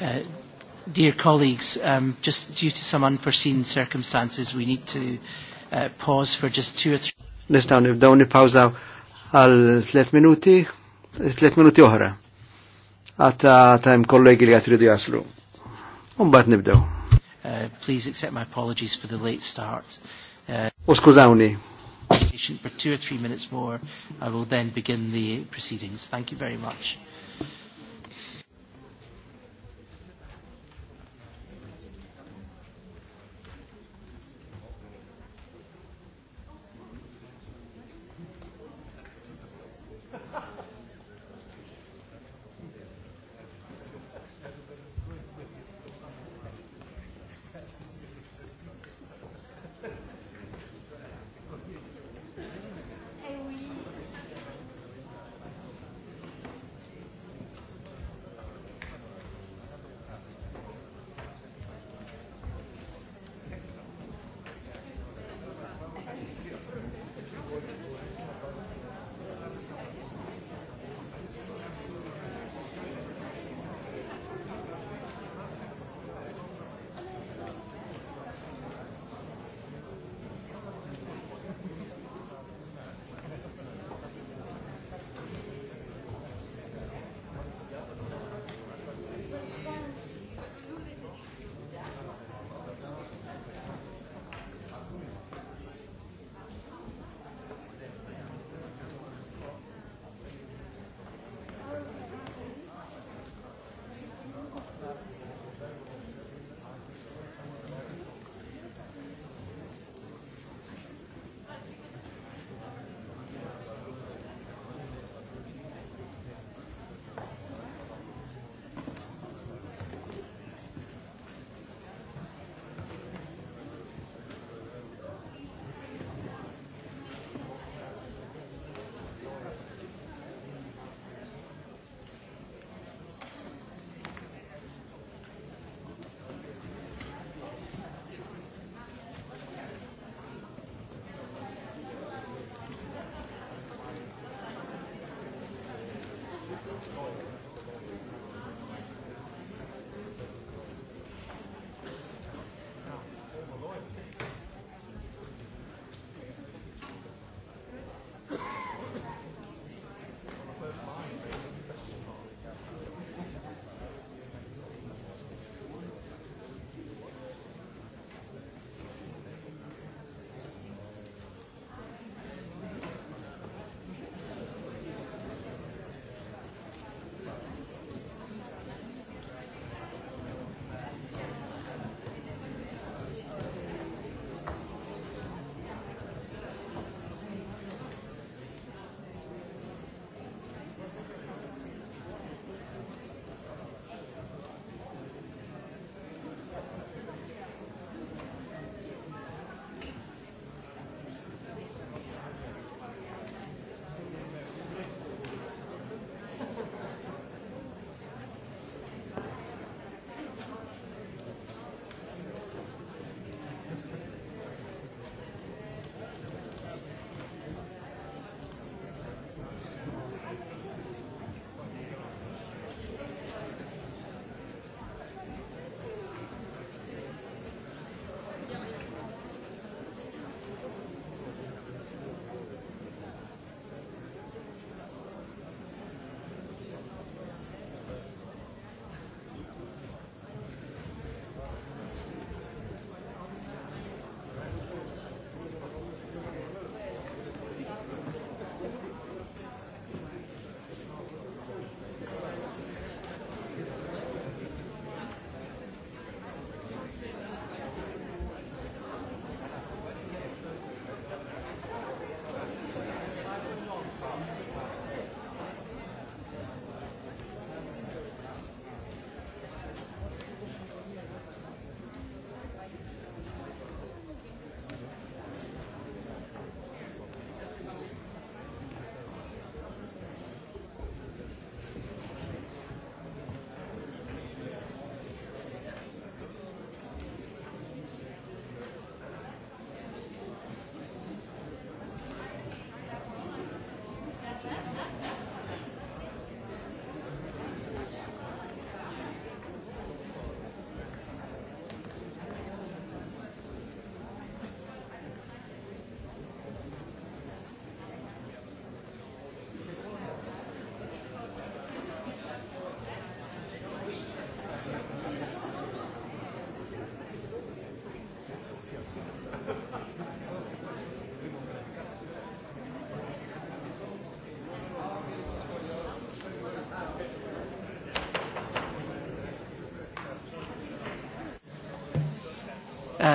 Uh, dear colleagues, um, just due to some unforeseen circumstances, we need to uh, pause for just two or three. Nistaw nibdaw nipawżaw għal 3 minuti, 3 minuti oħra. Għata tajm kollegi li għatridu jaslu. Umbat nibdaw. Uh, please accept my apologies for the late start. Uh, U skużawni. For two or three minutes more, I will then begin the proceedings. Thank you very much.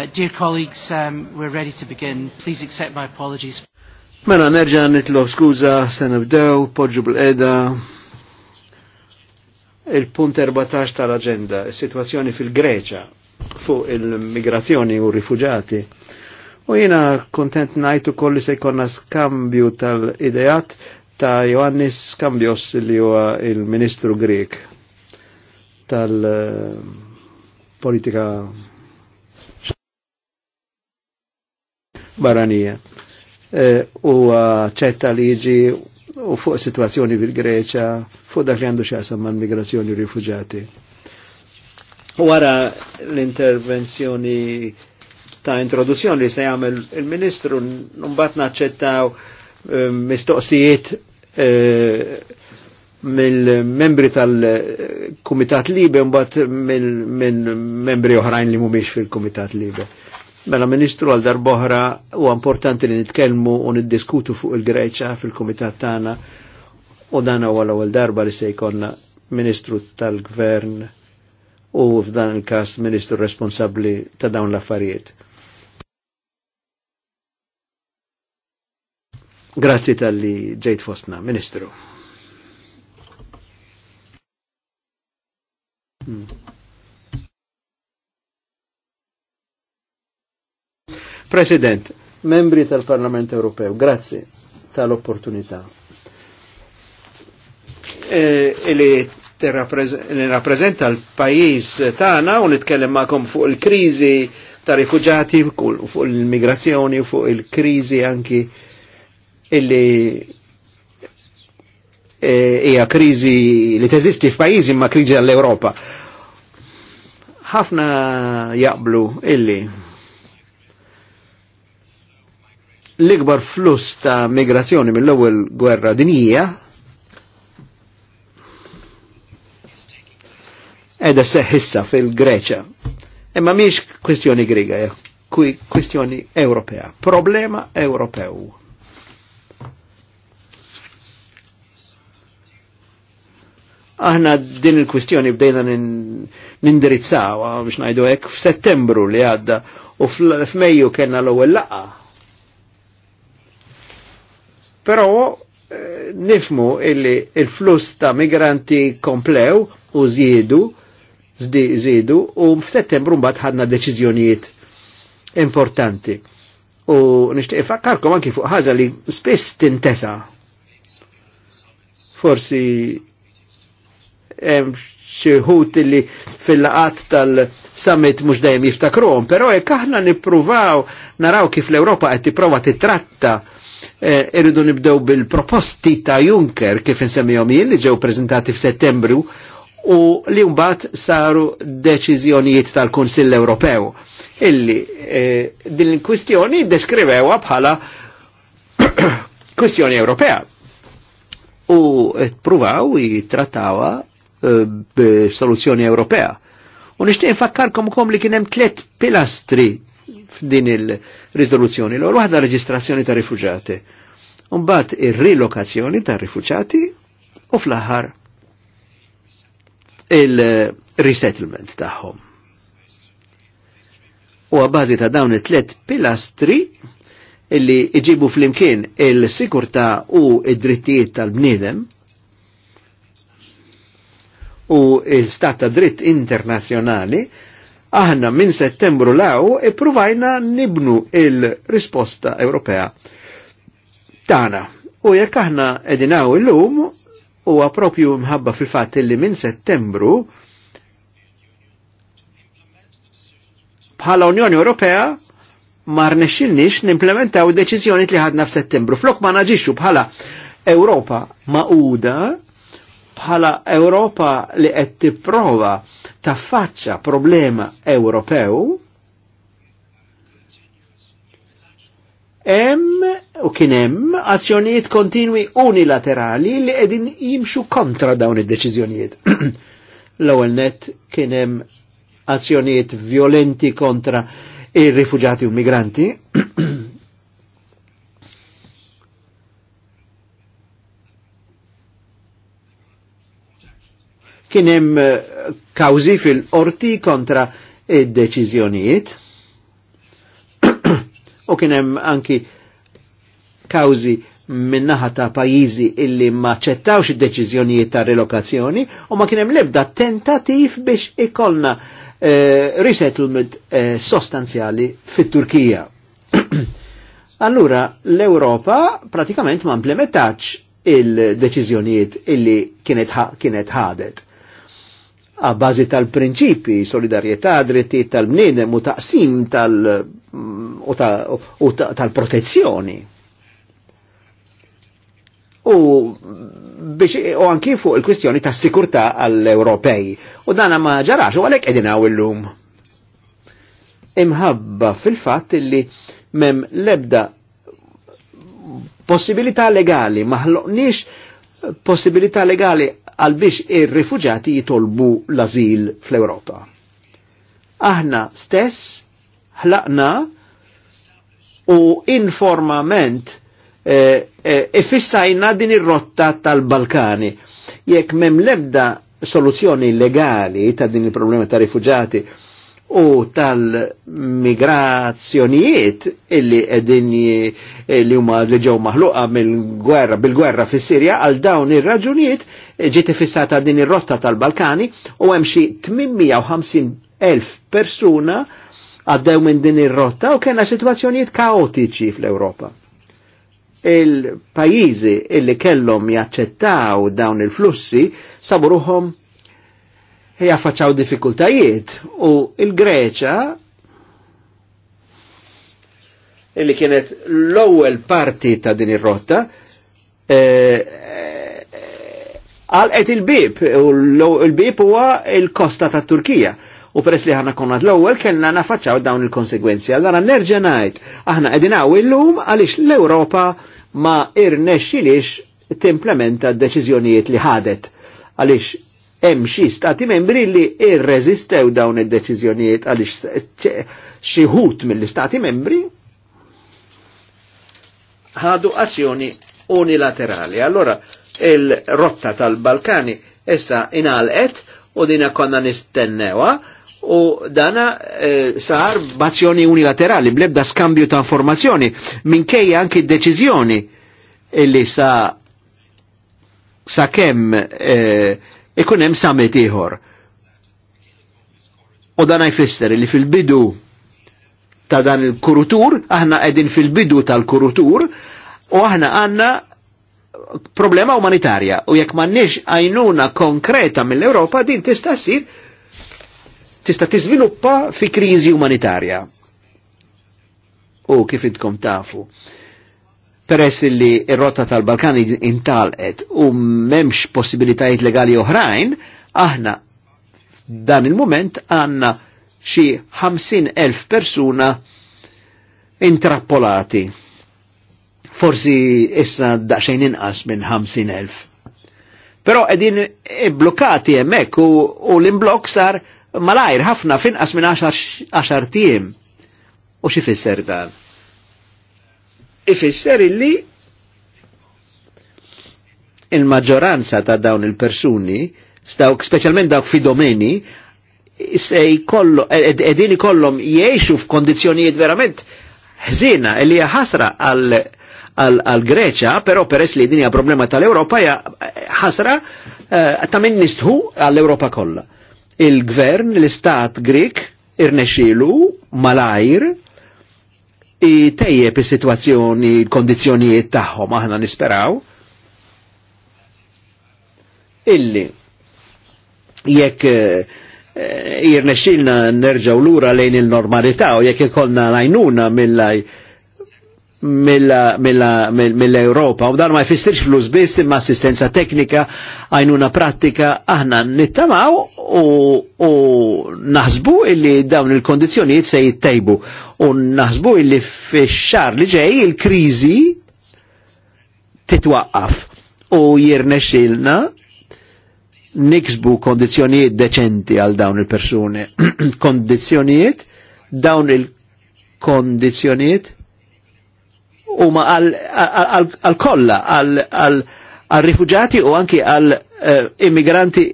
dear colleagues, um, we're ready to begin. Please accept my apologies. Mela nerġa' nitlob skuza, se nibdew, podġu bil eda Il-punt 14 tal agenda is-sitwazzjoni fil-Greċa fu il-migrazzjoni u rifugjati. U jina kontent najtu kolli se jkollna skambju tal idejat ta' Ioannis Skambios li huwa il-Ministru Grek tal-politika eh, barranija. E, u uh, ċetta li u fuq situazzjoni fil-Greċa, fuq dak li għandu xaqsam man migrazzjoni u rifugġati. Wara l-intervenzjoni ta' introduzzjoni li se jagħmel il-Ministru, mbagħad naċċettaw um, mistoqsijiet e, mill-membri tal-Kumitat Libe mbagħad mill membri oħrajn li mhumiex fil-Kumitat Libe. Mela Ministru għal darboħra u importanti li nitkellmu u niddiskutu fuq il-Greċa fil-Kumitat tagħna u dan huwa l-ewwel darba li se jkollna Ministru tal-Gvern u f'dan il-każ Ministru responsabbli ta' dawn l-affarijiet. Grazzi tal-li ġejt fostna, Ministru. Hmm. President, membri tal-Parlament Ewropew, grazzi tal-opportunità. E, e li rappresenta l-pajis tagħna u nitkellem magħkom fuq il-kriżi ta' rifuġati, fuq il-migrazzjoni, fuq il-kriżi anki illi e, hija e, kriżi li teżisti f'pajjiżi ma kriżi għall-Ewropa. Ħafna jaqblu illi l-ikbar flus ta' migrazzjoni mill-ewwel gwerra dinjija edha seħissa fil-Greċa. Imma miex kwestjoni griga, eh, kwestjoni Ewropea, problema Ewropew. Aħna din il-kwistjoni bdejna nindirizzaw, biex najdu hekk f'Settembru li għadda u f'Mejju kellna l-ewwel laqa Però eh, nifmu illi il-flus ta' migranti komplew u zjedu, zjedu u f'settembru mbagħad ħadna deċiżjonijiet importanti. U nixtieq ifakkarkom anki fuq ħaġa li spiss tintesa. Forsi hemm xi li fil-laqat tal-summit mhux dejjem jiftakruhom, però jekk aħna nippruvaw naraw kif l-Ewropa qed tipprova titratta Eh, irridu nibdew bil-proposti ta' Juncker kif insemmihom jien li ġew prezentati f'Settembru u li mbagħad saru deċiżjonijiet tal-Kunsill Ewropew illi eh, din il-kwistjoni deskrivewa bħala kwistjoni Ewropea. U pruvaw jitrattawa eh, b'soluzzjoni Ewropea. U nishtiq infakkarkom kom li hemm tliet pilastri f'din il-rizoluzzjoni l waħda reġistrazzjoni ta' rifuġati. Umbat ir relokazzjoni ta' rifuġati u fl-aħħar il-resettlement tagħhom. U għabazi ta' dawn it-tlet pilastri illi iġibu fl-imkien il-sikurta u id-drittijiet tal-bniedem, u il-stat ta' dritt internazjonali aħna minn settembru law ippruvajna nibnu il-risposta Ewropea tana. U jekk aħna edinaw il-lum, huwa għapropju mħabba fil fat li minn settembru bħala Unjoni Ewropea ma rnexxilniex nimplementaw deċiżjoni li ħadna f'Settembru. Flok ma naġixxu bħala Ewropa maquda, bħala Ewropa li qed tipprova taffaċċa problema Ewropew hemm u kien hemm azzjonijiet kontinwi unilaterali li qegħdin jimxu kontra dawn id-deċiżjonijiet. L-ewwel net kien hemm azzjonijiet violenti kontra ir-rifuġati u migranti kien hemm eh, kawżi fil-qorti kontra id-deċiżjonijiet u kien hemm anki kawżi minnaħa ta' pajizi illi ma ċettawx id-deċiżjonijiet ta' relokazzjoni u ma kienem lebda tentativ biex ikolna uh, eh, resettlement uh, sostanzjali fit-Turkija. allura l-Europa pratikament ma implementax il-deċiżjonijiet illi kienet ħadet bazi tal-prinċipi, solidarietà, dritti tal-bniedem u taqsim mm, tal-protezzjoni. U biex u anki fuq il-kwistjoni ta' sikurta għall-Ewropej. U dana ma ġarax u għalek edina u l-lum. Imħabba fil-fat li mem lebda possibilità legali, maħloqnix possibilità legali għal biex ir-rifuġati jitolbu l-azil fl-Europa. Aħna stess ħlaqna u informament eh, eh, ifissajna e, e, din ir-rotta tal-Balkani. Jekk mem lebda soluzzjoni legali ta' din il-problema ta' rifuġati u tal-migrazzjonijiet illi edin li huma li ġew maħluqa mill-gwerra bil-gwerra fis sirja għal dawn ir-raġunijiet ġiet fissata din ir-rotta tal-Balkani u hemm xi 850,000 persuna għaddew minn din ir-rotta u kellna sitwazzjonijiet kaotiċi fl-Ewropa. Il-pajjiżi illi kellhom jaċċettaw dawn il-flussi saburuhom faċċaw diffikultajiet u il-Greċa illi kienet l-ewwel parti ta' din ir-rotta eh, eh, għalqet il-bib u l-bib huwa l kosta ta' Turkija u peress li ħana konna l-ewwel kellna nafaċċaw dawn il-konsegwenzi. Allora nerġa' ngħid aħna qegħdin hawn illum għaliex l-Ewropa ma irnexxilix timplementa d-deċiżjonijiet li ħadet għaliex hemm xi stati membri li irreżistew dawn id-deċiżjonijiet għaliex xi ħut mill-istati membri ħadu azzjoni unilaterali. Allora il-rotta tal-Balkani issa inalqet u dina konna nistennewa u dana e, sar b'azzjoni unilaterali blebda skambju ta' informazzjoni minkejja anki deċiżjoni illi sa sa kemm e, ikun hemm summit ieħor. U dan jfisser li fil-bidu ta' dan il-kurutur, aħna qegħdin fil-bidu tal-kurutur, u aħna għandna problema umanitarja u jekk m'għandniex għajnuna konkreta mill-Ewropa din tista' ssir tista' tiżviluppa fi kriżi umanitarja. U kif intkom tafu peress li ir-rotta tal-Balkani intalqet u memx possibilitajiet legali oħrajn, aħna dan il-moment għanna xi 50.000 persuna intrappolati. Forsi issa daqsxejn inqas minn 50.000. Però qegħdin blokkati hemmhekk u, u l-imblok sar malajr ħafna finqas minn 10 tiem. U xi fisser dan? ifisser illi il-maġġoranza ta' dawn il-persuni, stawk speċjalment dawk fi domeni, se jkollu, ed e- edini kollom jiexu f'kondizjonijiet verament ħżina li hija ħasra għal Greċa, però peress li dinja problema tal-Europa ja ħasra uh, ta' minn għall-Europa kollha. Il-gvern, l-istat Grik, irnexxielu malajr tejjeb is-sitwazzjoni, l-kondizzjonijiet tagħhom aħna nisperaw illi jekk eh, jirnexxilna nerġaw lura lejn il-normalità u jekk ikollna lajnuna mill mill-Europa u dan ma jfissirx flus biss imma assistenza teknika għajnuna pratika aħna nittamaw u, naħsbu illi dawn il kondizjoniet se jittejbu u naħsbu illi fix-xar li ġej il-kriżi titwaqqaf u jirnexilna niksbu kondizjoniet deċenti għal dawn il-persuni. kondizjoniet dawn il-kondizjonijiet huma għal kollha għal rifuġati u anki għal eh, immigranti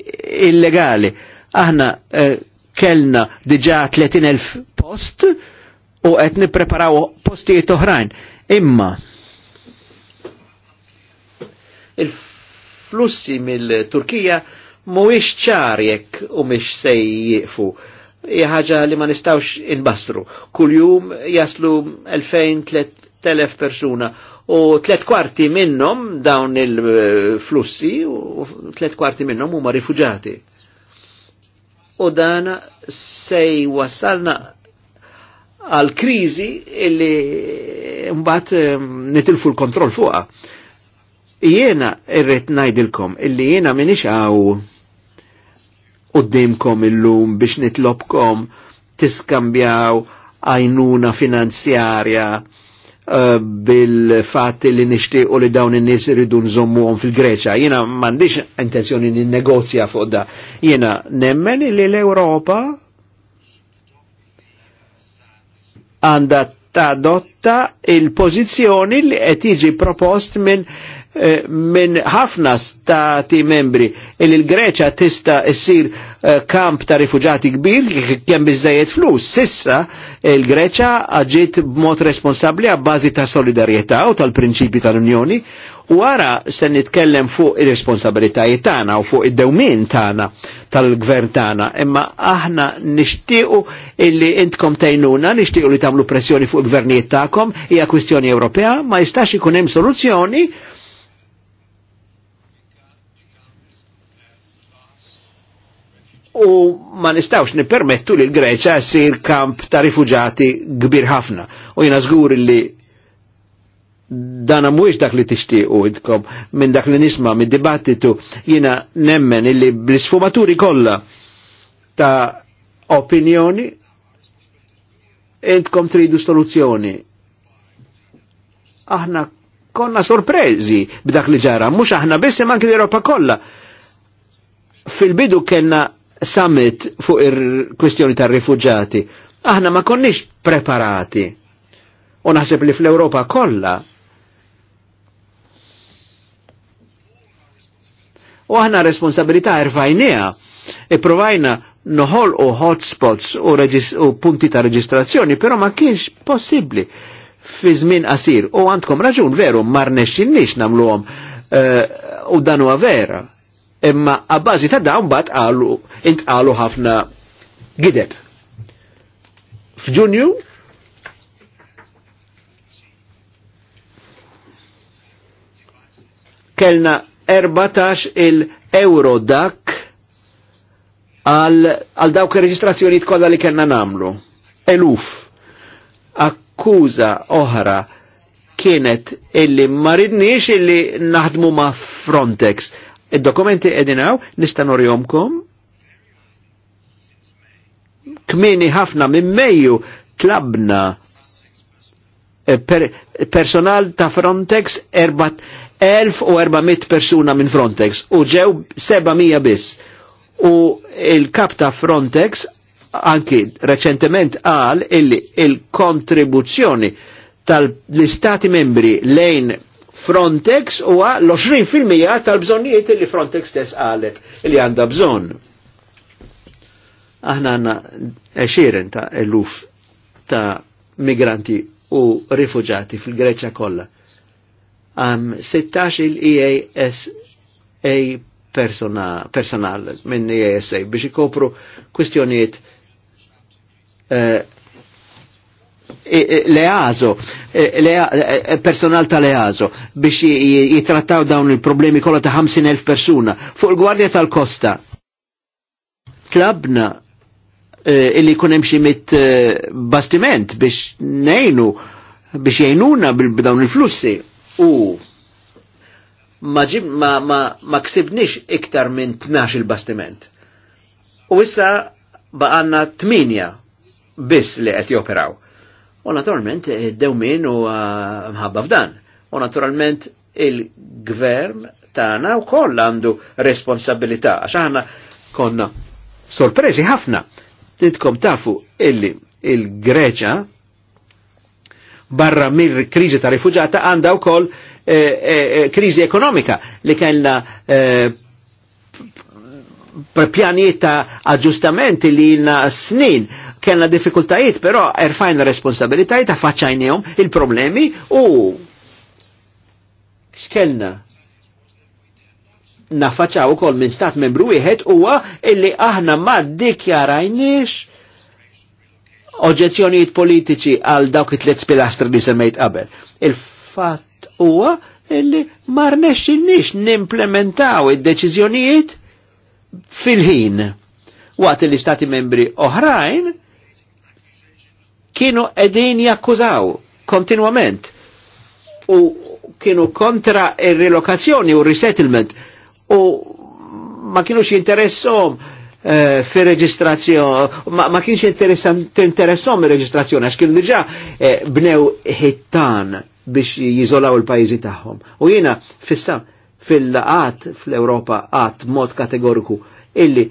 illegali. Aħna eh, kellna diġà 30.000 post u qed nippreparaw postijiet oħrajn. Imma il-flussi mill-Turkija mhuwiex ċar jekk u mhix se jieqfu ħaġa li ma nistawx inbastru. Kuljum jaslu 2000 telef persuna u tlet kwarti minnom dawn il-flussi u tlet kwarti minnom huma rifugjati. U dan se wasalna għal krizi illi mbagħad nitilfu l-kontroll fuqha. Jiena irrid ngħidilkom illi jiena minix għaw qoddimkom illum biex nitlobkom tiskambjaw għajnuna finanzjarja Eh, bil-fat li u li dawn in-nies iridu nżommuhom fil-Greċja. Jiena m'għandix intenzjoni nin-negozja fuq da. Jiena nemmen li l-Ewropa għandha tadotta il-pożizzjoni li qed jiġi propost minn Eh, minn ħafna stati membri il il-Greċa tista issir eh, kamp ta' rifugjati kbir kemm biżdajiet flus. Sissa il-Greċa għagġiet b'mod responsabbli għabbażi ta' solidarjetà u tal-prinċipi tal-Unjoni u ara se nitkellem fuq ir-responsabilitajiet tagħna u fuq id-dewmien tagħna tal-gvern tagħna, imma aħna nixtiequ illi intkom tejnuna, nixtiequ li tagħmlu pressjoni fuq il-gvernijiet tagħkom, hija kwistjoni Ewropea, ma jistax ikun hemm soluzzjoni u ma nistawx nipermettu li l-Greċa sir kamp ta' rifugjati kbir ħafna. U jina żgur li dana mhuwiex dak li tixtiequ idkom minn dak li nisma minn dibattitu jiena nemmen illi bl-isfumaturi kollha ta' opinjoni intkom tridu soluzzjoni. Aħna konna sorprezi b'dak li ġara, mhux aħna biss manki l europa kollha. Fil-bidu kellna summit fuq il-kwistjoni tar-rifuġati. Aħna ma konniex preparati. U naħseb li fl-Europa kollha U aħna responsabilità erfajnija. Iprovajna e noħol u hotspots u, u punti ta' reġistrazzjoni, però ma kienx possibbli fi żmien qasir. U għandkom raġun veru, mar nexxinniex nagħmluhom uh, eh, u dan huwa vera imma għabbażi ta' dawn bat għalu, għalu ħafna gideb. F'Ġunju, kellna 14 il-euro dak għal dawk il-reġistrazzjoni kollha li kellna namlu. Eluf. Akkuża oħra kienet illi ma ridniex illi naħdmu ma' Frontex Id-dokumenti edinaw nista' orjomkom. Kmini ħafna minn Mejju tlabna e, per, personal ta' Frontex 1400 persuna minn Frontex u ġew 700 biss. U il-kap ta' Frontex anki reċentement għal il-kontribuzzjoni il kontribuzzjoni tal-istati membri lejn Frontex huwa l-20% tal-bżonnijiet li Frontex stess qalet li għandha bżonn. Aħna għandna eċiren ta' eluf ta' migranti u rifugjati fil-Greċja kollha. Għam 16 il-EASA persona, personal minn EASA biex ikopru kwistjonijiet eh, E, e, l e, personal tal Leazo biex jitrattaw dawn il-problemi kolla ta' 50.000 persuna fuq il-Gwardja tal-Kosta. Klabna illi kunem xi mit bastiment biex nejnu biex jgħinuna b'dawn il-flussi u ma, ma, ma, ma ksibnix iktar minn 12 il-bastiment. U issa baqanna 8 biss li qed joperaw U naturalment eh, dewmin u eh, mħabba f'dan. U naturalment il-gvern tagħna wkoll għandu responsabilità għax aħna konna sorpresi ħafna. Tidkom tafu illi il-Greċa barra mir kriżi ta' rifuġata għandha wkoll eh, kriżi ekonomika li kellna e, pjanijiet ta' aġġustamenti li jilna snin kellna diffikultajiet, però erfajna responsabilitajiet, faċċajnijom il-problemi u x'kellna nafaċaw u kol minn stat membru wieħed huwa illi aħna ma dikjarajniex oġezzjonijiet politiċi għal dawk it-tliet pilastri li semmejt qabel. Il-fatt huwa illi ma rnexxinniex nimplementaw id-deċiżjonijiet fil-ħin. Waqt li stati membri oħrajn kienu edin jakkużaw kontinuament u kienu kontra il-relokazzjoni u resettlement u ma kienu interessom eh, fi reġistrazzjoni, ma, kienx kienx interessom reġistrazzjoni, għax kienu diġa eh, bnew hittan biex jizolaw il-pajizi tagħhom. U jiena fissa fil-qat fl-Europa għat mod kategoriku illi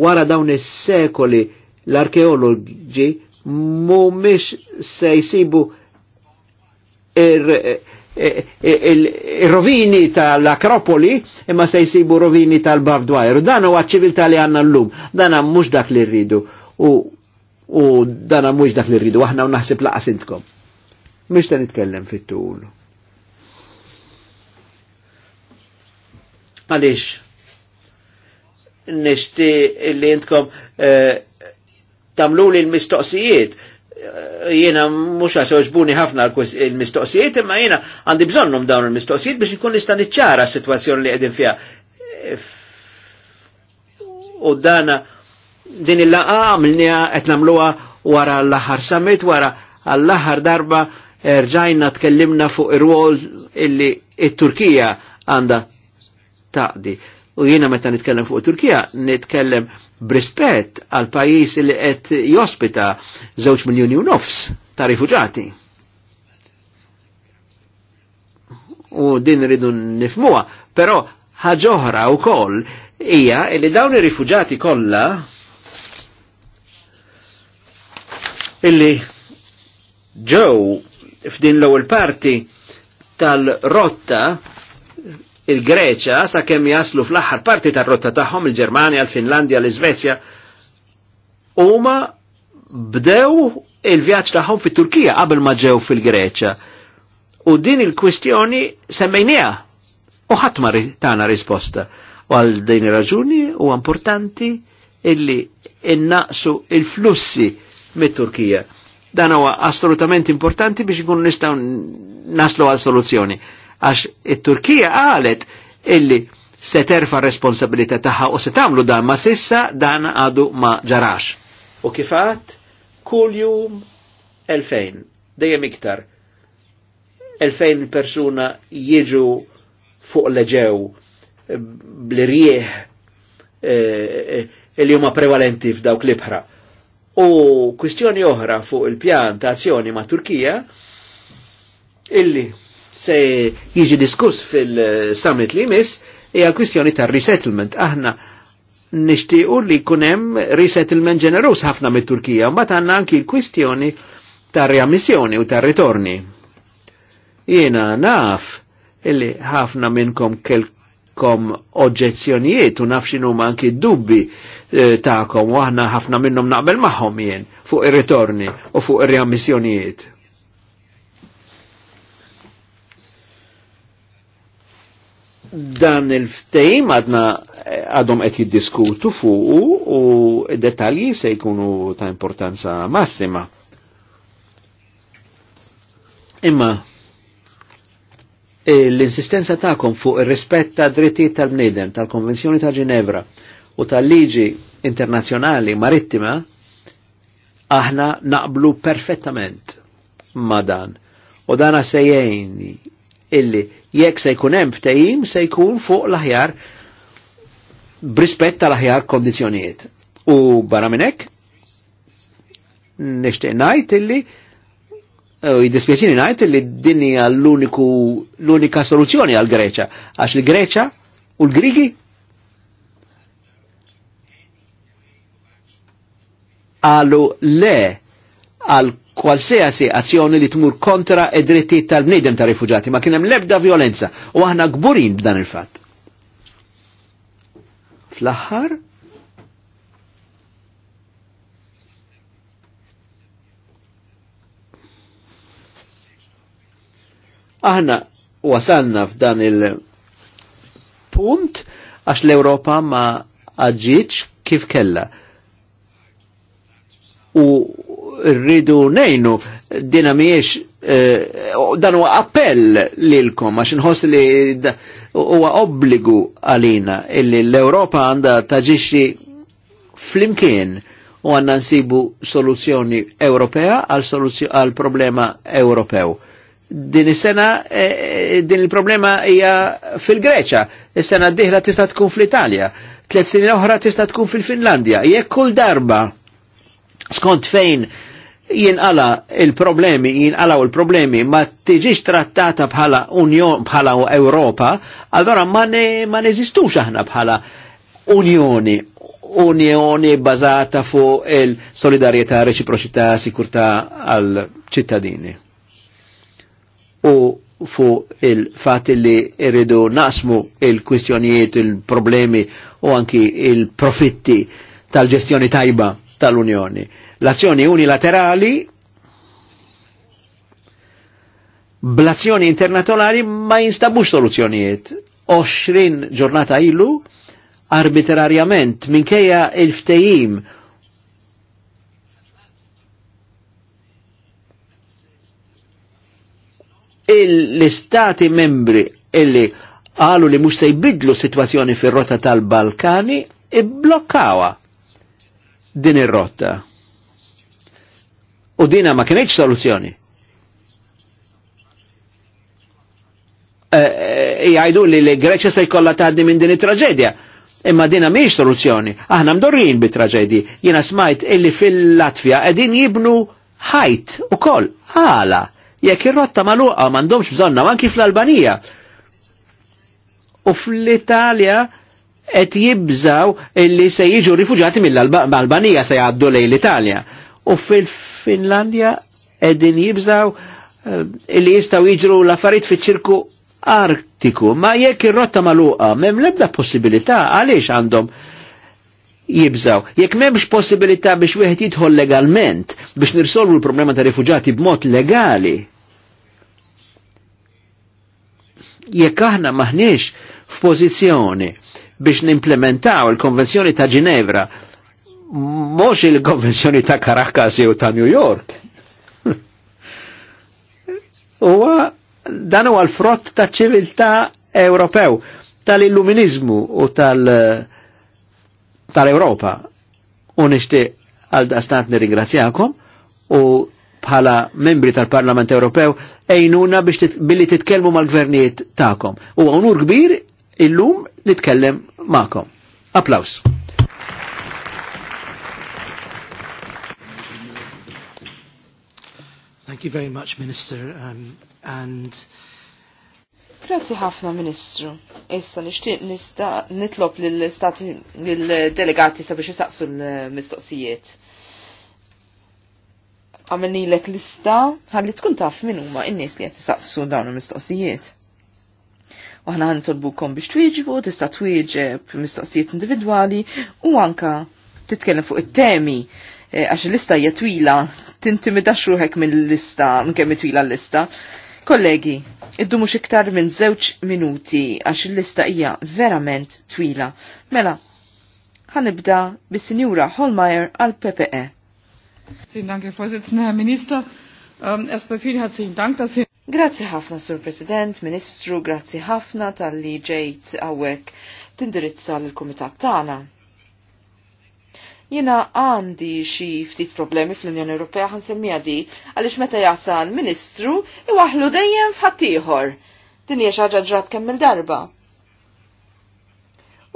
wara dawn is-sekoli l-arkeologi mumiex se jisibu eh, eh, il-rovini tal-Akropoli imma se jisibu rovini tal-Barbed Dan huwa ċiviltà li għandna llum. Dan mhux dak li rridu. U, u dan mux dak li rridu. Aħna naħseb naħsib l'aqasintkom. Mhux ta' nitkellem fit-tul. Għaliex nishti li intkom eh, tamlu li l-mistoqsijiet eh, jiena mhux għax ħafna l-mistoqsijiet, imma jiena għandi bżonnhom dawn il-mistoqsijiet biex ikun nista' niċċara s-sitwazzjoni li qegħdin fiha. Eh, u dana din il-laqa għamilniha qed nagħmluha wara l-aħħar summit, wara għall-aħħar darba rġajna tkellimna fuq ir-rwol illi it-Turkija għandha taqdi. U jiena meta nitkellem fuq Turkija, nitkellem brispett għal pajis li qed jospita żewġ miljuni u nofs ta' rifuġati. U din rridu nifmuha, però ħaġoħra wkoll hija li dawn ir-rifuġati kollha illi ġew f'din l-ewwel parti tal-rotta il-Greċa sakemm jaslu fl-aħħar parti tar-rotta tagħhom il-Ġermanja, l-Finlandja, l-Iżvezja huma bdew il-vjaġġ tagħhom fit-Turkija qabel ma ġew fil-Greċa. U din il-kwistjoni semmejniha u ħadd ma tagħna risposta. U għal din ir-raġuni u importanti illi innaqsu il-flussi mit-Turkija. Dan huwa assolutament importanti biex ikun nistgħu naslu għal soluzzjoni għax il turkija qalet illi se terfa' responsabilita tagħha u se tagħmlu dan ma sissa dan għadu ma ġarax. U kifat kull jum 2000, dejjem iktar. 2000 persuna jiġu fuq leġew eh, blirieħ eh, eh, il huma prevalenti f'dawk l-ibħra. U kwistjoni oħra fuq il-pjan ta' azzjoni ma' Turkija illi se jiġi diskuss fil-summit li mis, hija kwistjoni ta' resettlement. Aħna nixtiequ li kunem resettlement ġenerus ħafna mit-Turkija, mbagħad għandna anki l-kwistjoni ta' riammissjoni u ta' ritorni. Jiena naf illi ħafna minnkom kelkom oġġezzjonijiet u naf ma' anki dubbi eh, ta'kom u aħna ħafna minnhom naqbel magħhom jien fuq ir-ritorni u fuq ir-riammissjonijiet dan il-ftejm għadna eh, għadhom qed jiddiskutu fuq u dettalji se jkunu ta' importanza massima. Imma eh, l-insistenza ta'kom fuq ir-rispett ta' drittijiet tal-bniedem, tal-Konvenzjoni ta' Ginevra u tal-liġi internazzjonali marittima aħna naqblu perfettament ma' dan. U dana sejjejni illi jekk se jkun hemm ftehim se jkun fuq l-aħjar brispetta l aħjar kondizjonijiet. U barra minn hekk nixtieq ngħid illi u e, jiddispjaċini ngħid illi din hija l-uniku l-unika soluzzjoni għal Greċja għax il greċja u l-Grigi għalu le għal kwalsejasi azzjoni li tmur kontra id dritti tal bnidem ta' rifugjati, ma kienem lebda violenza u aħna gburin b'dan il-fatt. Fl-aħħar aħna wasalna f'dan il-punt għax l-Europa ma għadġiċ kif kella. U rridu nejnu dina miex eh, dan huwa appell lilkom għax nħoss li huwa obbligu għalina illi l-Ewropa għandha taġixxi flimkien u għanna nsibu soluzzjoni Ewropea għal problema Ewropew din is-sena eh, din il-problema hija fil-Greċa, is-sena d-dieħla tista' tkun fl-Italja, tliet snin oħra tista' tkun fil-Finlandja. Jekk kull darba skont fejn jinqala il-problemi, jinqalaw il-problemi, ma tiġiġ trattata bħala Unjon, bħala Europa, allora ma, ne, ma neżistux aħna bħala Unjoni, Unjoni bazata fuq il-solidarietà, reċiproċità, sikurtà għal ċittadini. U fuq il-fat li irridu nasmu il-kwistjonijiet, il-problemi u anki il-profitti tal-ġestjoni tajba tal-Unjoni l-azzjoni unilaterali bl-azzjoni internazzjonali ma jinstabux soluzzjonijiet. 20 ġurnata ilu arbitrarjament minkejja il-ftejim l-istati membri illi għalu li mux se jibidlu situazzjoni fir rota tal-Balkani i blokkawa din ir-rotta. U dina ma kienieċ soluzzjoni. Eh, eh, Jgħidu e, li l-Greċja se jkollha tgħaddi minn din it-traġedja. Imma dina mhijiex soluzzjoni. Aħna mdorrin bit-traġedji. Jiena smajt illi fil-Latvja qegħdin jibnu ħajt ukoll għala jekk ir-rotta magħluqa m'għandhomx bżonna anki fl-Albanija. U fl-Italja qed jibżaw illi se jiġu rifugjati mill-Albanija se jgħaddu lejn l-Italja u fil-Finlandja edin jibżaw illi eh, jistaw jiġru l-affarijiet fiċ-ċirku Artiku, ma jekk ir-rotta maluqa, mem lebda possibilità għaliex għandhom jibżaw. Jekk m'hemmx possibilità biex wieħed jidħol legalment biex nirsolvu l-problema ta' rifuġati b'mod legali. Jekk aħna maħniex f'pożizzjoni biex nimplementaw il-Konvenzjoni ta' Ginevra mhux il-konvenzjoni ta' Caracas jew ta' New York. Huwa dan huwa l-frott ta' ċiviltà Ewropew, tal-Illuminizmu u tal- tal-Europa. U nixtieq għal daqstant nirringrazzjakom u bħala membri tal-Parlament Ewropew ejnuna biex billi titkellmu mal-gvernijiet ta'kom. U onur kbir illum nitkellem ma'kom. Applaus. Thank you very much, Minister. Um, and Grazzi ħafna, Ministru. Issa nixtieq nitlob lill-istati lill-delegati sabiex isaqsu l-mistoqsijiet. Għamilnilek lista ħalli tkun taf min huma n-nies li qed isaqsu dawn il-mistoqsijiet. U aħna ħantolbukom biex twieġbu, tista' twieġeb mistoqsijiet individwali u anka titkellem fuq it-temi eh, għax il-lista hija twila xruħek minn mill-lista, minn kemm twila l-lista. Kollegi, iddu mux iktar minn zewċ minuti għax il-lista hija verament twila. Mela, ħanibda bis-Sinjura Holmeyer għal PPE. Sin danke, Vorsitzender, Minister. Ähm, erstmal vielen herzlichen Dank, dass Grazzi ħafna, Sur President, Ministru, grazzi ħafna tal-li ġejt għawek tindirizza l-Komitat tagħna. Jina għandi xi ftit problemi fl-Unjoni Ewropea semmija di għaliex meta jasal ministru iwaħlu dejjem f'ħaddieħor. Din hija xi ħaġa ġrat kemm il-darba.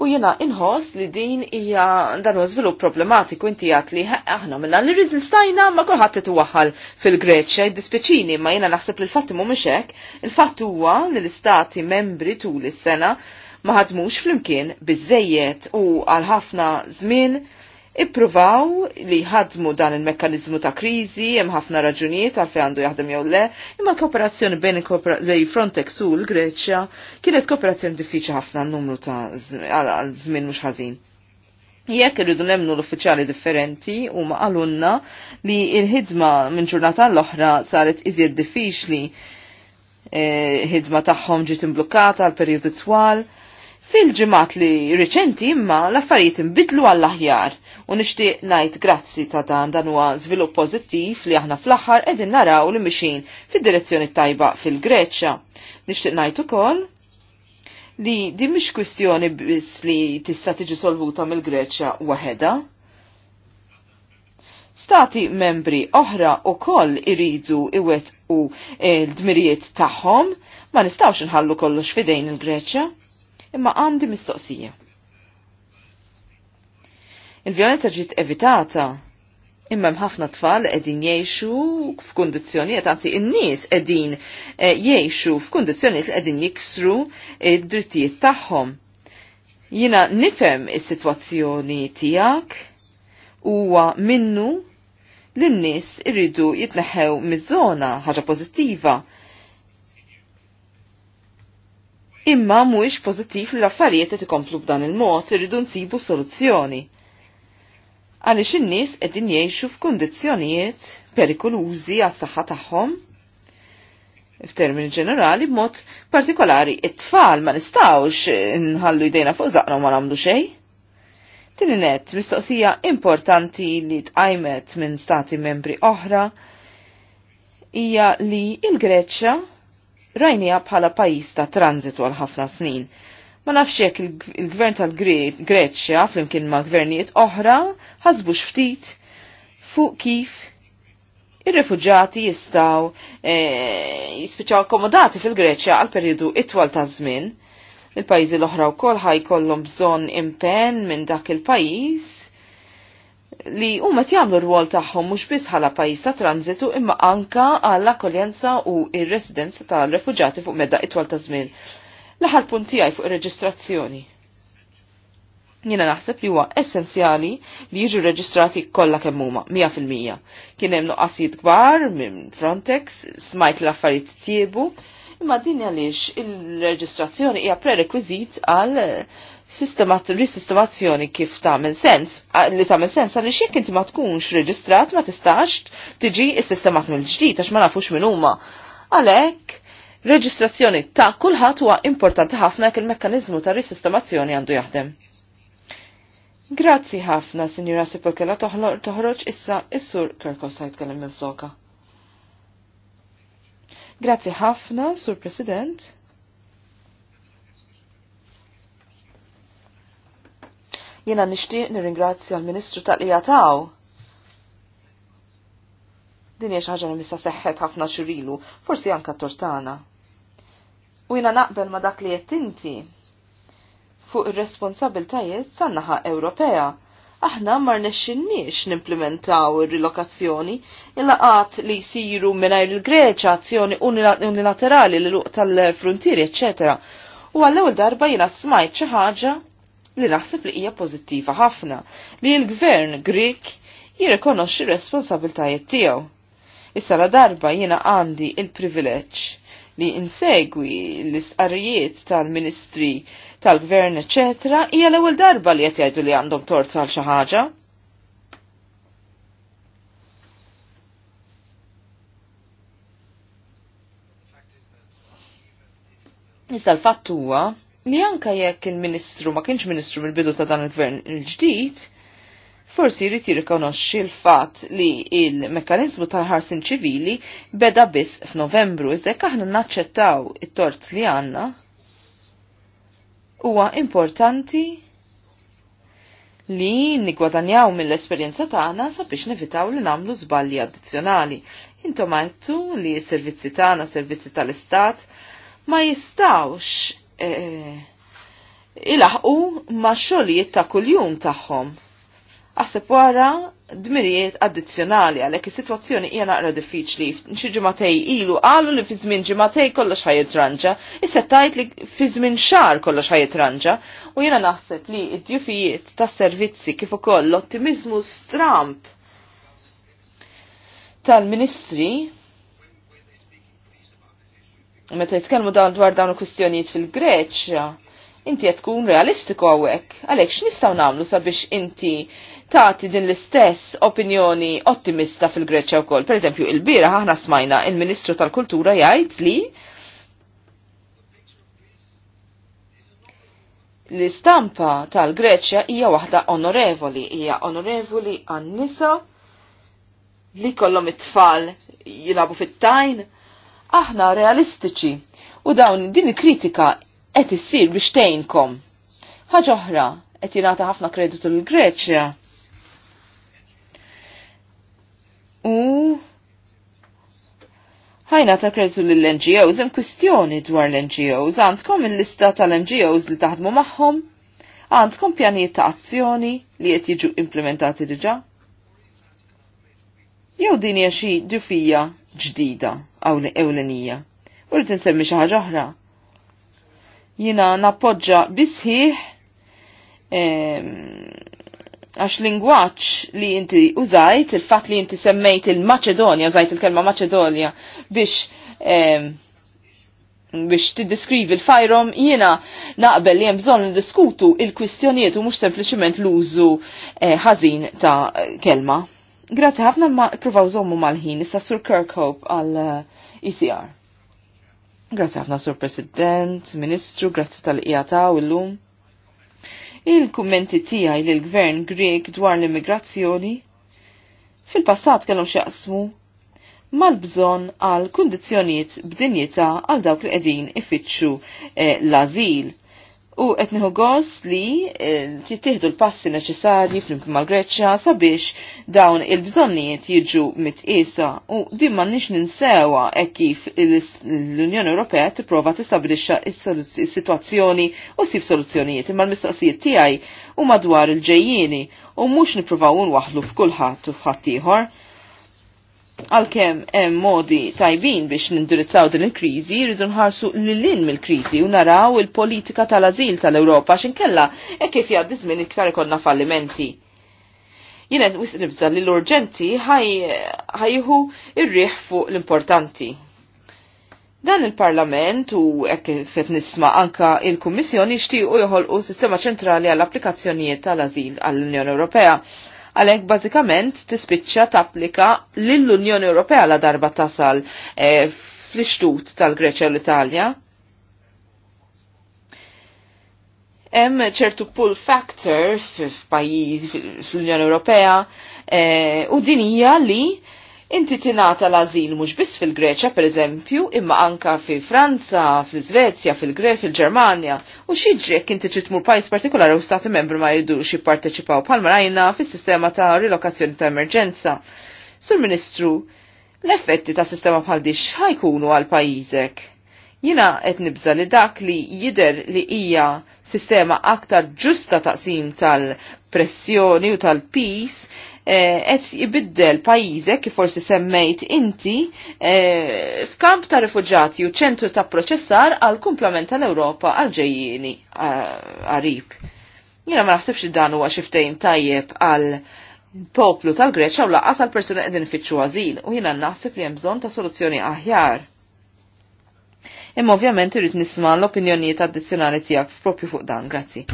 U jina inħoss li din hija dan huwa żvilupp problematiku inti għat li aħna mill li rrid stajna ma kulħadd titwaħħal fil-Greċja jiddispiċini ma jiena naħseb li l-fatt mhumiex hekk, il-fatt huwa li l-istati membri tul is-sena ma ħadmux flimkien biżejjed u għal ħafna żmien ippruvaw li ħadmu dan il-mekkanizmu ta' krizi, hemm ħafna raġunijiet għal għandu jaħdem jew le, imma l-kooperazzjoni bejn lej Frontex u l-Greċja kienet kooperazzjoni diffiċli ħafna n numru ta' għal żmien mhux ħażin. Jekk irridu nemnu l-uffiċjali differenti u ma qalunna li l-ħidma minn ġurnata l-oħra saret iżjed diffiċli e, ħidma tagħhom ġiet imblukkata għal perjodu twal. Fil-ġimat li riċenti imma l-affarijiet imbidlu għall-aħjar U nixtieq ngħid grazzi ta' dan dan huwa żvilupp pożittiv li aħna fl-aħħar qegħdin naraw li mixin fid-direzzjoni tajba fil-Greċja. Nixtieq ngħid ukoll li di mhix kwistjoni biss li tista' tiġi solvuta mill-Greċja waħedha. Stati membri oħra u koll iridu iwet u eh, l-dmirijiet tagħhom ma nistawx nħallu kollox fidejn il-Greċja, imma għandi mistoqsija. Il-vjolenza ġiet evitata. Imma ħafna tfal qegħdin jgħixu f'kundizzjonijiet, anzi in-nies qegħdin eh, jgħixu f'kundizzjonijiet li qegħdin jiksru id-drittijiet tagħhom. Jiena nifhem is-sitwazzjoni tiegħek huwa minnu l-nies irridu jitneħħew miż-żona ħaġa pożittiva. Imma mhuwiex pożittiv li l-affarijiet qed ikomplu b'dan il-mod irridu nsibu soluzzjoni għaliex in-nies qegħdin jgħixu f'kundizzjonijiet perikolużi għas-saħħa tagħhom f'termini ġenerali b'mod partikolari it-tfal ma nistawx nħallu jdejna fuq zaqna ma nagħmlu xejn. Tini net mistoqsija importanti li tqajmet minn stati membri oħra hija li il greċja rajnija bħala pajjiż ta' tranzitu għal ħafna snin Ma nafx jekk il-gvern tal-Greċja flimkien ma' gvernijiet oħra ħasbux ftit fuq kif ir refugġati jistaw e, jispiċaw akkomodati fil-Greċja għal periodu itwal ta' żmien. Il-pajjiżi l-oħra wkoll ħajkollhom bżonn impenn minn dak il-pajjiż li huma jagħmlu r-rwol tagħhom mhux biss bħala pajjiż ta' tranzitu imma anka għall akkoljenza u ir-residenza tal refugġati fuq medda itwal ta' żmien. L-aħar punt tiegħi fuq ir-reġistrazzjoni. Jiena naħseb li huwa essenzjali li jiġu reġistrati kollha kemm huma 100%. Kien hemm nuqqasijiet kbar minn Frontex, smajt l-affarijiet tiebu, imma din għaliex il-reġistrazzjoni hija prerekwiżit għal risistemazzjoni kif tagħmel sens, li tagħmel sens għaliex jekk inti ma tkunx reġistrat ma tistax tiġi s-sistemat mill-ġdid għax ma nafux minn huma. Għalhekk Reġistrazzjoni ta' kulħadd huwa importanti ħafna jekk il-mekkaniżmu ta' risistemazzjoni għandu jaħdem. Grazzi ħafna, Sinjura Sipol kella toħroġ issa is-sur Kirkos ħajtkellem minn floka. Grazzi ħafna, Sur President. Jena nixtieq nirringrazzja l-Ministru tal tagħu. din hija xi ħaġa li mista seħħet ħafna xurilu, forsi anke tortana. U jina naqbel ma dak li jettinti fuq ir-responsabiltajiet tan-naħa Ewropea. Aħna mar nexxinniex nimplementaw ir-rilokazzjoni il-laqat li jsiru mingħajr il-Greċa azzjoni unilaterali li luq tal fruntieri eċċetera. U għall-ewwel darba jiena smajt xi ħaġa li naħseb li hija pożittiva ħafna li l-gvern Grik jirrikonoxxi r-responsabiltajiet tiegħu. Issa la darba jiena għandi il-privileġġ li insegwi l-istqarrijiet tal-Ministri tal-Gvern, eccetera, hija l-ewwel darba li qed jgħidu li għandhom tort għal xi ħaġa. Issa l-fatt huwa li anka jekk il-Ministru ma kienx Ministru mill-bidu ta' dan il-Gvern il-ġdid, il gvern il ġdid forsi jrid jirrikonoxxi l-fatt li il-mekkanizmu tal-ħarsin ċivili beda biss f'Novembru iżda jekk aħna naċċettaw it-tort li għandna huwa importanti li nigwadanjaw mill-esperjenza tagħna sabiex nevitaw li nagħmlu żbalji addizzjonali. Intom għedtu li s-servizzi tagħna, servizzi tal-Istat, ma jistawx eh, ilaħqu ma' xogħlijiet ta' kuljum tagħhom għasib wara dmirijiet addizzjonali għalhekk is-sitwazzjoni hija naqra diffiċli. Xi ġimatej ilu qalu li fi żmien ġimatej kollox ħajitranġa, issa tajt li fi żmien xahar kollox ranġa. u jiena naħseb li id djufijiet tas-servizzi kif ukoll l ottimizmu stramp tal-Ministri meta jitkellmu dawn dwar dawn il-kwistjonijiet fil-Greċja, inti qed tkun realistiku għawek, Għalhekk x'nistgħu nagħmlu sabiex inti tagħti din l-istess opinjoni ottimista fil-Greċja wkoll. Pereżempju, il-bira aħna smajna il-Ministru tal-Kultura jgħid li l-istampa tal-Greċja hija waħda onorevoli, hija onorevoli għan-nisa li kollhom it-tfal jilabu fit-tajn. Aħna realistiċi u dawn din kritika qed issir biex tgħinkom. Ħaġa oħra, qed jingħata ħafna kreditu l-Greċja U ħajna ta' kreditu l-NGOs, hemm kwistjoni dwar l-NGOs, għandkom il-lista tal-NGOs li taħdmu magħhom, għandkom pjanijiet ta' azzjoni li qed jiġu implementati diġà? Jew din hija xi ġufija ġdida ewlenija. U li insemmi xi ħaġa oħra. Jiena nappoġġa bisħiħ għax lingwaċ li inti użajt, il-fat li inti semmejt il-Macedonia, użajt il-kelma Macedonia biex biex tiddiskrivi l-fajrom jiena naqbel li hemm bżonn diskutu il-kwistjonijiet u mhux sempliciment l-użu eh, ħażin ta' kelma. Grazzi ħafna ma pruvaw żommu mal-ħin issa Sur Kirkhope għal ECR. Eh, e grazzi ħafna Sur President, Ministru, grazzi tal l illum. Il-kummenti tiegħi lill gvern Grieg dwar l-immigrazzjoni fil-passat kellhom xaqsmu mal-bżon għal kundizzjonijiet b'dinjità għal dawk li qegħdin ifittxu eh, l-azil u qed nieħu gost li eh, tiħdu l-passi neċessarji flimkien mal-Greċja sabiex dawn il-bżonnijiet jiġu mitqiesa u din m'għandniex ninsewa hekk kif l-Unjoni Ewropea tipprova tistabbilixxa il sitwazzjoni u sib soluzzjonijiet imma l-mistoqsijiet tiegħi u madwar il ġejjini u mhux nippruvaw nwaħlu f'kulħadd u f'ħadd ieħor Għalkemm hemm modi tajbin biex nindirizzaw din il-kriżi, rridu nħarsu lilin mill-kriżi u naraw il-politika tal-azil tal-Ewropa x'inkella hekk kif jgħaddi żmien iktar ikonna fallimenti jina wis nibza li l-urġenti ħajħu ir-riħ fuq l-importanti. Dan il-Parlament u ekk fet nisma anka il-Kummissjoni xtiequ joħolqu sistema ċentrali għall-applikazzjonijiet tal-azil għall-Unjoni Ewropea għalhekk bażikament tispiċċa tapplika lill-Unjoni Ewropea la darba tasal e, eh, fl-ixtut tal-Greċja u l-Italja. Hemm ċertu pull factor f'pajjiż fl-Unjoni Ewropea eh, u din hija li Inti tinata l-azil mhux biss fil-Greċja pereżempju, imma anka fi Franza, fil-Svezja, fil-Gre, fil-Ġermanja, u xieġek inti trid tmur pajjiż partikolari u stati membri ma jridux jipparteċipaw bħalma rajna fis-sistema ta' rilokazzjoni ta' emerġenza. Sur Ministru, l-effetti ta' sistema bħal di ħajkunu għal pajjiżek. Jina qed nibża li dak li jider li hija sistema aktar ġusta taqsim tal-pressjoni u tal-peace qed eh, jibiddel pajjiżek kif forsi semmejt inti eh, f'kamp ta' rifuġati u ċentru ta' proċessar għal kumplament tal-Ewropa għal ġejjieni qarib. Eh, jiena ma naħsibx dan huwa xi ftehim tajjeb għal poplu tal-Greċa u laqas għal persuna qegħdin ifittxu għażil u jiena naħseb li hemm bżonn ta' soluzzjoni aħjar. Imma ovvjament irrid nisma' l-opinjonijiet addizzjonali tiegħek propju fuq dan, grazzi.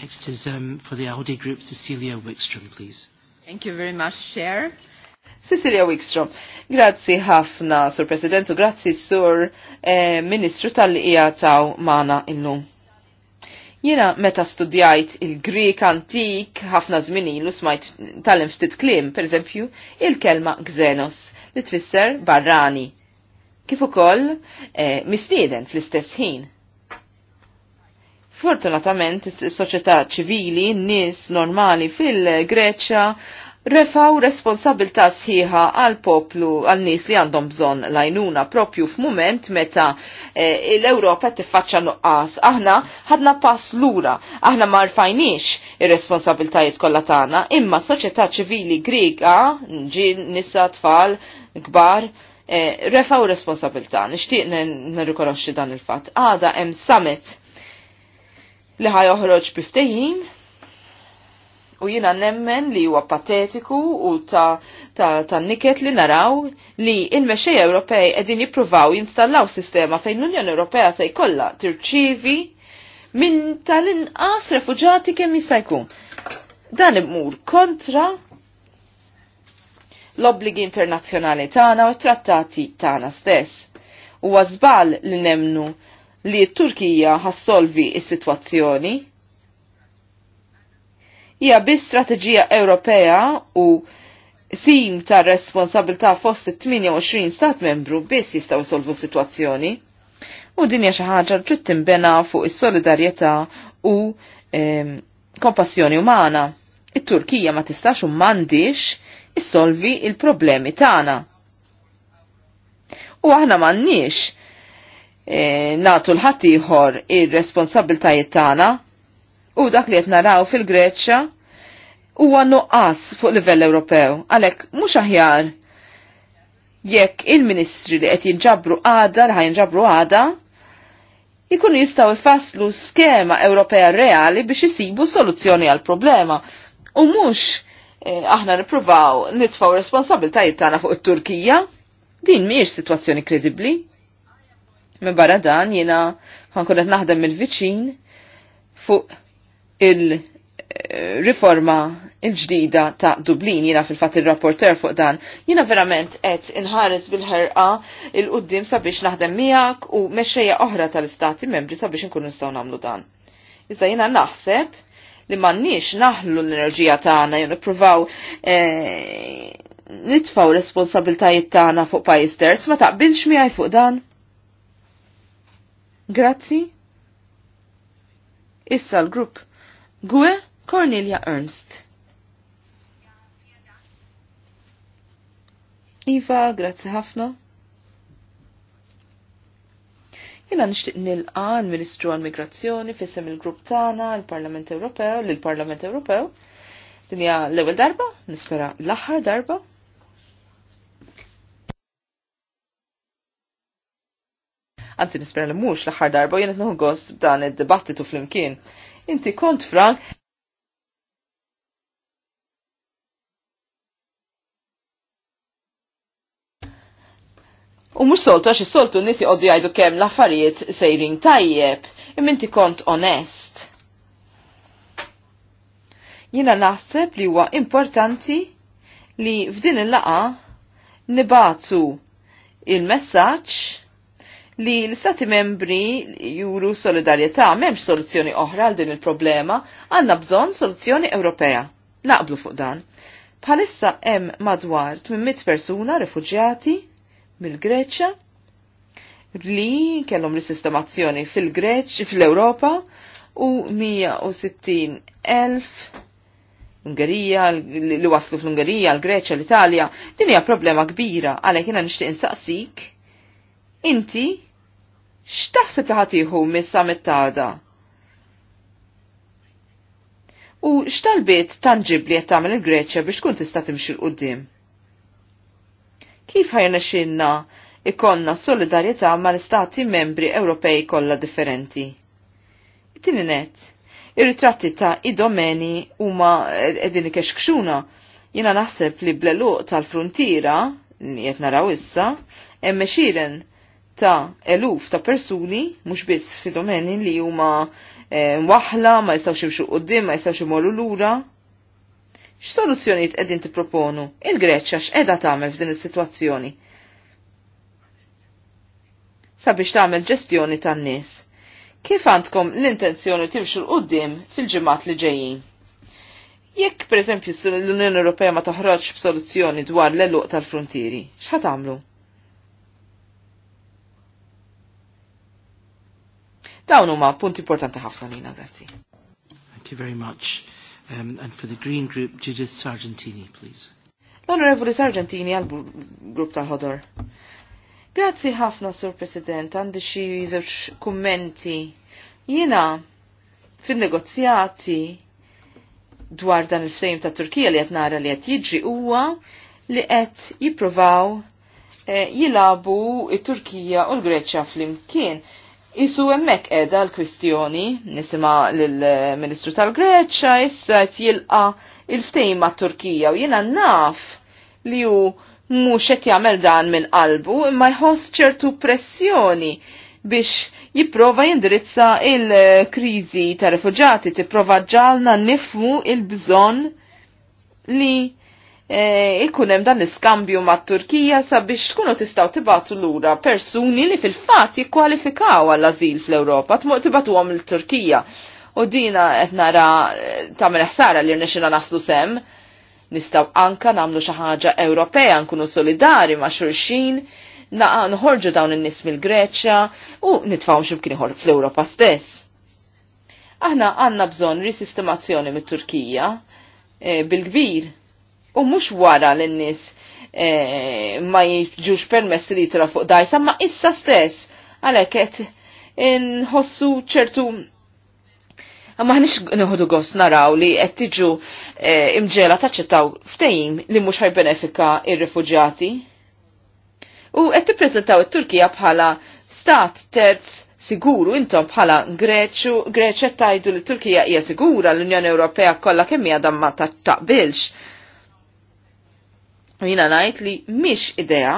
Next is um, for the Audi Group, Cecilia Wickstrom, please. Thank you very much, Chair. Cecilia Wickstrom, grazzi ħafna, Sur President, u grazzi Sur eh, Ministru tal-Ija taw mana illum. Jena meta studjajt il-Grik antik ħafna zmini l smajt tal ftit klim, per eżempju, il-kelma Xenos, li tfisser barrani. Kif ukoll eh, misnieden fl-istess ħin. Fortunatament, is-soċjetà ċivili, n-nies normali fil-Greċja refaw responsabilta sħiħa għal poplu għal nis li għandhom bżon lajnuna propju f'mument meta e, eh, l-Europa tiffaċċa nuqqas. Aħna ħadna pass lura, aħna ma rfajniex ir-responsabiltajiet kollha tagħna, imma soċjetà ċivili Griega, ġil, nisa, tfal, kbar, eh, refaw responsabilta. Nixtieq nirrikonoxxi dan il-fatt. Għada hemm summit li ħaj joħroġ biftejjin u jina nemmen li huwa patetiku u ta', ta, ta niket li naraw li il-mexxej Ewropej qegħdin jippruvaw jinstallaw sistema fejn l-Unjoni Ewropea se jkollha tirċivi minn tal-inqas refuġati kemm jista' jkun. Dan imur kontra l-obbligi internazzjonali tagħna u t-trattati tagħna stess. Huwa żbal li nemnu li t-Turkija ħassolvi is-sitwazzjoni. Hija bi strateġija Ewropea u sim ta' responsabilità fost 28 stat membru biss jistgħu jsolvu s-sitwazzjoni. U din hija xi ħaġa trid tinbena fuq is-solidarjetà u kompassjoni umana. It-Turkija ma tistax u m'għandix issolvi il-problemi tagħna. U aħna m'għandniex E, natu l-ħattijħor ir-responsabiltajiet tagħna u dak li qed naraw fil-Greċċa huwa nuqqas fuq livell Ewropew. Għalhekk mhux aħjar jekk il-ministri li qed jinġabru għada li ħajinġabru għada jikunu jistaw jfasslu skema Ewropea reali biex jisibu soluzzjoni għal problema. U mux e, aħna nipruvaw nitfaw responsabiltajiet tagħna fuq it-Turkija, din mhijiex sitwazzjoni kredibbli. Minn barra dan jiena ħankun qed naħdem mill-viċin fuq il-riforma il-ġdida ta' Dublin, jina fil-fat il-rapporter fuq dan, jina verament qed inħares bil-ħerqa il-qoddim sabiex naħdem miegħek u mexxejja oħra tal-istati membri sabiex inkunu nistgħu nagħmlu dan. Iżda jina naħseb li m'għandniex naħlu l-enerġija tagħna jew nippruvaw e, nitfaw responsabiltajiet tagħna fuq pajjiż ma taqbilx miegħi fuq dan. Grazzi. Issa l-grupp. Gwe Cornelia Ernst. Iva, grazzi ħafna. Jena nishtiq nilqa l-Ministru għal-Migrazzjoni fissem il-grupp tana, l-Parlament Ewropew, l-Parlament Ewropew. Dinja l-ewel darba, nispera l-axar darba. għanzi nispera li mhux l-aħħar darba jenet qed dan b'dan id-dibattitu flimkien. Inti kont frank U mux soltu, għaxi soltu nisi għoddu jgħidu kem laffariet sejrin tajjeb, imminti kont onest. Jina naħseb li huwa importanti li f'din il-laqa nibatu il messagġ li l-Stati membri juru solidarieta m'hemmx soluzzjoni oħra għal din il-problema, għandna bżonn soluzzjoni Ewropea. Naqblu fuq dan. Bħalissa hemm madwar 800 persuna refugjati mill-Greċja li kellhom risistemazzjoni fil-Greċ fil-Ewropa u 160 elf Ungerija, li waslu fl-Ungerija, l-Greċja, l-Italja, din hija problema kbira għalhekk jiena nixtieq insaqsik inti x'taħseb li ħatiħu mis-summit tada? U x'talbiet tanġibli qed tagħmel il-Greċja biex tkun tista' timxi l-qudiem? Kif ħajna xinna ikonna solidarjetà mal-istati membri Ewropej kollha differenti? Tini net, ir-ritratti ta' idomeni huma eh, qegħdin ikexkxuna. Jiena naħseb li bleluq tal-fruntiera, li qed naraw issa, hemm xiren ta' eluf ta' persuni, mhux biss fi domeni li huma eh, waħla, ma jistawx imxu qoddim, ma jistawx imorru lura. X'soluzzjonijiet qegħdin tipproponu? Il-Greċċa x'qiegħda tagħmel f'din is-sitwazzjoni? Sabiex tagħmel ġestjoni tan-nies. Kif għandkom l-intenzjoni timxu l-qoddim fil-ġimgħat li ġejjin? Jekk pereżempju l-Unjoni Ewropea ma toħroġx b'soluzzjoni dwar l-eluq tal-frontieri, x'ħat għamlu? Dawn huma punt importanti ħafna lina, grazzi. Thank you very much. Um, and for the Green Group, Judith Sargentini, please. L-Onorevoli Sargentini għal-grupp tal-ħodor. Grazzi ħafna, Sur President, għandi xie zewċ kummenti. Jiena fin-negozjati dwar dan il-flejm ta' Turkija li qed nara li qed jiġri huwa li qed jippruvaw eh, jilabu il turkija u l-Greċja fl-imkien Isu emmek edha l-kwistjoni, nisima l-Ministru tal-Greċa, issa jilqa il-ftejn ma' Turkija u jena naf li ju mux qed jagħmel dan minn qalbu imma jħoss ċertu pressjoni biex jipprova jindirizza il-kriżi ta' refuġati, tipprova ġalna nifmu il-bżonn li E, ikun hemm dan iskambju mat-Turkija sabiex tkunu tistgħu tibatu lura persuni li fil-fatt jikkwalifikaw għall-ażil fl-Ewropa, għom il-Turkija. U dina qed nara e, tagħmel ħsara li rnexina naslu sem. Nistaw anka namlu xi ħaġa Ewropea nkunu solidari ma' xulxin, nħorġu dawn in-nies mill-Greċja u nitfgħu xibkini ħor fl-Ewropa stess. Aħna għandna bżonn risistemazzjoni mit-Turkija e, bil-kbir u mhux wara lin-nies e, ma jġux permess li jitra fuq dajsa, ma issa stess għalhekk qed nħossu ċertu Ma ħnix nħodu gost naraw li qed tiġu e, imġela taċċettaw ftehim li mhux ħajbenefika ir-refuġjati. U qed tippreżentaw it-Turkija bħala stat terz siguru intom bħala Greċu, Greċa tajdu li Turkija hija sigura l-Unjoni Ewropea kollha kemm hija damma taqbilx. Ta Jina najt li mish idea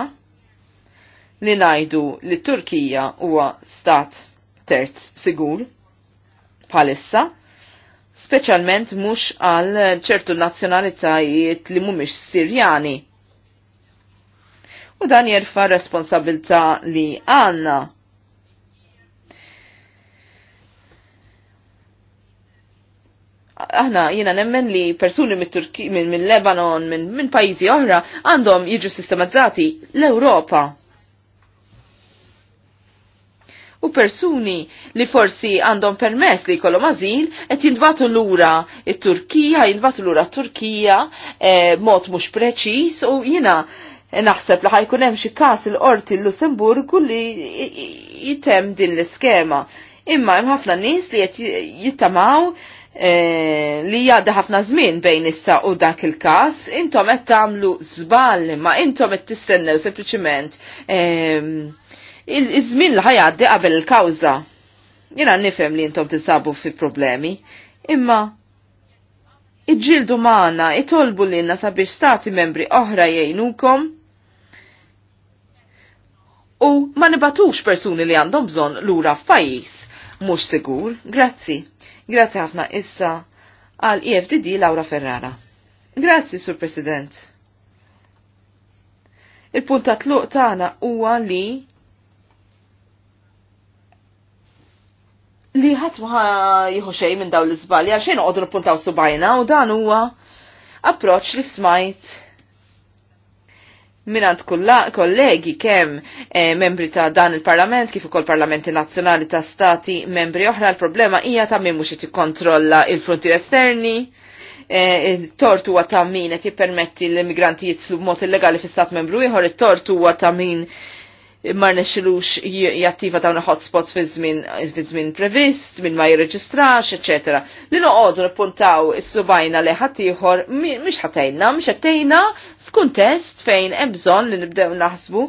li najdu li Turkija huwa stat terz sigur palissa, specialment mux għal ċertu nazzjonalitajiet li mumiex sirjani. U dan jerfa responsabilta li għanna aħna jiena nemmen li persuni minn Lebanon, minn pajjiżi oħra, għandhom jiġu sistematizzati l-Ewropa u persuni li forsi għandhom permess li kolom azil, et jindbatu l-ura il-Turkija, jindbatu l-ura Turkija, e, mod mux preċis, u jina naħseb li ħajkun hemm xi każ il-qorti l-Lussemburgu li jitem din l-iskema. Imma hemm ħafna nies li qed jittamaw Eh, li jgħadda ħafna żmien bejn issa u dak il-każ, intom qed tagħmlu żball ma intom qed tistennew sempliċiment ehm, iż-żmien li ħajgħaddi qabel il-kawża. Jiena nifhem li intom tinsabu fi problemi, imma iġġieldu maħna, itolbu l-inna sabiex stati membri oħra jgħinukom u ma nibatux persuni li għandhom bżon l-ura f'pajis. sigur, grazzi. Grazzi ħafna issa għal EFDD Laura Ferrara. Grazzi, Sur President. Il-punt ta' tluq tagħna huwa li li ħadd ma jieħu xejn minn dawn l-iżbalji għal xejn noqogħdu nippuntaw subajna u dan huwa approċċ li smajt minant kollegi kem eh, membri ta' dan il-parlament kif ukoll parlamenti nazzjonali ta' stati membri oħra l-problema hija ta' min mhux qed ikkontrolla il-frontier esterni. Eh, il-tort huwa ta' min qed jippermetti l-immigranti jitlu b'mod illegali fi stat membru ieħor, it-tort huwa ta' min mar nexilux jattiva dawn hotspots fi żmien previst, minn ma jirreġistrax, etc. Li noqogħdu nippuntaw is-subajna li ħadd ieħor mhix ħatejna, miex ħatejna f'kuntest fejn hemm bżonn li nibdew naħsbu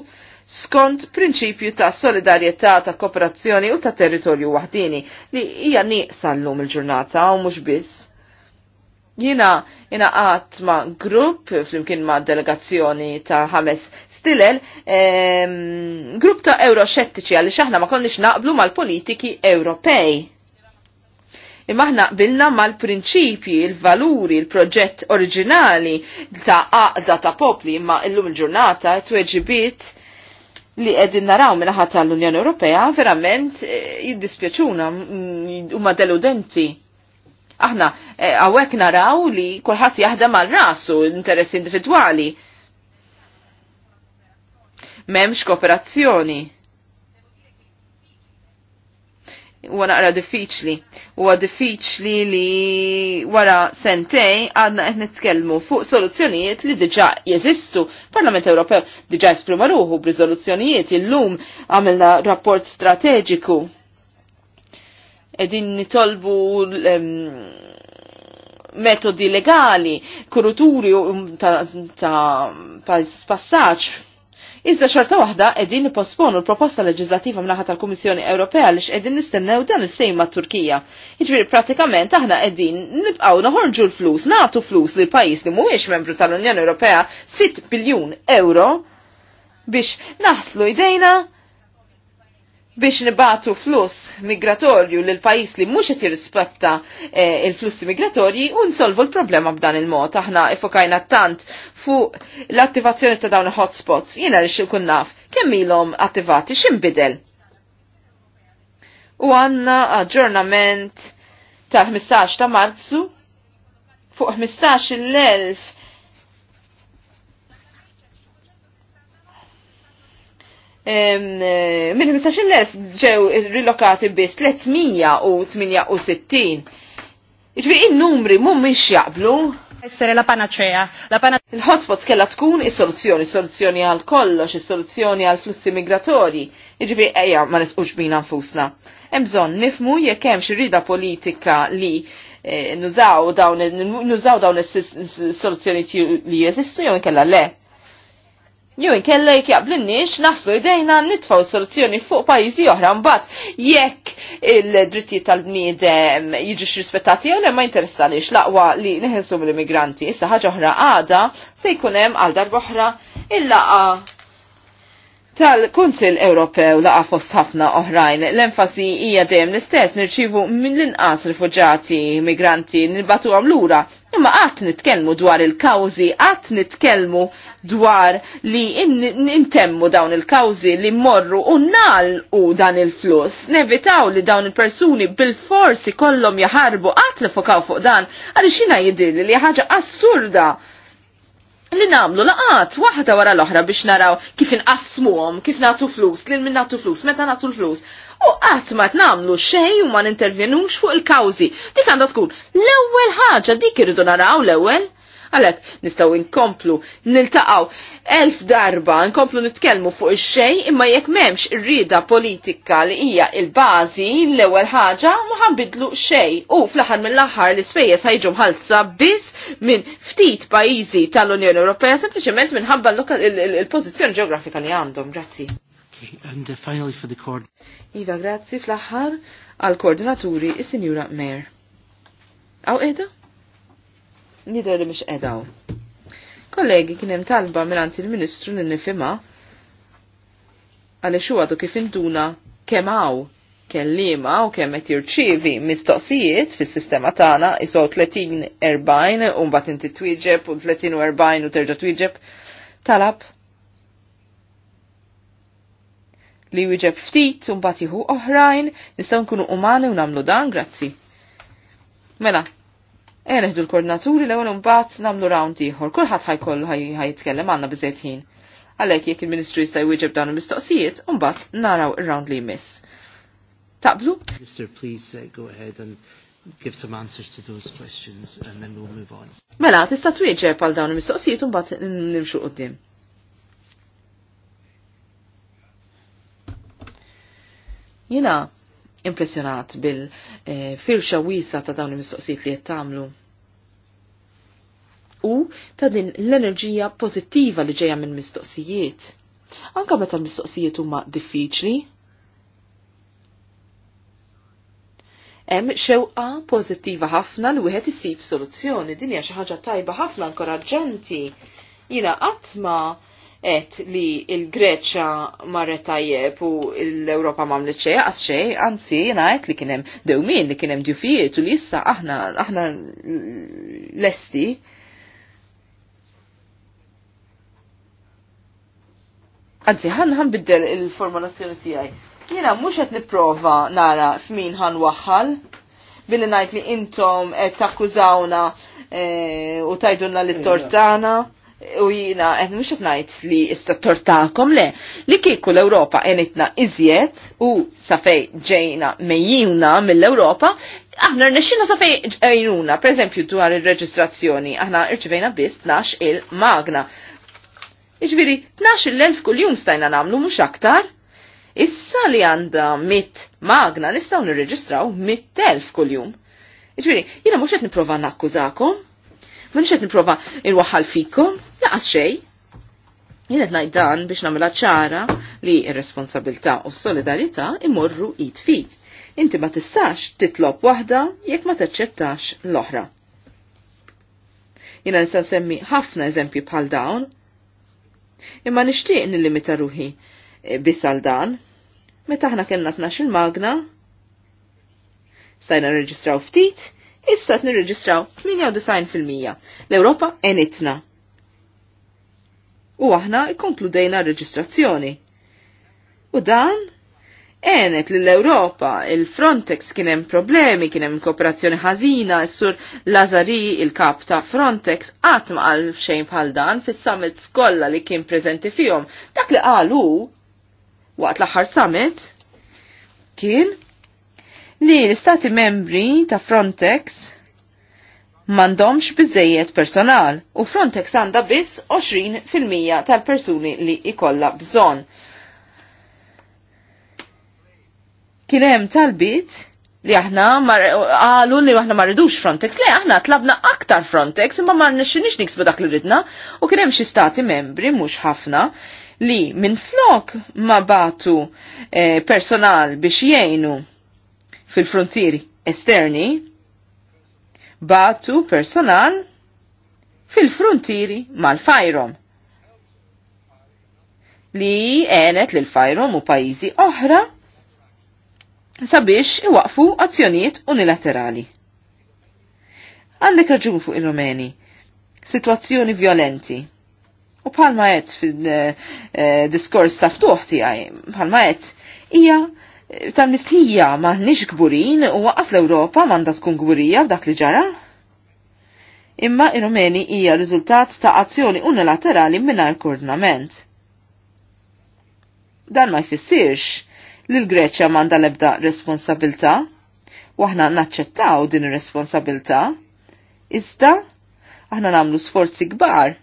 skont prinċipju ta' solidarjetà ta' kooperazzjoni u ta' territorju waħdini li hija nieqsa llum il-ġurnata u mhux biss. Jina inaqat ma' grupp flimkien ma' delegazzjoni ta' ħames stilel grupp ta' euroxettiċi għalli xaħna ma' konniex naqblu mal-politiki Ewropej. Imma aħna qbilna mal-prinċipji, il-valuri, il-proġett oriġinali ta' għaqda ta' popli imma illum il-ġurnata t-weġibit li qegħdin naraw ħata tal-Unjoni Ewropea verament eh, jiddispjaċuna mm, huma deludenti. Aħna eh, hawnhekk naraw li kulħadd jaħdem mal rasu interess individwali. M'hemmx kooperazzjoni huwa naqra diffiċli. Huwa diffiċli li wara sentej għadna qed nitkellmu fuq soluzzjonijiet li diġà jeżistu. Parlament Ewropew diġà esprima ruħu b'riżoluzzjonijiet illum għamilna rapport strateġiku. Edin nitolbu ehm, metodi legali, kuruturi um, ta', ta, ta passaċ Iżda xorta waħda edin nipposponu l-proposta leġislativa mnaħa tal-Kummissjoni Ewropea li x'qegħdin nistennew dan il fejn ma' turkija Jiġifieri pratikament aħna qegħdin nibqgħu noħorġu l-flus, nagħtu flus li pajjiż li mhuwiex membru tal-Unjoni Ewropea 6 biljun euro biex naħslu idejna biex nibatu flus migratorju lil pajis li mhux qed jirrispetta eh, il-flussi migratorji u nsolvu l-problema b'dan il-mod. Aħna ifokajna tant fuq l-attivazzjoni ta' dawn hotspots. Jiena rix ikun naf kemm ilhom attivati x'inbidel. U għanna aġġornament tal 15 ta' Marzu fuq 15 l-1000 Eh, minn 15.000 ġew rilokati biss 368. Iġvi il numri mhumiex jaqblu. Essere la panacea. La pana... Il-hotspots kella tkun is-soluzzjoni, soluzzjoni għal kollox, is-soluzzjoni għal flussi migratorji. Iġvi ejja ma nisqux bina nfusna. Emżon, bżonn nifmu jekk hemm xi rida politika li eh, nużaw dawn is-soluzzjoni li jeżistu jew kella le. Jew inkellek jaqblinniex naslu idejna nitfaw soluzzjoni fuq pajjiżi oħra mbagħad jekk il-drittijiet tal-bniedem x rispettati jew ma x laqwa li neħilsu mill-immigranti. Issa ħaġa oħra għada se jkun hemm għal darba oħra il-laqa Tal-Kunsil Ewropew laqa fost ħafna oħrajn, l-enfasi hija dejjem l-istess nirċivu mill-inqas rifuġati migranti nibatu lura, imma qatt nitkellmu dwar il-kawżi, qatt nitkellmu dwar li nintemmu dawn il-kawżi li morru u u dan il-fluss, nevitaw li dawn il-persuni bil-forsi kollom jaħarbu għat li fukaw fuq dan, għaliex xina jidir li ħaġa assurda li namlu laqat waħda wara l-oħra biex naraw kif inqasmuhom, kif nagħtu flus, lil min nagħtu flus, meta nagħtu l-flus. U qatt ma tnamlu xejn u ma nintervjenux fuq il-kawżi. Dik għandha tkun l-ewwel ħaġa dik irridu naraw l-ewwel. Għalek nistaw inkomplu, niltaqaw elf darba, nkomplu nitkelmu fuq ix-xej imma jekk memx rrida politika li hija il-bażi l-ewwel ħaġa ma bidlu xej. U fl-aħħar mill-aħħar l-ispejjeż sajġu mħallsa biss minn ftit pajjiżi tal-Unjoni Ewropea sempliċement minħabba l-pożizzjoni ġeografika li għandhom. Grazzi. Uh, finally for the cord. Iva, grazzi fl-aħħar għal koordinaturi il sinjura Mayor. Aw edha? jidher li mhux qedaw. Kollegi kien hemm talba mingħand il-Ministru li nifhimha għaliex huwa kif induna kemm hawn kellima u kemm qed jirċievi mistoqsijiet fis-sistema tagħna iso 30-40 e u mbagħad inti twieġeb u 30 40 e u terġa' twieġeb talab li wieġeb ftit u mbagħad jieħu oħrajn nistgħu nkunu umani u nagħmlu dan, grazzi. Mela, Eneħdu l-koordinaturi l-ewel mbagħad nagħmlu round ieħor. Kulħadd ħajkollu ħajitkellem għandna bizet ħin. Għalhekk jekk il-Ministru jista' jwieġeb dawn il-mistoqsijiet, mbagħad naraw ir-round li jmiss. Taqblu? Minister, please uh, go ahead and give some answers to those questions and then we'll move on. Mela, tista' twieġeb għal dawn il-mistoqsijiet mbagħad nimxu qudiem. Jina, you know impressjonat bil-firxa eh, wisa ta' dawn il-mistoqsijiet li qed tagħmlu. U ta' din l-enerġija pożittiva li ġejja minn mistoqsijiet. Anka meta l-mistoqsijiet huma diffiċli. Hemm xewqa pożittiva ħafna li wieħed isib soluzzjoni, din hija xi ħaġa tajba ħafna inkoraġġanti. Jiena qatt ma' et li il-Greċa marre tajjeb u l-Europa ma xej, għas xej, anzi, najt li kienem dewmin, li kienem djufijiet u li issa aħna, aħna lesti. Anzi, ħan ħan biddel il-formulazzjoni tijaj. Jena mux għet niprofa nara f'min ħan waħħal, billi najt li intom għet takkużawna eh, u tajdunna li tortana. Yeah, u jina għed eh, mux najt li istattor taħkom le, li kieku l-Europa għenitna iżjed u safej ġejna mejjina mill-Europa, aħna rnexxina safej għajnuna, per eżempju dwar il-reġistrazzjoni, aħna irċivejna biss 12 il-magna. Iġviri, 12 il elf kull-jum stajna namlu mux aktar, issa li għanda mit magna nistaw nirreġistraw mit telf kull-jum. Iġviri, jina mux għed niprofa nakkużakom, xet qed nipprova nwaħħal fikkom laqas xejn. Jien qed ngħid dan biex namela ċara li r responsabilta u s imorru id fit. Inti ma tistax titlob waħda jekk ma teċċettax l-oħra. Jiena nista' nsemmi ħafna eżempji bħal dawn. Imma nixtieq nillimita ruħi eh, biss għal dan. Meta aħna kellna tnax il magna stajna nirreġistraw ftit, Issa t-nirreġistraw 98%. L-Europa enitna. U aħna ikkonkludejna r-reġistrazzjoni. U dan Enet l-Europa, il-Frontex kienem problemi, kienem kooperazzjoni ħazina, sur Lazari, il-kap ta' Frontex, għatma għal xejn bħal dan fis summit skolla li kien prezenti fihom. Dak li għalu, waqt l-aħħar summit, kien li l-istati membri ta' Frontex mandomx bizzejiet personal u Frontex għanda biss 20% tal-persuni li ikolla bżon. Kienem tal-bit li aħna għalu li aħna ma Frontex, li aħna tlabna aktar Frontex imma ma rnexxinix niksbu dak li ridna u kien hemm xi stati membri mhux ħafna li minn flok ma batu eh, personal biex jgħinu fil-frontieri esterni batu personal fil-frontieri mal-fajrom li għenet l fajrom u pajizi oħra sabiex iwaqfu azzjoniet unilaterali. Għandek raġun fuq il-Rumeni, situazzjoni violenti. U bħalma għed fil-diskors eh, eh, taftuħti għaj, bħalma għed, ija tal-mistija nix gburin u waqas l-Ewropa manda tkun gburija f'dak li ġara? Imma ir-Rumeni hija riżultat ta' azzjoni unilaterali mingħajr koordinament. Dan ma jfissirx li l-Greċja manda lebda responsabilta, aħna naċċettaw din ir-responsabilta, iżda aħna namlu sforzi kbar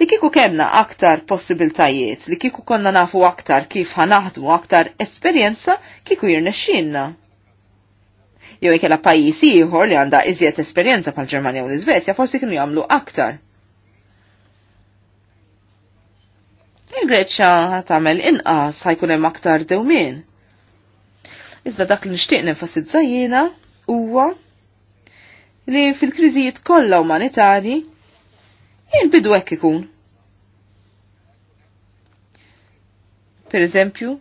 li kiku kemna aktar possibiltajiet, li kiku konna nafu aktar kif ħanaħdmu aktar esperjenza kiku jirnexxinna. Jew ikela pajjiż ieħor li għandha iżjed esperjenza pal ġermanja u l-Iżvezja forsi kienu jagħmlu aktar. Il-Greċċa tagħmel inqas ħajkun hemm aktar dewmien. Iżda dak li nixtieq nenfasizza jiena huwa li fil-kriżijiet kollha umanitarji Jien bidu hekk ikun. Per eżempju,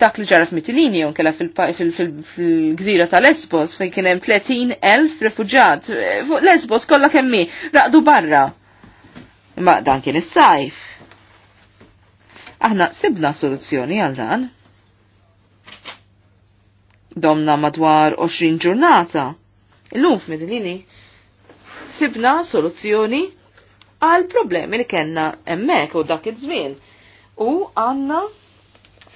dak li ġara f'Mitilini jew kella fil-gżira ta' Lesbos fejn kien hemm 30,000 refuġat. Fuq Lesbos kollha kemm mi raqdu barra. Imma dan kien is-sajf. Aħna sibna soluzzjoni għal dan. Domna madwar 20 ġurnata. Illum f'Mitilini sibna soluzzjoni għal problemi li kena emmek u dak iż-żmien. U għanna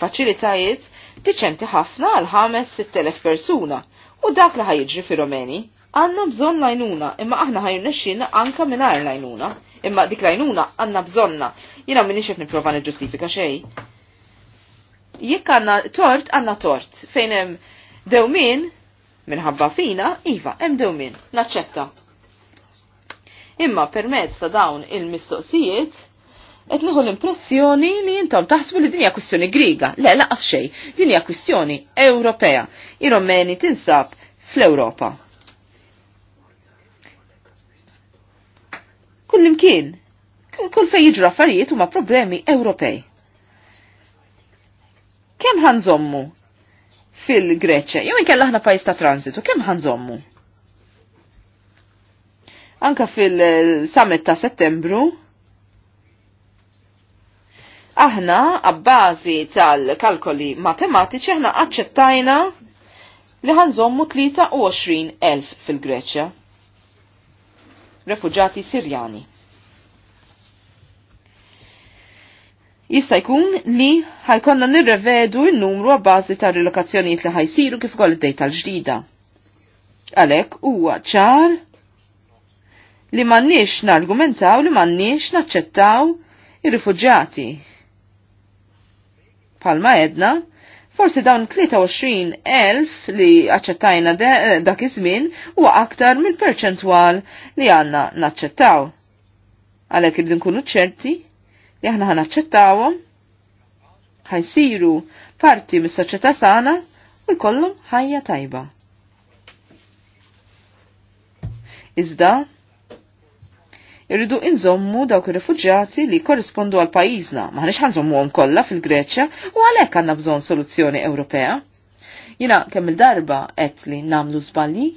faċilitajiet tiċenti ħafna għal 5-6,000 persuna. U dak li ħajġri fi Romeni, għanna bżon lajnuna, imma aħna ħajrnexxin anka minar lajnuna. Imma dik lajnuna għanna bżonna. Jina minni xef niprofa ġustifika xej. Jekk għanna tort, għanna tort. Fejnem dewmin, minħabba fina, iva, em dewmin, naċċetta Imma permezz ta' dawn il-mistoqsijiet, qed nieħu l-impressjoni li intom taħsbu li dinja kwistjoni griga. Le, laqas xejn, dinja kwistjoni Ewropea. Ir-Romeni tinsab fl-Ewropa. Kullimkien, kull fej jiġru affarijiet huma problemi Ewropej. Kemm ħanżommu fil-Greċja, jew inkella aħna pajjiż ta' transitu, kemm ħanżommu? anka fil-summit ta' settembru, aħna għabbażi tal-kalkoli matematiċi aħna aċċettajna li ħanżommu 23.000 fil-Greċja. Refugġati Sirjani. Jista' jkun li ħajkonna nirrevedu n-numru għabbażi tal-relokazzjonijiet li ħajsiru kif ukoll id-dejta l-ġdida. Għalhekk huwa ċar li m'għandniex nargumentaw li m'għandniex naċċettaw ir rifugġati Palma edna, forsi dawn 23.000 li aċċettajna eh, dak iż-żmien huwa aktar mill-perċentwal li għandna naċċettaw. Għalhekk irridu nkunu ċerti li aħna ħanaċċettawhom ħajsiru parti mis-soċjetà sana u jkollhom ħajja tajba. Iżda, irridu inżommu dawk ir-refuġjati li korrispondu għal pajjiżna, maħniex għom kollha fil-Greċja u għalhekk għandna bżonn soluzzjoni Ewropea. Jina kemm il-darba qed li nagħmlu żbalji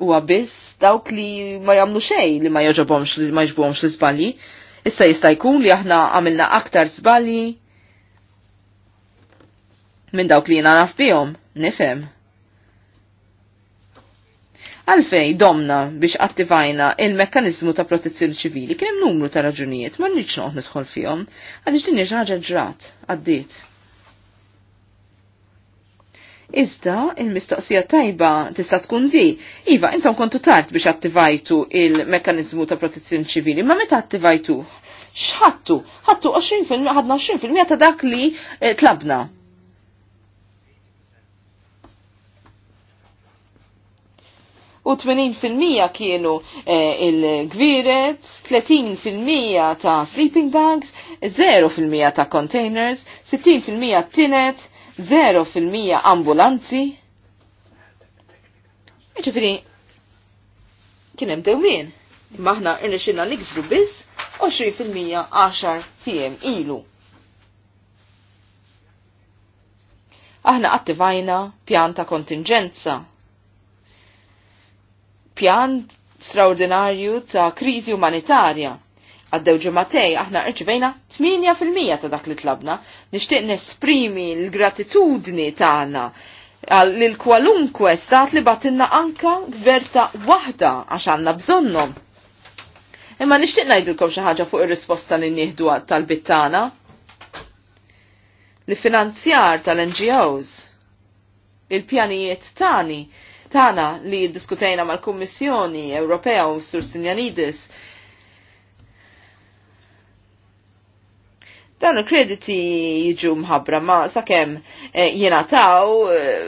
huwa biss dawk li ma jagħmlu xejn li ma joġobhomx li ma jġbuhomx li iżbalji Issa jista' jkun li aħna għamilna aktar żbalji minn dawk li jiena naf bihom, nifhem. Għalfej domna biex attivajna il-mekkanizmu ta' protezzjoni ċivili kien hemm numru ta' raġunijiet ma rridx noqgħod nidħol fihom għaliex din ħaġa ġrat għaddiet. Iżda il-mistoqsija tajba tista' tkun di, iva intom kontu tard biex attivajtu il-mekkanizmu ta' protezzjoni ċivili, ma meta attivajtu? X'ħattu? Ħattu 20% ħadna 20% ta' dak li eh, tlabna u 80% kienu eh, il-gwiret, 30% ta' sleeping bags, 0% ta' containers, 60% tinet, 0% ambulanzi. Iġifiri, kien hemm dewmien. Maħna irnexxilna niksbu biss 20% 10 tiem ilu. Aħna attivajna pjan ta' kontingenza pjan straordinarju ta' kriżi umanitarja. Għaddew ġematej aħna irċivejna 8% ta' dak li tlabna, nixtieq nesprimi l-gratitudni tagħna lil kwalunkwe stat li batinna anka verta waħda għax għandna bżonnhom. Imma nixtieq ngħidilkom xi ħaġa fuq ir-risposta li nieħdu tal-bittana li finanzjar tal-NGOs. Il-pjanijiet tani Tana li diskutejna mal-Kummissjoni Ewropea u Sur Sinjanidis. Dawn il-krediti jiġu mħabbra ma sakemm eh, jingħataw eh,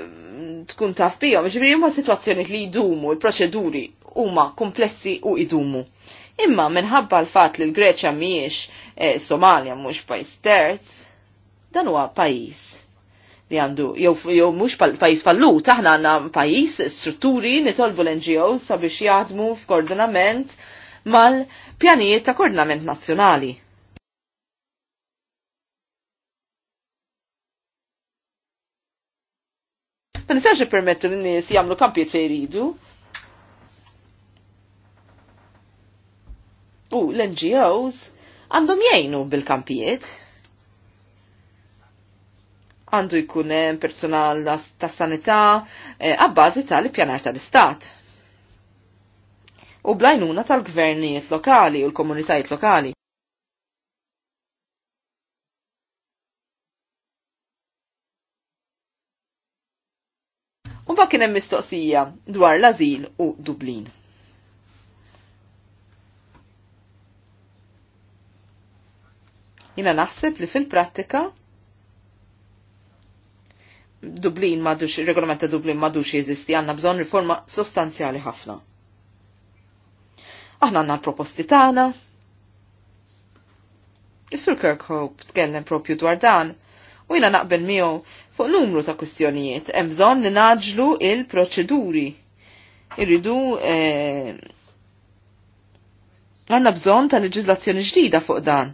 tkun taf bihom, ġibri huma sitwazzjoni li jdumu, il-proċeduri huma komplessi u idumu. Imma minħabba l-fat li l-Greċja miex eh, Somalia mhux pajis terz, dan huwa pajjiż li għandu, jew, jew mux pajis Fallu aħna għanna pajis strutturi nitolbu l-NGOs sabiex jaħdmu f'koordinament mal-pjanijiet ta' koordinament nazzjonali. Ma nistax permettu n-nies jagħmlu kampijiet fej jridu. U l-NGOs għandhom jgħinu bil-kampijiet għandu jkun eh, personal ta' sanità eh, għabbażi tal-pjanar tal-istat. U blajnuna tal-gvernijiet lokali u l-komunitajiet lokali. Unba kien hemm mistoqsija dwar l-azil u Dublin. Jina naħseb li fil-prattika Dublin madux, regolament ta' Dublin madux jeżisti, għanna bżon riforma sostanzjali ħafna. Aħna għanna proposti tagħna. Is-Sur Kirkhope tkellem propju dwar dan u jina naqbel miegħu fuq numru ta' kwistjonijiet. Hemm bżonn li naġlu il-proċeduri. Irridu għandna eh, bżonn ta' leġislazzjoni ġdida fuq dan.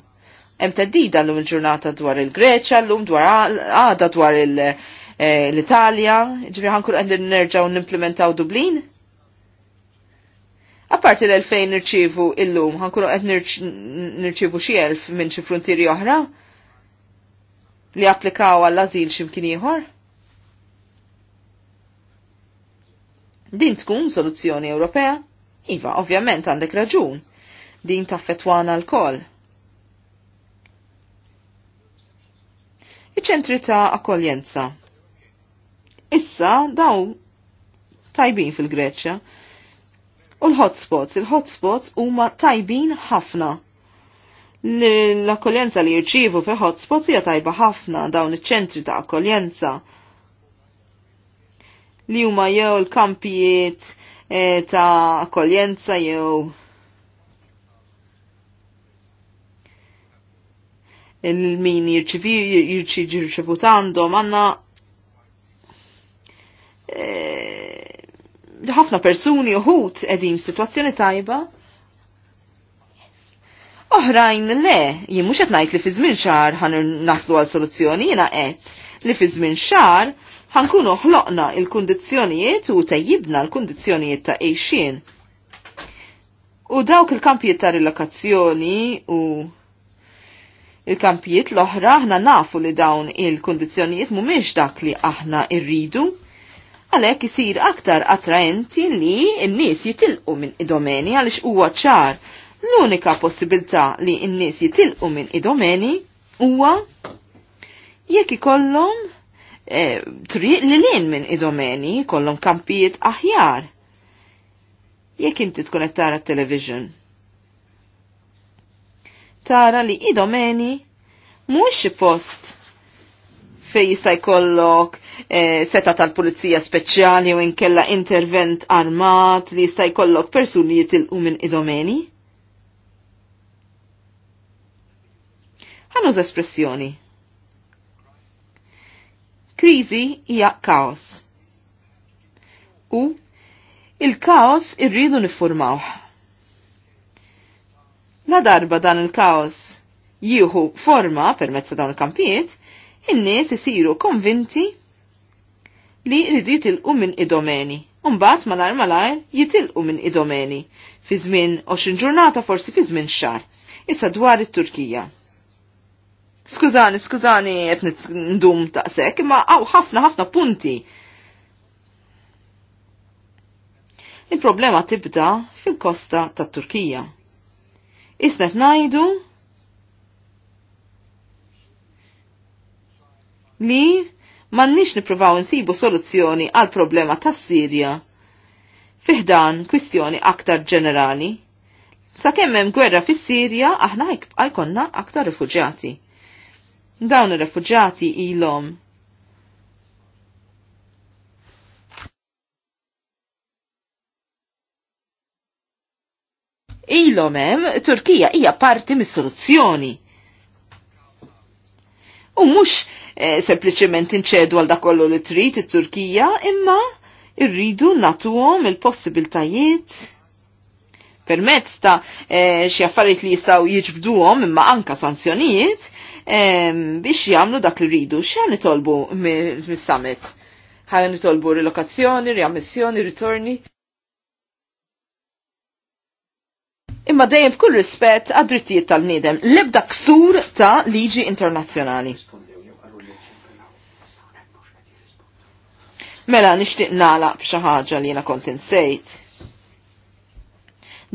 Hemm teddida llum il-ġurnata dwar il-Greċja, llum dwar għada dwar il-, -Greċa, Eh, l-Italja, ġifri ħankun għandir nerġaw n-implementaw Dublin? Apparti l-2000 nirċivu illum, ħankunu għed nirċivu xie elf minn xi frontieri oħra li applikaw għall-azil ximkien ieħor? Din tkun soluzzjoni Ewropea? Iva, ovvjament għandek raġun. Din taffetwana l-kol. Iċ-ċentri ta' akkoljenza. Issa daw tajbin fil-Greċja. U l-hotspots, il-hotspots huma tajbin ħafna. L-akkoljenza li jirċivu fil hotspots hija tajba ħafna dawn iċ-ċentri ta' akkoljenza li huma jew l-kampijiet e, ta' akkoljenza jew il-min jirċivu tandom għandhom għanna Eh, ħafna persuni uħut edin situazzjoni tajba. Oħrajn le, jien mhux qed ngħid li fi żmien xar ħan naslu għal soluzzjoni, jiena qed li fi żmien xar ħankunu ħloqna il-kundizzjonijiet u tajjibna l-kundizzjonijiet ta' għejxien. U dawk il-kampijiet ta' rilokazzjoni u il-kampijiet l-oħra aħna nafu li dawn il kundizzjonijiet mhumiex dak li aħna irridu għalhekk isir aktar attraenti li n-nies jitilqu minn idomeni għaliex huwa ċar l-unika possibilità li n-nies jitilqu minn idomeni huwa jekk ikollhom e, triq li lin minn idomeni kollhom kampijiet aħjar. Jekk inti tkun qed tara t-television tara li idomeni mhux post fej jista' jkollok e, seta tal-pulizija speċjali u inkella intervent armat li jista' jkollok persuni jitilqu minn idomeni? Għanuż espressjoni. Kriżi hija kaos. U il-kaos irridu niffurmawh. La darba dan il-kaos jieħu forma permezz dawn il-kampijiet, in-nies isiru konvinti li rridu jitilqu minn idomeni. Umbat malar malar jitilqu minn idomeni fi żmien 20 ġurnata forsi fi żmien xar. Issa dwar it-Turkija. Skużani, skużani qed ndum taqsek, imma għaw ħafna ħafna punti. Il-problema tibda fil-kosta tat-Turkija. Isna ngħidu li mannix nipruvaw nsibu soluzzjoni għal problema tas Sirja. Fiħdan kwistjoni aktar ġenerali. Sakemm hemm gwerra fis-Sirja aħna għajkonna aktar rifuġjati. Dawn ir-rifuġjati ilhom Ilhom hemm Turkija hija parti mis-soluzzjoni U mhux eh, sempliċement inċedu għal dakollu li trid it-Turkija, imma irridu natuhom il-possibiltajiet permezz ta' eh, xi affarijiet li jistgħu jiġbduhom imma anka sanzjonijiet ehm, biex jagħmlu dak li rridu. X'għan nitolbu mis-summit? Ħajja nitolbu relokazzjoni, riammissjoni, ritorni? imma dejjem f'kull rispett għad-drittijiet tal-bniedem l-ebda ksur ta' liġi internazzjonali. Mela nixtieq nagħlaq b'xi ħaġa li jiena kont insejt.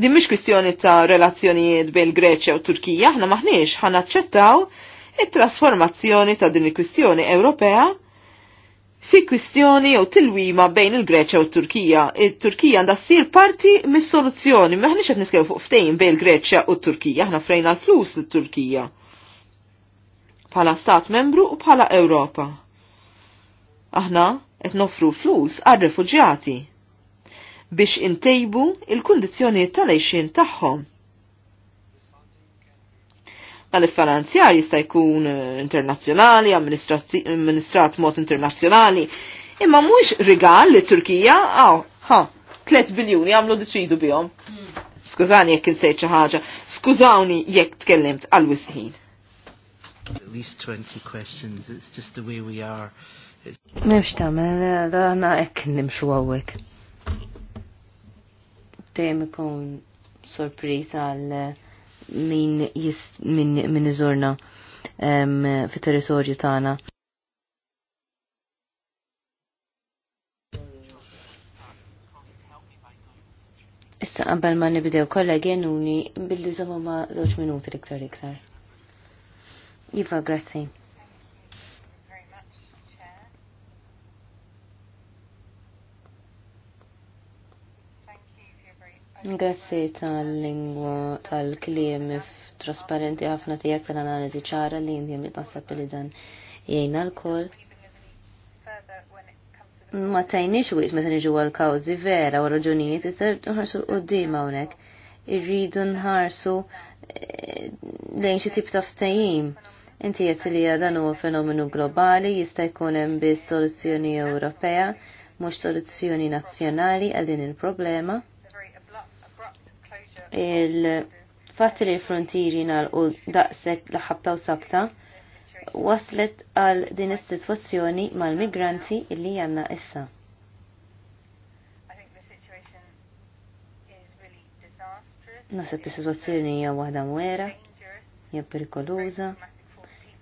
Din mhix kwistjoni ta' relazzjonijiet bejn Greċja u Turkija, aħna maħniex ħanaċċettaw it-trasformazzjoni ta' din il-kwistjoni Ewropea fi kwistjoni jew tilwima bejn il-Greċja u t-Turkija. Il-Turkija għandha ssir parti mis-soluzzjoni, m'aħniex qed nitkellmu fuq ftehim bejn il-Greċja u t-Turkija, aħna frejna l-flus lit-Turkija. Bħala stat membru u bħala Ewropa. Aħna qed nofru flus għar-refuġjati biex intejbu il-kundizzjonijiet tal-għejxin tagħhom tal-finanzjar jista' jkun eh, internazzjonali, amministrat mod internazzjonali. Imma mhux rigal li Turkija, aw, ha, 3 biljuni għamlu deċidu bihom. Hmm. Skużani jekk insejt xi ħaġa, skużawni jekk tkellimt għal wisħin. At least 20 questions, it's just the way we are. Memx tamel, dana ek nimxu għawek. Dejjem ikun sorpriż għal uh, min, jis, min, min iżurna fit territorju tagħna. Issa qabel ma nibdew kollha genuni billi żomma ma żewġ minuti iktar iktar. Iva, grazzi. Grazzi tal-lingwa tal-kliem trasparenti ħafna tiegħek tal-analiżi ċara li jien li naħseb li dan jgħinna l Ma tajniex wis meta niġu għal-kawżi vera u raġunijiet iżda nħarsu d-dima hawnhekk. Irridu nħarsu eh, lejn xi tip ta' ftehim. Inti qed li dan huwa fenomenu globali jista' jkun hemm biss soluzzjoni Ewropea mhux soluzzjoni nazzjonali għal din il-problema il fatri li l u daqsek daqshekk laħabta u sabta waslet għal din is-sitwazzjoni mal-migranti illi għandna issa. Nasib is-sitwazzjoni hija waħda mwera, hija perikoluża,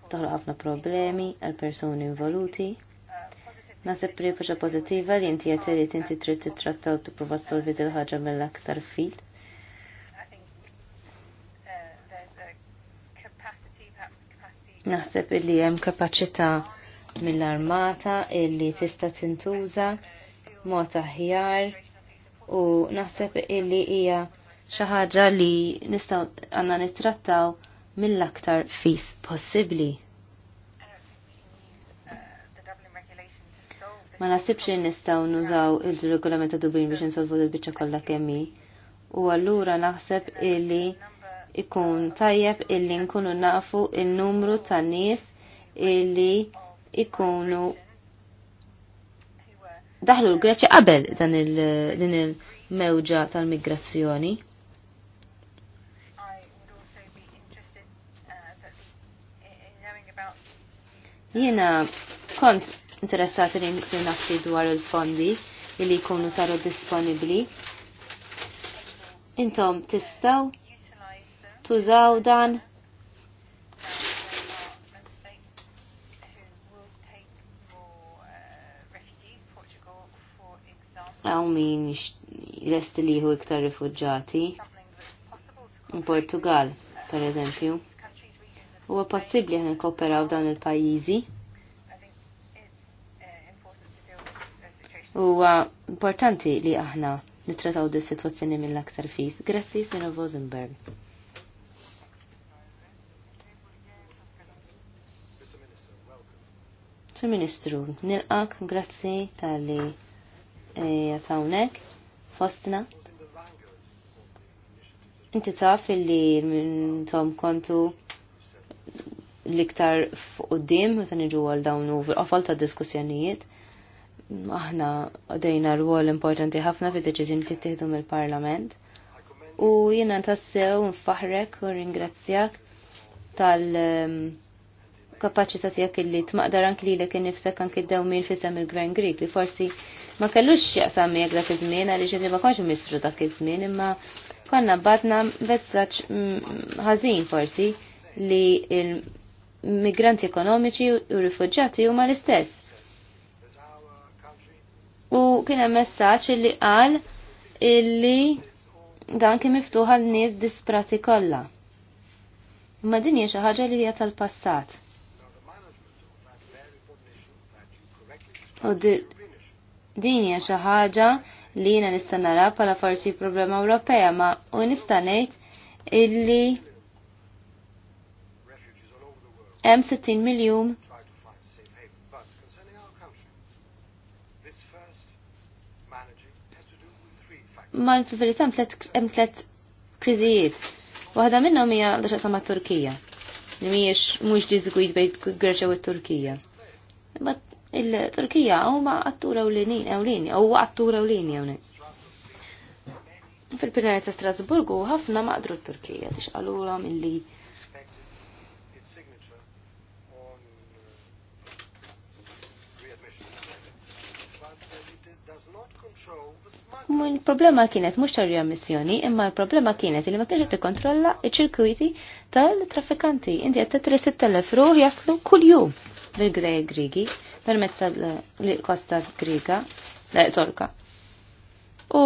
toħloq ħafna problemi għal persuni involuti. Nasib ripaċa pozittiva li inti qed li inti trid titrattaw u tipprova solvi il ħaġa mill-aktar fil. Naħseb illi hemm kapaċità mill-armata illi tista' tintuża mod aħjar u naħseb illi hija xi ħaġa li nistgħu għandna nittrattaw mill-aktar fis possibbli. Ma nasibx li nistgħu nużaw il-regolament ta' Dublin biex insolvu l-biċċa kollha kemm u allura naħseb illi ikun tajjeb illi nkunu nafu il-numru ta' nies illi ikunu daħlu l greċja qabel dan din il-mewġa tal-migrazzjoni. Jiena kont interessati li nksu nafsi dwar il-fondi illi jkunu saru disponibli. Intom tistaw tużaw dan. Għaw min lest liħu iktar rifugġati. In Portugal, per eżempju. Huwa possibbli ħan kooperaw dan il-pajjiżi. Huwa importanti li aħna nitrataw dis-sitwazzjoni mill-aktar fis. Grazzi, Sinu Vosenberg. Sur Ministru, nilqak, grazzi tal-li eh, jatawnek, fostna. Inti taf illi minn tom kontu l-iktar f'qoddim, meta niġu għal dawn għafal ta' diskussjonijiet, aħna għadejna rwol importanti ħafna fi deċiżjoni li tieħdu mill-Parlament. U jiena tassew nfaħrek u ringrazzjak tal- um, kapaċità tiegħek illi tmaqdar anki lilek innifsek anki d-dewmin fisem il-Gvern greek li forsi ma kellux jaqsam miegħek dak iż-żmien għaliex inti ma kontx mistru dak iż-żmien imma konna batna messaġġ mm, ħażin forsi li il-migranti ekonomiċi u rifugġati huma l-istess. U kien hemm messaġġ li qal illi dan kien miftuħa l-nies disprati kollha. Imma din hija xi ħaġa li hija tal-passat. U din hija xi ħaġa li jiena nista' nara bħala forsi problema Ewropea ma u nista' ngħid illi hemm 60 miljun ma fil-verità hemm tliet kriżijiet. Waħda minnhom hija għandha xaqsam mat-Turkija. Li mhijiex mhux diżgwid bejn Greċja u t-Turkija. Imma il-Turkija huma għattura u lini u lini u għattura u lini ewlini. Fil-Pinari ta' Strasburgu ħafna maqdru t-Turkija, biex għalulhom illi Il-problema kienet mux tar missjoni, imma il-problema kienet li ma kienx tikkontrolla iċ-ċirkwiti tal-traffikanti. Inti qed titri 6000 ruħ jaslu kull jum mill-Gżejjer Grigi permezz tal-kosta Griega, eh, Torka. U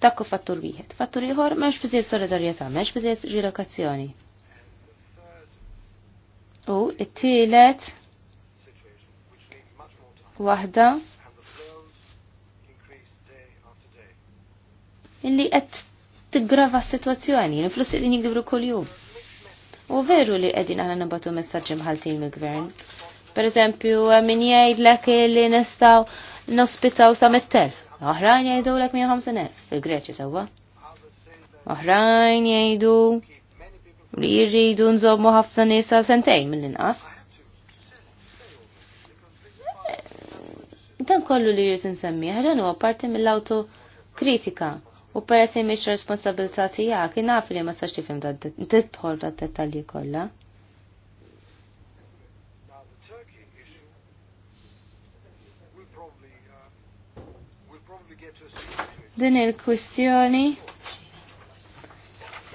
takku fattur wieħed. Fattur ieħor m'hemmx biżejjed solidarjetà, m'hemmx biżejjed rilokazzjoni. U it tielet waħda illi qed tiggrava s-sitwazzjoni, l flussi din jikbru kuljum. U veru li qegħdin aħna nabatu messaġġi mħaltin mill-gvern. Per eżempju, min jgħidlek li nistgħu nospitaw sa Oħrajn telf Oħrajn jgħidulek 150,000 fil-Greċi sewwa. Oħrajn jgħidu li jirridu nżommu ħafna nisa sentejn mill-inqas. Dan kollu li jrid nsemmi, ħagħan huwa parti mill-autokritika. kritika U peress se mhix responsabilità tiegħek, naf li ma sax tifhem tidħol tad-dettalji kollha. Uh, Din il-kwistjoni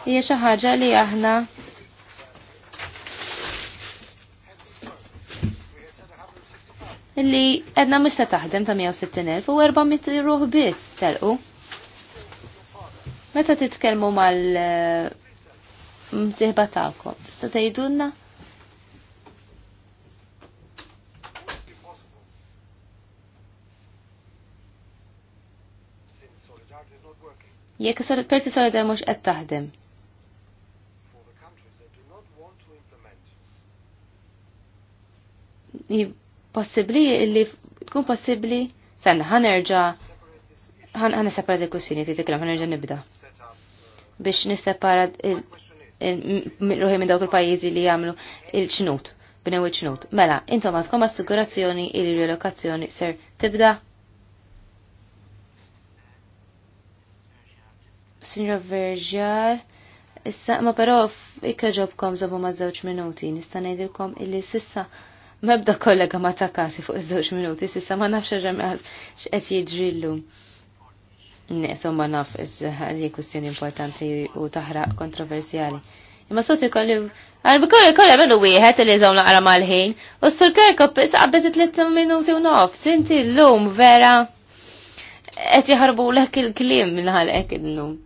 hija xi ħaġa li aħna illi edna mhux se taħdem ta' 160.000 u 400 ruħ biss telqu. Meta titkellmu mal eh, msiħba tagħkom, tista' tgħidulna? jekk persi solidar mhux qed taħdem. Possibbli li tkun possibbli, sen ħanerġa' ħan separa dik kussini titikram ħanerġa' nibda biex nissepara ruħi minn dawk il-pajjiżi li jagħmlu il-ċnut, bnew il-ċnut. Mela, intom għandkom assigurazzjoni il relokazzjoni ser tibda? Signor Verġar, issa ma però ikkaġobkom żabu ma' żewġ minuti, nista' ngħidilkom illi sissa mebda kollega ma takasi fuq iż-żewġ minuti, sissa ma nafx irrem x'qed jiġri llum ma naf li kustjoni importanti u taħraq kontroversjali. Imma sot ikolli għalbi kolli kolli għamlu wieħed li jżom naqra mal-ħin u s-sur kerkop saqqabbet it-tliet minuti u naf, Sinti l-lum vera qed jħarbu lek il-kliem il illum.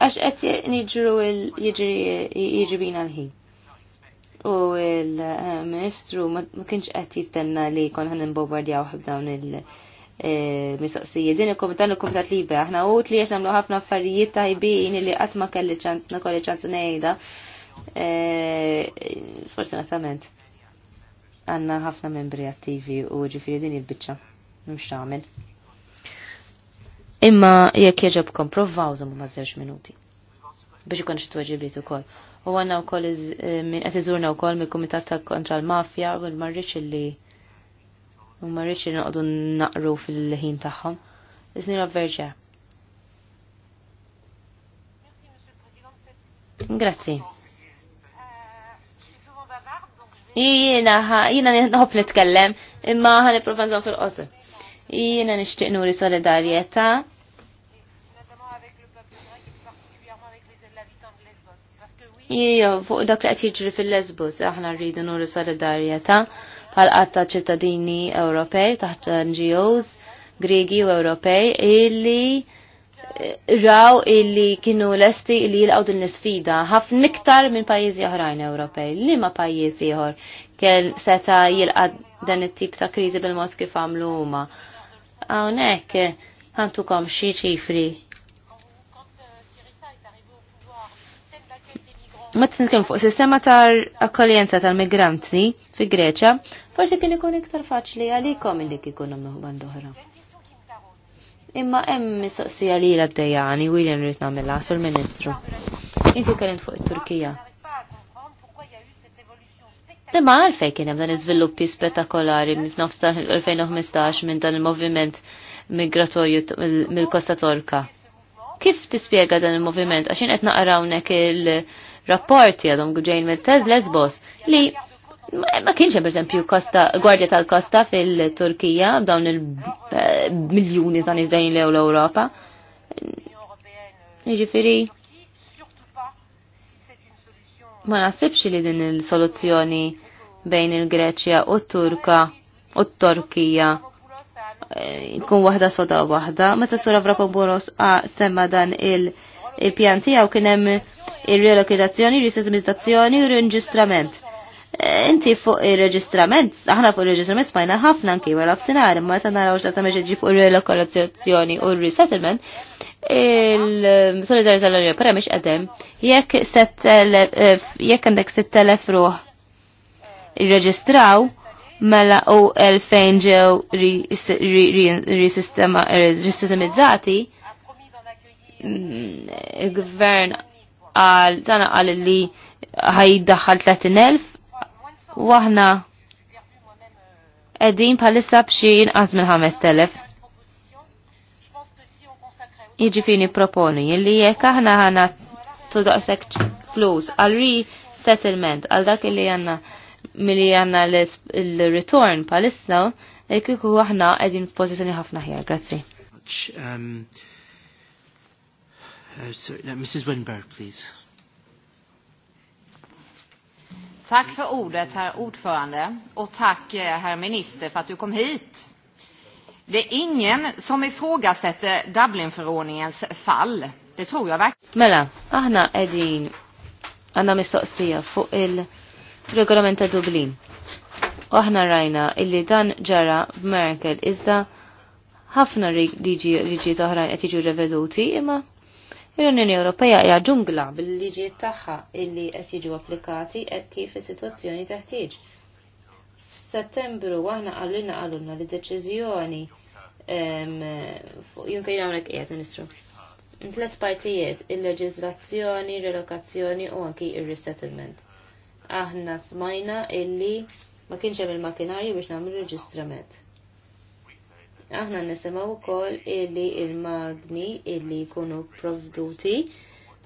Għax qed niġru jiġribina l-ħin. U l-Ministru eh, ma kienx qed jistenna li kon ħan imbobardjaw b'dawn il- mistoqsijiet. Din il-komitat il-komitat libe, aħna ut li għax namlu ħafna affarijiet tajbin li qatt ma kelli ċans, na kolli ċans nejda. E, sfortunatament, għanna ħafna membri attivi u ġifiri din il-bicċa, mux taħmel. Imma jekk jieġabkom, provaw zamu ma' minuti biex ikun xi tweġibiet ukoll. U għandna wkoll qed iżurna wkoll mill komitat ta' kontra l-Mafja u l-marriċ li u ma rridx naqdu naqru fil-ħin tagħhom. Isni Isnira verġa. Grazzi. Jiena, jiena nħobb nitkellem, imma ħan nipprova nżomm fil-qosor. Jiena nixtieq nuri solidarjetà Jijo, fuq dak li qed jiġri fil-Lesbos aħna rridu nuri solidarjetà bħal għatta ċittadini Ewropej taħt NGOs Grigi u Ewropej illi eh, raw illi kienu lesti illi jilqaw din l-sfida ħafna iktar minn pajjiżi oħrajn Ewropej. Li ma pajjiż ieħor kien seta jilqa' dan it-tip ta' kriżi bil-mod kif għamlu huma. Hawnhekk eh, ħantukom xi ċifri ma t-nitkellmu fuq sistema tar akkoljenza tal-migranti fi Greċa, forsi kien ikun iktar faċli għalikom illi kikun hemm band oħra. Imma hemm mistoqsija li la d-dejani William rrid nagħmilha sul ministru. Inti kellem fuq it-Turkija. Imma għalfej kien hemm dan iżviluppi spettakolari minn tal-2015 minn dan il-moviment migratorju mill-Kosta Torka. Kif tispjega dan il-moviment? Għaxin qed naqra hawnhekk il- rapporti għadhom ġejn mill-Tez Lesbos li ma kienx per esempio kosta, gwardja tal-kosta fil-Turkija dawn il-miljuni ta' nizdejn l l ewropa Jiġifieri, ma nasibx li din il-soluzzjoni bejn il-Greċja u t-Turka u t-Turkija eh, kun wahda soda wahda. Meta sura a ah, semma dan il- il-pjan tiegħu kien hemm ir il-resizmizzazzjoni u reġistrament. E, inti fuq ir-reġistrament, aħna fuq ir-reġistrament smajna ħafna anki wara f'sinar, imma ta' naraw x'ta' tagħmel ġeġi fuq ir-relokazzjoni u r-resettlement, il-solidarità l-Unjoni Europea m'iex qedem e, jekk għandek 6000 ruħ irreġistraw mela u 2000 ġew risistemizzati, Mm, il-gvern għal tana għal li ħajdaħħal 30.000 u aħna edin palissa bxin inqas minn 5.000. fini jiġifieri proponi li jekk aħna ħana tudaqsek flus għal resettlement għal dak li għanna mili għanna l-return palissa, jekk iku aħna edin pozizjoni ħafna ħjar. Grazzi. Um, Uh, Mrs. Winberg, please. Tack för ordet, herr ordförande, och tack, eh, herr minister, för att du kom hit. Det är ingen som ifrågasätter Dublinförordningens fall. Det tror jag verkligen. Mela, aħna edin għanna mistoqsija fuq il-regolament ta' Dublin. U aħna rajna illi dan ġara b'Merkel iżda ħafna riġi oħrajn qed jiġu reveduti imma l-Unjoni Ewropea hija ġungla bil-liġijiet tagħha illi qed jiġu applikati hekk kif is-sitwazzjoni teħtieġ. F'Settembru aħna qalilna qalulna li deċiżjoni fuq jumkejn hawnhekk qiegħed Ministru. Tlet partijiet il-leġiżlazzjoni, relokazzjoni u anki ir-resettlement. Aħna smajna illi ma kienx hemm il-makinarju biex nagħmlu reġistrament Aħna nisimaw ukoll illi il-magni illi jkunu provduti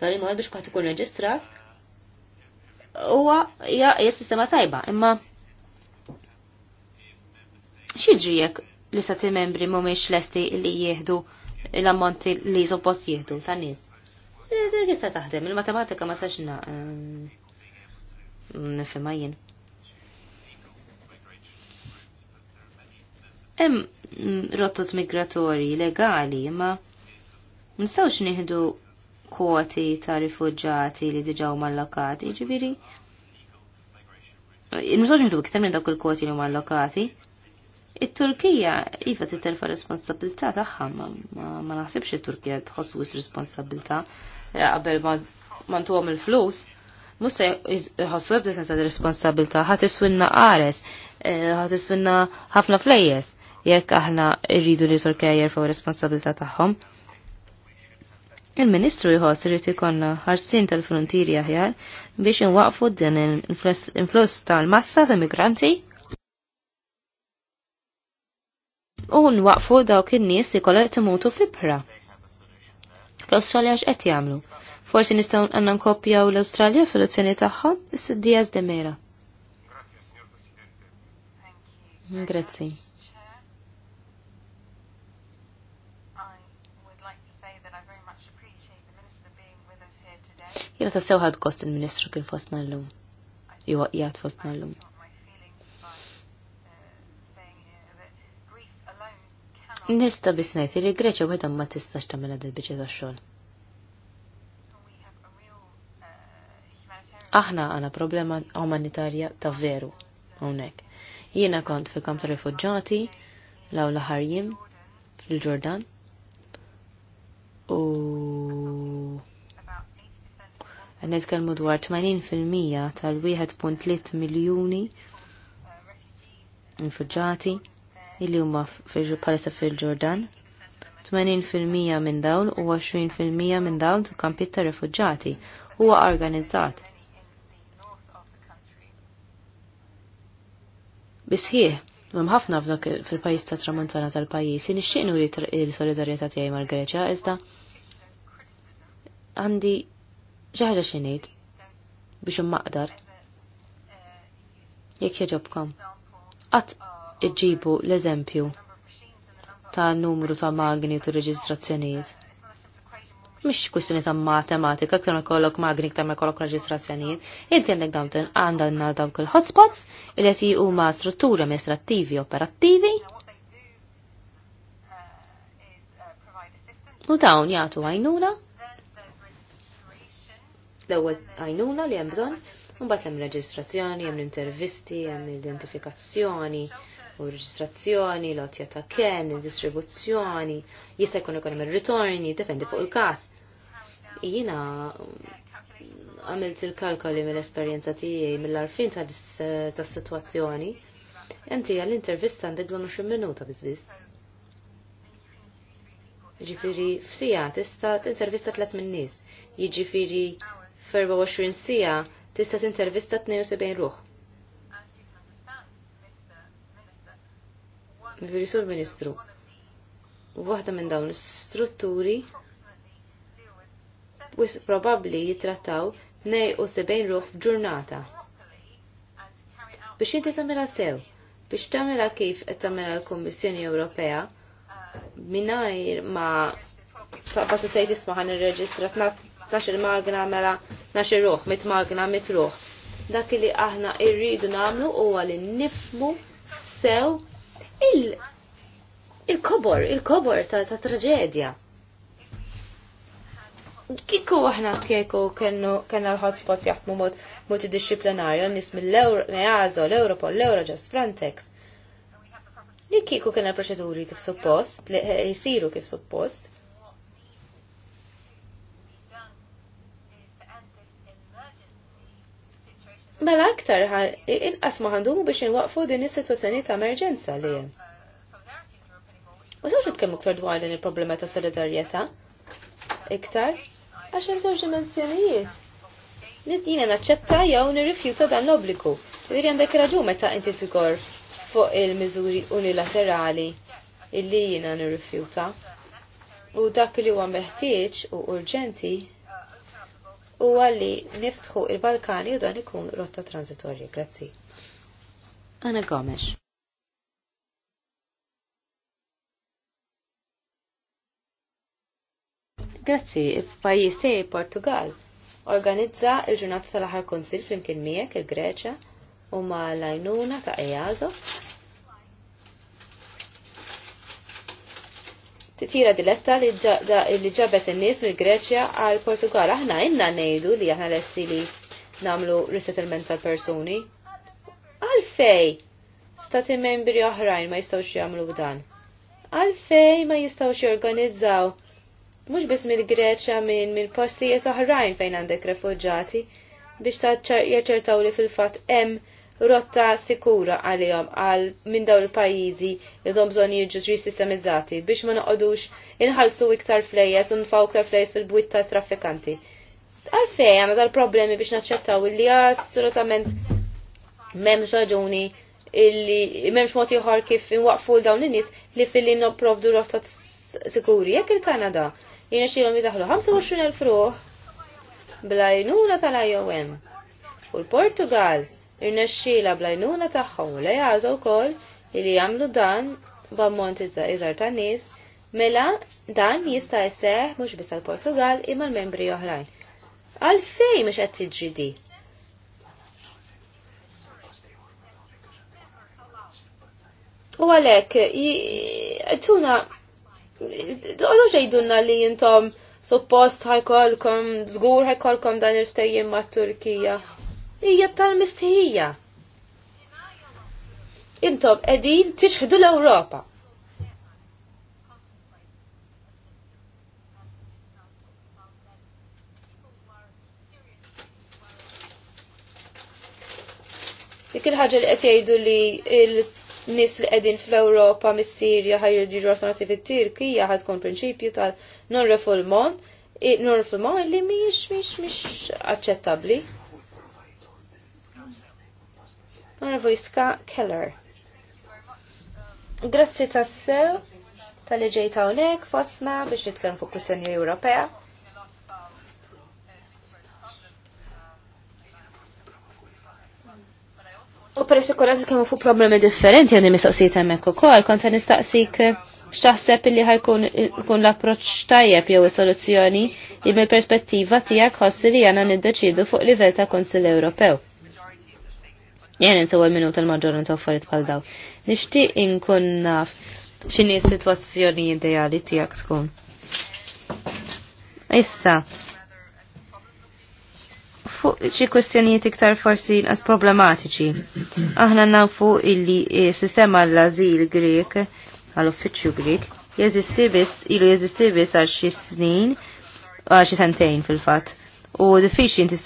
tal-imol biex kħat ikun reġistrat huwa hija sistema tajba, imma xiġri jekk li sati membri mhumiex lesti li jieħdu l-ammonti li suppost jieħdu ta' nies. Dik eh, taħdem, il-matematika ma saċna eh, nifhimha jien. Hemm mm, rotot migratorji legali ma nistgħux nieħdu kwoti ta' rifugġati li diġà mallokati, allokati, ġifieri Nistgħux nieħdu iktar minn dawk il-kwoti li huma allokati. It-Turkija iva titelfa responsabilità tagħha ma naħsibx it-Turkija tħoss wis responsabilità eh, qabel ma ntuhom il-flus. Musa jħossu ebda sensa responsabilta ħat iswinna qares, eh, ħat iswinna ħafna flejjes jekk aħna rridu li Turkija fuq responsabilità tagħhom. Il-Ministru jħoss irid ikollna ħarsin tal-frontieri aħjar biex inwaqfu din l-influss tal-massa ta' migranti u nwaqfu dawk in-nies ikollhom imutu fl-ibħra. Fl-Awstralja x'qed jagħmlu? Forsi nistgħu għandna nkopjaw l-Awstralja soluzzjoni tagħha is-Diaz de Mera. Grazzi. Jena ta' sewħad kost il-ministru kien fostna l-lum. jgħat fostna l-lum. Nista bisnajt li Greċa wieħed ma tistax tagħmel għad il-biċċa ta' xogħol Aħna għandna problema umanitarja ta' veru hawnhekk. Jiena kont fil-kamp ta' rifugġati, law ħarjim fil-Ġordan u għan netkelmu 80% tal-1.3 miljoni infugġati illi huma palissa fil-Ġordan. 80% minn dawn u 20% minn dawn tu kampit ta' rifugġati huwa organizzat. Bisħieħ, Mem ħafna fil-pajis ta' tramontana tal-pajis, nixtieq nuri il-solidarjetà tiegħi mal greċa iżda għandi ġaħġa xinejt biex immaqdar. Jekk jħġobkom. Qatt iġġibu l-eżempju ta' numru ta' magni u reġistrazzjonijiet. Mhix kwistjoni ta' matematika, aktar ma kollok magni aktar ma kollok reġistrazzjonijiet. Inti għandek dawn għandna dawn il-hotspots li qed huma strutturi amministrativi operattivi. U dawn jgħatu għajnuna l-ewwel għajnuna li hemm bżonn, mbagħad hemm reġistrazzjoni, hemm intervisti, hemm identifikazzjoni u reġistrazzjoni, lotja ta' ken, distribuzzjoni, jista' jkun ikun hemm ir-ritorni, dependi fuq il-każ. Jiena mm, għamilt il-kalkoli mill-esperjenza tiegħi mill-arfin tas-sitwazzjoni. Enti għall-intervista għandek bżonn xi minuta biżbiż. Ġifiri f'sija tista' tintervista tlet minn nies. Jiġifieri f-24 sija tista' tintervista 72 ruħ. Virisur Ministru, waħda minn dawn l-strutturi wis probabli jitrattaw 72 ruħ f'ġurnata. Biex inti tagħmilha sew, biex tagħmilha kif qed tagħmilha l-Kummissjoni Ewropea mingħajr ma Basu tgħid isma' ħan irreġistra il magna mela naxi ruħ, mit magna mit ruħ. Dak li aħna irridu namlu u għalli nifmu sew il-kobor, il il-kobor ta', ta traġedja. Kiku aħna kieku kennu kenna l-hotspot jaħdmu mod multidisciplinarju, nis mill-Eazo, l-Europol, l-Eurojust, Frontex. Li kiku kena proċeduri kif suppost, li eh, jisiru kif suppost Mela aktar inqas ma ħandumu biex inwaqfu din is-sitwazzjoni ta' emerġenza li hemm. Ma sawx nitkellmu aktar dwar din il-problema ta' solidarjetà iktar għax hemm żewġ dimensjonijiet. Nisdina naċċetta jew nirrifjuta dan l-obbligu. Jiġri għandek raġun meta inti tkor fuq il-miżuri unilaterali illi jiena nirrifjuta. U dak li huwa meħtieġ u urġenti u għalli niftħu il-Balkani u dan ikun rotta transitorja. Grazzi. Anna Gomes. Grazzi, il-pajis Portugal organizza il-ġurnata tal-aħħar konsil flimkien miegħek il-Greċja u ma l-għajnuna ta' Ejazo. titira diletta li ġabet in-nies mill-Greċja għal Portugal. Aħna inna ngħidu li aħna lesti li namlu resettlement tal-persuni. Għalfej stati membri oħrajn ma jistawx jagħmlu dan. Għalfej ma jistawx jorganizzaw mhux biss mill-Greċja minn mill postijiet oħrajn fejn għandek refugġati biex jaċċertaw li fil-fatt hemm rotta sikura għalihom għal minn dawn il-pajjiżi li dom bżonn jiġu sistemizzati biex ma noqogħdux inħallsu iktar flejjes u nfaw iktar flejjes fil-bwitt ta' traffikanti. Għalfej għandna dal-problemi biex naċċettaw illi assolutament memx raġuni illi m'hemmx mod ieħor kif inwaqfu dawn in-nies li fil-li nopprovdu rotta sikuri. Jekk il-Kanada jiena xilhom jidaħlu 25,000 fruħ bla jnuna tal-IOM. U l-Portugal irnexxila blajnuna tagħhom u lejaża wkoll li jagħmlu dan b'ammont iżgħar ta' nies mela dan jista' jseħħ mhux biss għall-Portugal imma l-membri oħrajn. Għalfejn mhux qed tiġri di? U għalek, tuna, għadu ġejdunna li jintom suppost ħajkolkom, zgur ħajkolkom dan il-ftejjem ma' Turkija hija tal-mistħija. Intom edin tixħdu l europa Dik il-ħaġa li għetjajdu li il nis li għedin fl europa mis-Sirja ħajju jiġu alternattiv it-Tirkija ħad kon prinċipju tal non refulmon non-refoulement li miex, miex, miex, accettabli. Onorevoli Ska Keller. Grazzi tassew tal-ġej ta' unek fosna biex nitkellem fuq kwistjoni Ewropea. U per sikuranza kemm fuq problemi differenti għandi mistaqsijiet hemmhekk ukoll, kont se nistaqsik eh, x'taħseb illi ħajkun l-approċċ tajjeb jew is-soluzzjoni li mill-perspettiva tiegħek ħossi li jana niddeċidu fuq livell ta' Kunsill Ewropew. Jena nsewa minnu tal ta' affarijiet bħal daw. Nixtieq inkun naf x'inhi s ideali tiegħek tkun. Issa, xi kwestjonijiet iktar forsi as problematiċi. Aħna nafu illi sistema l-azil Grek, għall-uffiċċju Grek, jeżisti biss, ilu jeżisti biss għal xi snin, għal xi sentejn fil-fatt. U diffiċli inti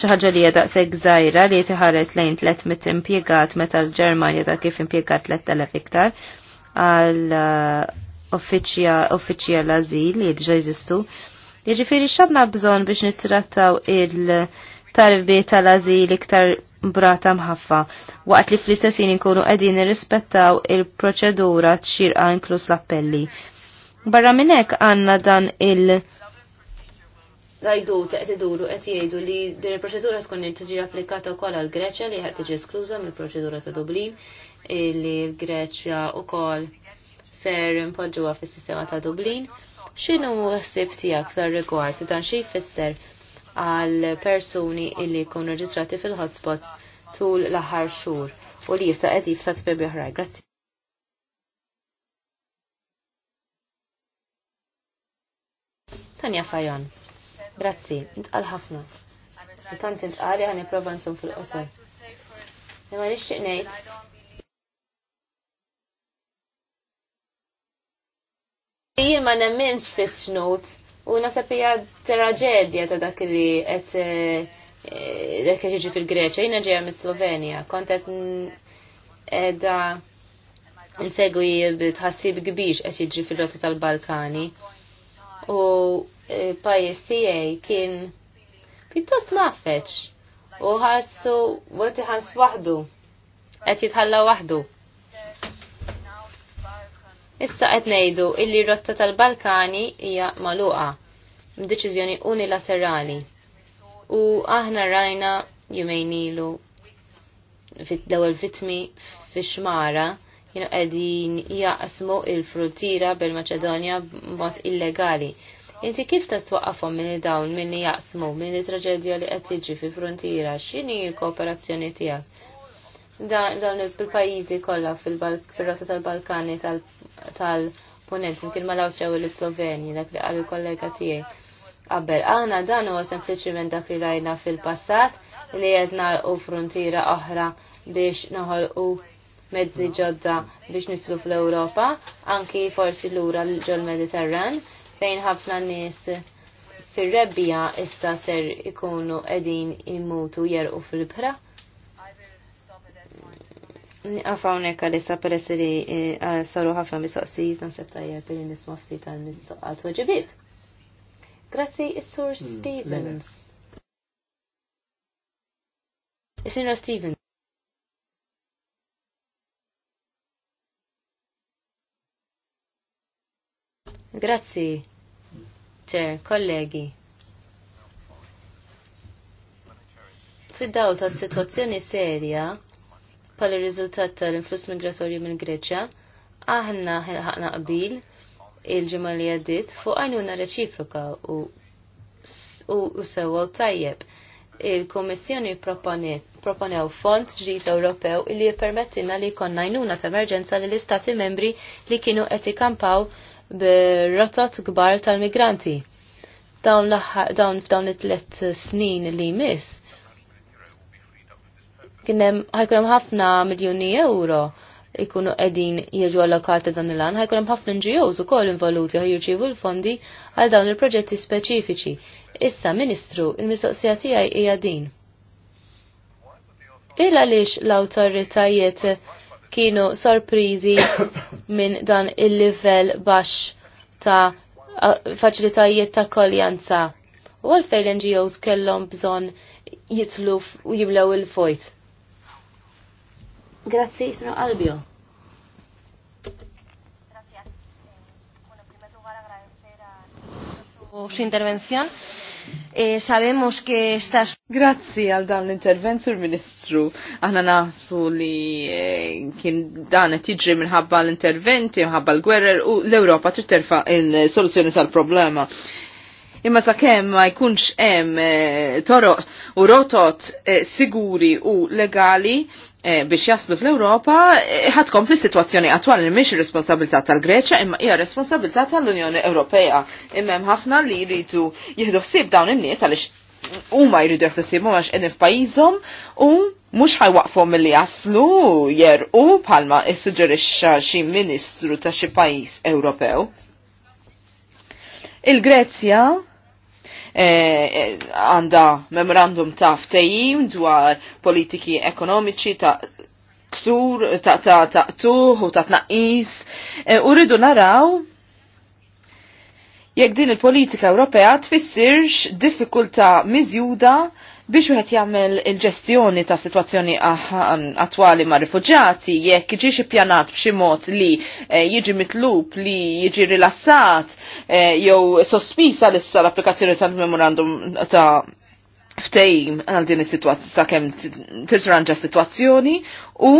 xi ħaġa li hija daqshekk gżajra li tiħares lejn 300 impjegat meta l-Ġermanja ta' kif impjegat 3000 iktar għal uffiċja uh, l-azil li diġa jeżistu. Jiġifieri x'għandna bżonn biex nittrattaw il tarbi tal-azil iktar brata mħaffa, waqt li fl-istessin inkunu qegħdin nirrispettaw il-proċedura txirqa inkluż l-appelli. Barra minnek għanna dan il- rajdu qed iduru qed jgħidu li din il-proċedura tkun tiġi applikata wkoll għal Greċja li qed tiġi eskluża mill-proċedura ta' Dublin li l-Greċja wkoll ser impoġġuha fis-sistema ta' Dublin. X'inhu ħsieb tiegħek tar-rigward u dan xi jfisser għal persuni illi jkunu reġistrati fil-hotspots tul l-aħħar xhur u li jista' qed jifsat fi oħrajn. Grazzi. Tanja Fajon. Grazzi, intqal ħafna. U tant intqali ħani prova nsum fil-qosor. Imma nishtiq nejt. Jien ma nemmenx fit xnut u nasab hija traġedja ta' dak li qed eh, eh, dak jiġi fil-Greċja. Jiena ġejja mis-Slovenja, kont qed edha insegwi tħassib kbir qed jiġi fil-rotta tal-Balkani. U pajis tijaj kien pittost maffeċ u ħassu għati ħans wahdu għet jitħalla wahdu Issa qed ngħidu illi rotta tal-Balkani hija magħluqa b'deċiżjoni unilaterali. U aħna rajna jumejnilu ilu fit-dewel vitmi fix-xmara kienu qegħdin jaqsmu il-frutira bil-Maċedonja b'mod illegali. Inti kif ta' twaqqafhom minn dawn minn jaqsmu minn traġedja li qed tiġi fi frontiera x'inhi l-kooperazzjoni tiegħek? Dawn il-pajjiżi kollha fil-rotta tal-Balkani tal-Punent imkien ma l-Awstrija u l dak li qal il-kollega tiegħi. Qabel aħna dan huwa sempliċiment dak li rajna fil-passat li qed nagħqu frontiera oħra biex noħolqu mezzi ġodda biex nitlu fl-Ewropa, anki forsi lura l ġol-Mediterran fejn ħafna nies fir-rebbija issa ser ikunu qegħdin immutu jerqu fil-bħra. Għafawnek għalissa peress li e, saru ħafna mistoqsijiet naħseb tajjeb li nisma' ftit għal Grazzi, sur hmm, Stevens. is Stevens. Grazzi. Ter, kollegi. Fid-daw ta' situazzjoni serja pal riżultat tal-influss migratorju minn Greċja, aħna ħelħaqna qbil il-ġimgħa li għaddiet fuq għajnuna reċiproka u u tajjeb. il komissjoni proponew font ġdid Ewropew li jippermettina li jkollna għajnuna ta' emerġenza lill istati membri li kienu qed ikampaw b'rotot kbar tal-migranti. Dawn f'dawn it-tlet snin li jmiss kienem ħajkunem ħafna miljoni euro ikunu edin jieġu allokati dan il għan ħajkunem ħafna NGOs u koll involuti ħajirċivu l-fondi għal dawn il-proġetti speċifiċi. Issa, Ministru, il-mistoqsija tiegħi hija din. Illa lix l-autoritajiet kienu sorprizi minn dan il-livell baxx ta' faċilitajiet ta' koljanza. U għalfejn l-NGOs kellhom bżonn jitlu u jimlew il fojt Grazzi, jisnu Albio. Grazie. Eh, bueno, primero lugar agradecer a su intervención. E sabemos que estas... Grazzi għal dan l-intervent sur ministru. Aħna naħsbu li eh, kien dan qed minħabba l-interventi, minħabba l gwerra u l-Ewropa trid terfa' il-soluzzjoni tal-problema imma sa' kem ma' jkunx em eh, toroq u rotot siguri u legali, Eh, biex jaslu fl-Europa eh, ħatkom e, fl-situazzjoni attwali mhix responsabilità tal-Greċja imma hija responsabilità tal-Unjoni Ewropea. Imma hemm ħafna li jridu jieħdu ħsieb dawn in-nies għaliex huma jridu jieħdu ħsieb mhux qegħdin f'pajjiżhom u mhux ħajwaqfhom milli jaslu jerqu bħalma issuġġerixxa xi ministru ta' xi pajjiż Ewropew. Il-Grezja Eh, eh, għanda memorandum ta' ftejim dwar politiki ekonomiċi ta' ksur, ta' ta' ta' tuħ u ta' tnaqis. Eh, u rridu naraw jekk din il-politika Ewropea tfissirx diffikulta miżjuda Biex wieħed jagħmel il-ġestjoni ta' sitwazzjoni attwali ma' rifuġjati jekk jiġi ippjanat b'xi mod li jiġi mitlub li jiġi rilassat jew sospisa issa l-applikazzjoni tal-memorandum ta' ftejm għal din is-sitwazzjoni sakemm tirtranġa sitwazzjoni u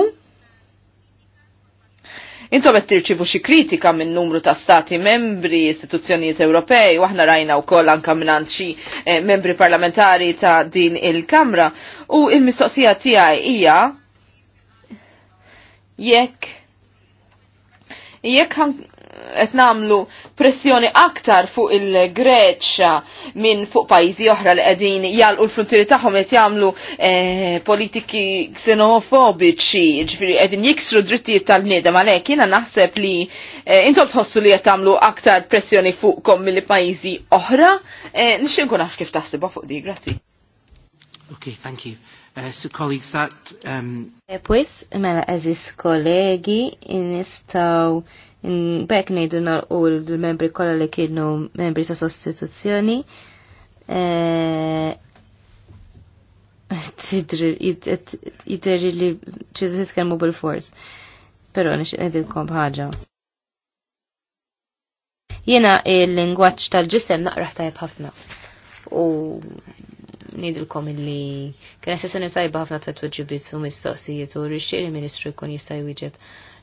Intom qed tirċivu xi kritika minn numru ta' stati membri, istituzzjonijiet Ewropej, u aħna rajna wkoll anke mingħand xi eh, membri parlamentari ta' din il-Kamra. U il-mistoqsija tiegħi hija jekk jekk qed nagħmlu pressjoni aktar fuq il-Greċċa minn fuq pajjiżi oħra li qegħdin jalqu l-frontieri tagħhom qed jagħmlu eh, politiki xenofobiċi, ġifieri qegħdin jiksru drittijiet tal-bniedem għalhekk jiena naħseb li eh, intom tħossu li qed tagħmlu aktar pressjoni fuqkom milli pajjiżi oħra. Eh, nixtieq nkun kif taħsibha fuq di, grazzi. Okay, thank you. Uh, so colleagues, that... Um... Pues, mela, eżis kollegi, nistaw Bekk nejdu u l-membri kolla li kienu membri sa' sostituzzjoni. E, Jitterri li s kelmu bil-fors. Pero nix kom bħagġa. Jena il-lingwaċ tal-ġisem naqraħ tajb ħafna. U nidilkom il-li kena sessoni tajba ħafna ta' tweġibiet u mistoqsijiet u rixxiri ministru jkun jista' jwieġeb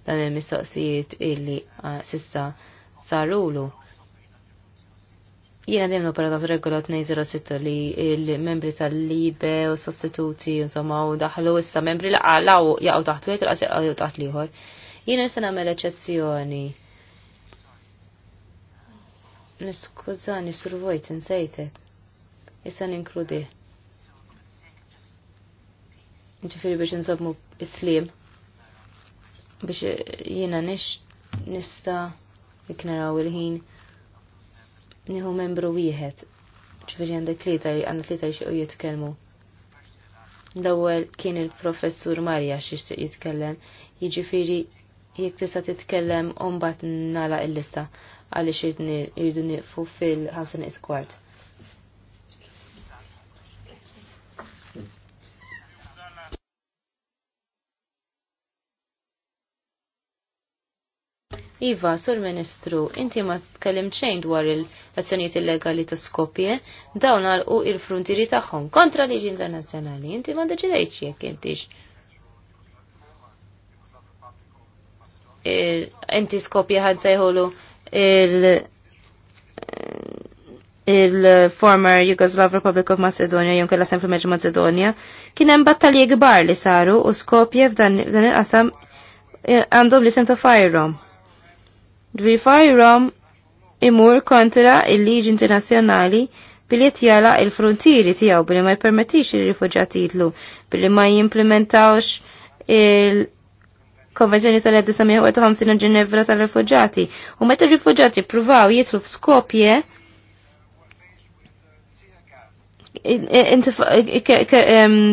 dan il-mistoqsijiet illi ah, sissa sarulu. Jiena dejjem operatat regola 206 li il-membri tal-libe u sostituti insomma u daħlu issa membri laqgħu jaqgħu taħt wieħed u jaqgħu taħt liħor. Jiena issa nagħmel eċċezzjoni. Niskużani survojt insejtek. Issa ninkludi. Ġifieri biex nżobmu slim biex jiena nix nista iknaraw il-ħin nieħu membru wieħed. Ċifieri għandek għandha għandek tlieta jxiequ jitkellmu. L-ewwel kien il-professur Marja xixtieq jitkellem, jiġifieri jekk tista' titkellem u mbagħad nagħlaq il-lista għaliex irridu nieqfu fil-ħawsa niskwart. Iva, sur ministru, inti ma tkellim xejn dwar il-azzjonijiet illegali ta' Skopje, dawn għalqu il-frontieri tagħhom kontra liġi internazzjonali, inti ma deċidejtx jekk intix. Inti Skopje ħad sejħulu il- il-former Yugoslav Republic of Macedonia, jom kella semplimeġ Macedonia, kien hemm battalji kbar li saru u Skopje f'dan il-qasam eh, għandhom li sem ta' fajrom. Rom imur kontra il-liġi internazzjonali billi tjala il frontiri tiegħu billi ma jpermettix il-rifuġjati jidlu, billi ma jimplementawx il-Konvenzjoni tal-1951 Ġenevra tal rifugġati U meta rifugġati pruvaw jitlu f'Skopje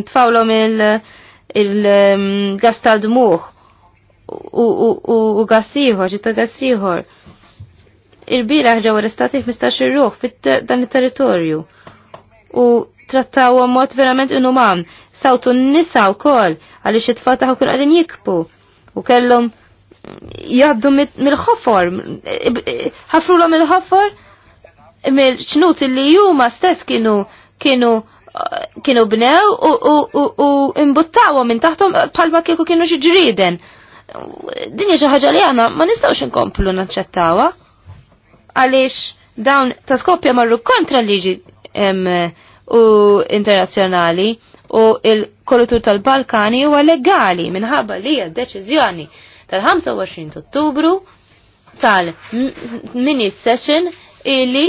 tfawlhom il-gas tal u gassiħor, ġitta gassiħor. Il-bira ġew arrestati 15 ruħ fit dan il-territorju. U trattaw mod verament inuman. Sawtu n-nisa u kol, għalli it-fataħu kull għadin jikbu. U kellum jaddu mill-ħofor, ħafru l mill-ħofor, mill-ċnut li juma stess kienu kienu kienu bnew u imbuttawa minn taħtom palma kieku kienu xi Din xi ħaġa li għana ma nistgħux inkomplu naċċettawha għaliex dawn ta' skopja marru kontra liġi u internazzjonali u il-kolutur tal-Balkani huwa legali minħabba li hija deċiżjoni tal-25 Ottubru tal-mini session illi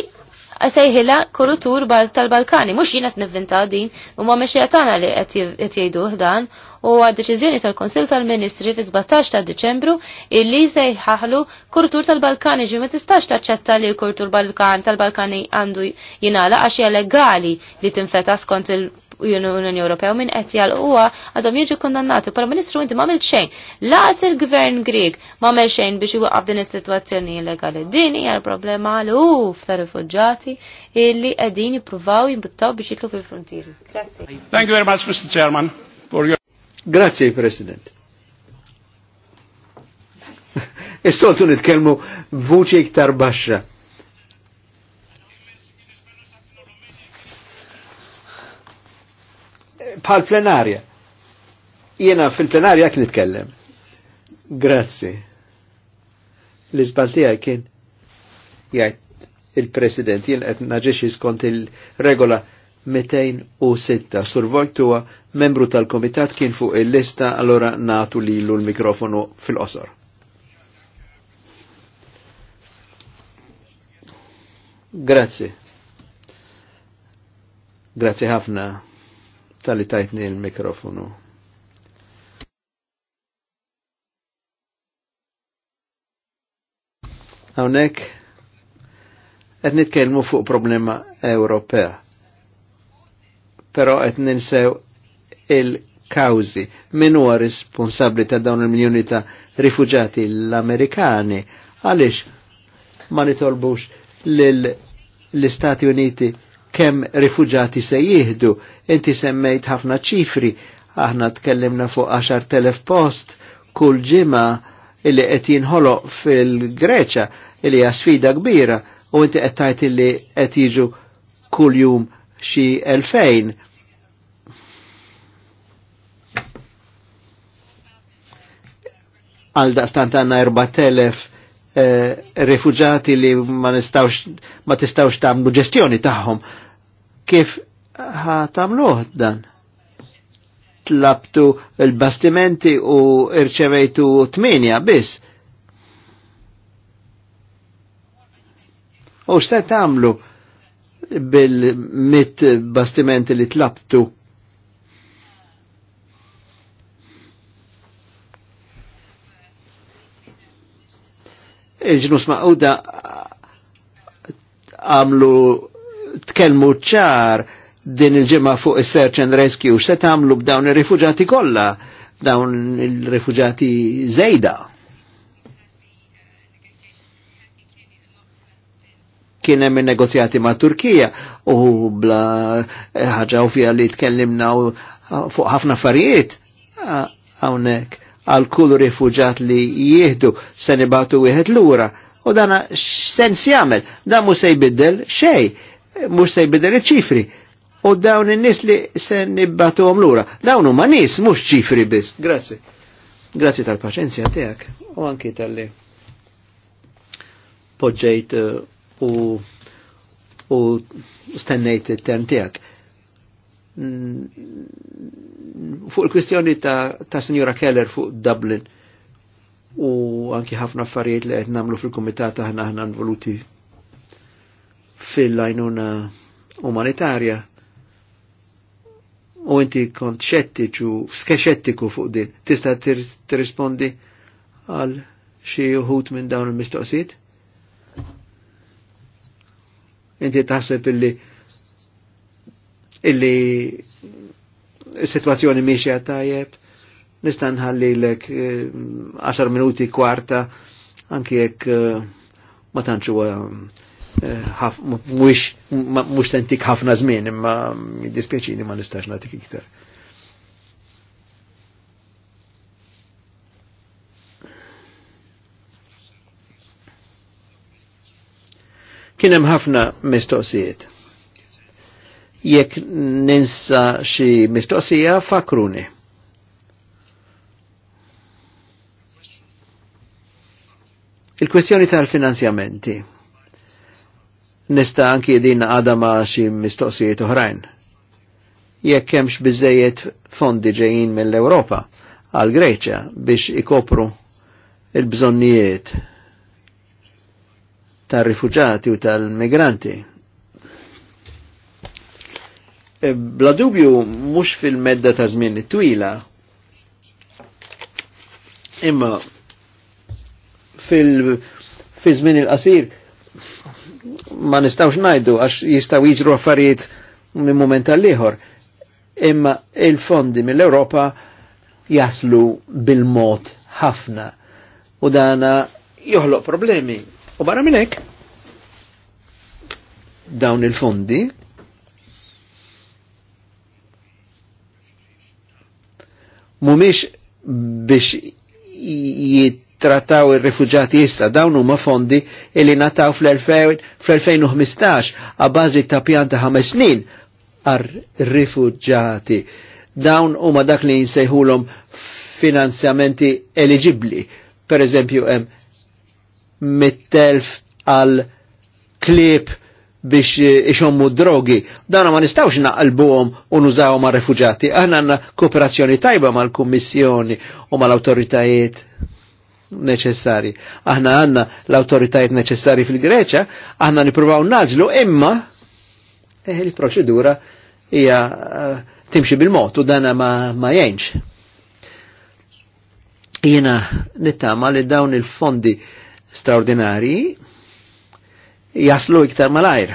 għasajħila kurutur tal-Balkani, mux jina t-nivvinta din, u ma meċi għatana li għet jajdu dan, u għad deċizjoni tal-Konsil tal-Ministri fi 17 ta' Deċembru illi sejħaħlu kurutur tal-Balkani ġi ma tistax taċċetta li l-kurutur tal-Balkani għandu jinala għax legali li tinfeta skont il- unjoni Ewropew minn qed jalquha għadhom jiġu kundannati. Pala Ministru inti m'għamilx xejn. Laqas il-Gvern Grieg m'għamel xejn biex iwaqaf din is-sitwazzjoni illegali. Din hija l-problema għal uf ta' rifuġġati illi qegħdin jippruvaw jinbuttaw biex jitlu fil-frontieri. Grazzi. Thank you very much, Mr. Chairman. For your... Grazie, President. Is-soltu e nitkellmu vuċi iktar baxxa pal plenarja. Jena fil-plenarja kien nitkellem. Grazzi. L-izbaltija kien jgħid il-president jien qed naġexi skont il-regola 206 sur Vojtua, membru tal-komitat kien fuq il-lista, allora natu li l-mikrofonu fil-qosor. Grazzi. Grazzi ħafna tal-li tajtni il-mikrofonu. Hawnhekk qed nitkellmu fuq problema Ewropea. Pero qed ninsew il kawzi min huwa responsabbli ta' dawn il miljoni ta' rifuġati l-Amerikani għaliex ma nitolbux l istati Uniti kem rifugġati se jihdu. Inti semmejt ħafna ċifri, aħna tkellimna fuq 10.000 post kull ġima illi qed jinħolo fil-Greċa illi hija sfida kbira u inti qed tajt illi qed jiġu kull jum xi elfejn. Għal daqstant għanna 4.000 eh, rifugjati li ma nistawx ma tistawx tagħmlu ġestjoni tagħhom kif ħatamluħ dan? Tlabtu il-bastimenti u irċevejtu tminja biss. U x'se tagħmlu bil-mit bastimenti li tlabtu? Iġnus ma' għamlu tkellmu ċar din il-ġimgħa fuq is-search and rescue se tagħmlu b'dawn ir rifugġati kollha dawn il rifugġati żejda. kien hemm negozjati ma' Turkija u bla ħaġa u fija li tkellimna fuq ħafna affarijiet hawnhekk għal kull rifuġat li jieħdu se nibatu wieħed lura. U dana x'sens jagħmel? Dan mhu se jbiddel xejn Eh, mux se jibidel iċ-ċifri. U dawn in-nies li se nibbatu għom lura. Dawn huma nies mhux ċifri biss. Grazzi. Grazzi tal-paċenzja tiegħek u anki tal-li poġġejt eh, u u stennejt il-term tiegħek. Mm, fuq il-kwistjoni ta', ta Signora Keller fuq Dublin, u anki ħafna affarijiet li qed nagħmlu fil-kumitat aħna aħna voluti fil-lajnuna umanitarja u inti kont xettiċu, skeċettiku fuq din, tista tirrispondi għal xie uħut minn dawn il mistoqsit Inti taħseb illi illi situazzjoni miexja tajjeb, nista nħalli l-ek 10 eh, minuti kwarta, anki jekk eh, ma tantxu mux tentik ħafna zmin, imma dispieċini ma nistax natik iktar. Kienem ħafna mistoqsijiet. Jekk ninsa xi mistoqsija fakruni. Il-kwestjoni tal-finanzjamenti nista anki din għada ma xi mistoqsijiet oħrajn. Jekk hemmx bizzejiet fondi ġejjin mill-Ewropa għal Greċja biex ikopru il-bżonnijiet tal-rifuġati u tal-migranti. E, bla dubju mhux fil-medda ta' żmien twila imma fil żmien il-qasir ma nistawx najdu għax jistaw jiġru affarijiet minn moment tal-ieħor. Imma il-fondi mill-Europa jaslu bil-mod ħafna u dana joħloq problemi. U barra minn hekk dawn il-fondi mumiex biex jit Trattaw ir-rifuġati issa. Dawn huma fondi illi nataw fl-2015 għabażi ta' pjanta ħames snin għar-rifuġati. Dawn huma dak li jinsejħulhom finanzjamenti eligibli. Per eżempju, hemm mittelf għal klip biex ixommu drogi. Dana ma nistawx naqalbuhom u nużawhom għar refuġati. Aħna għandna kooperazzjoni tajba mal-Kummissjoni u mal-awtoritajiet neċessari. Aħna għanna l-autoritajiet neċessari fil-Greċa, aħna nipruvaw naġlu imma eh, il-proċedura hija uh, timxi bil-mod u dana ma, ma jenx. Jena nittama li dawn il-fondi straordinari jaslu iktar malajr.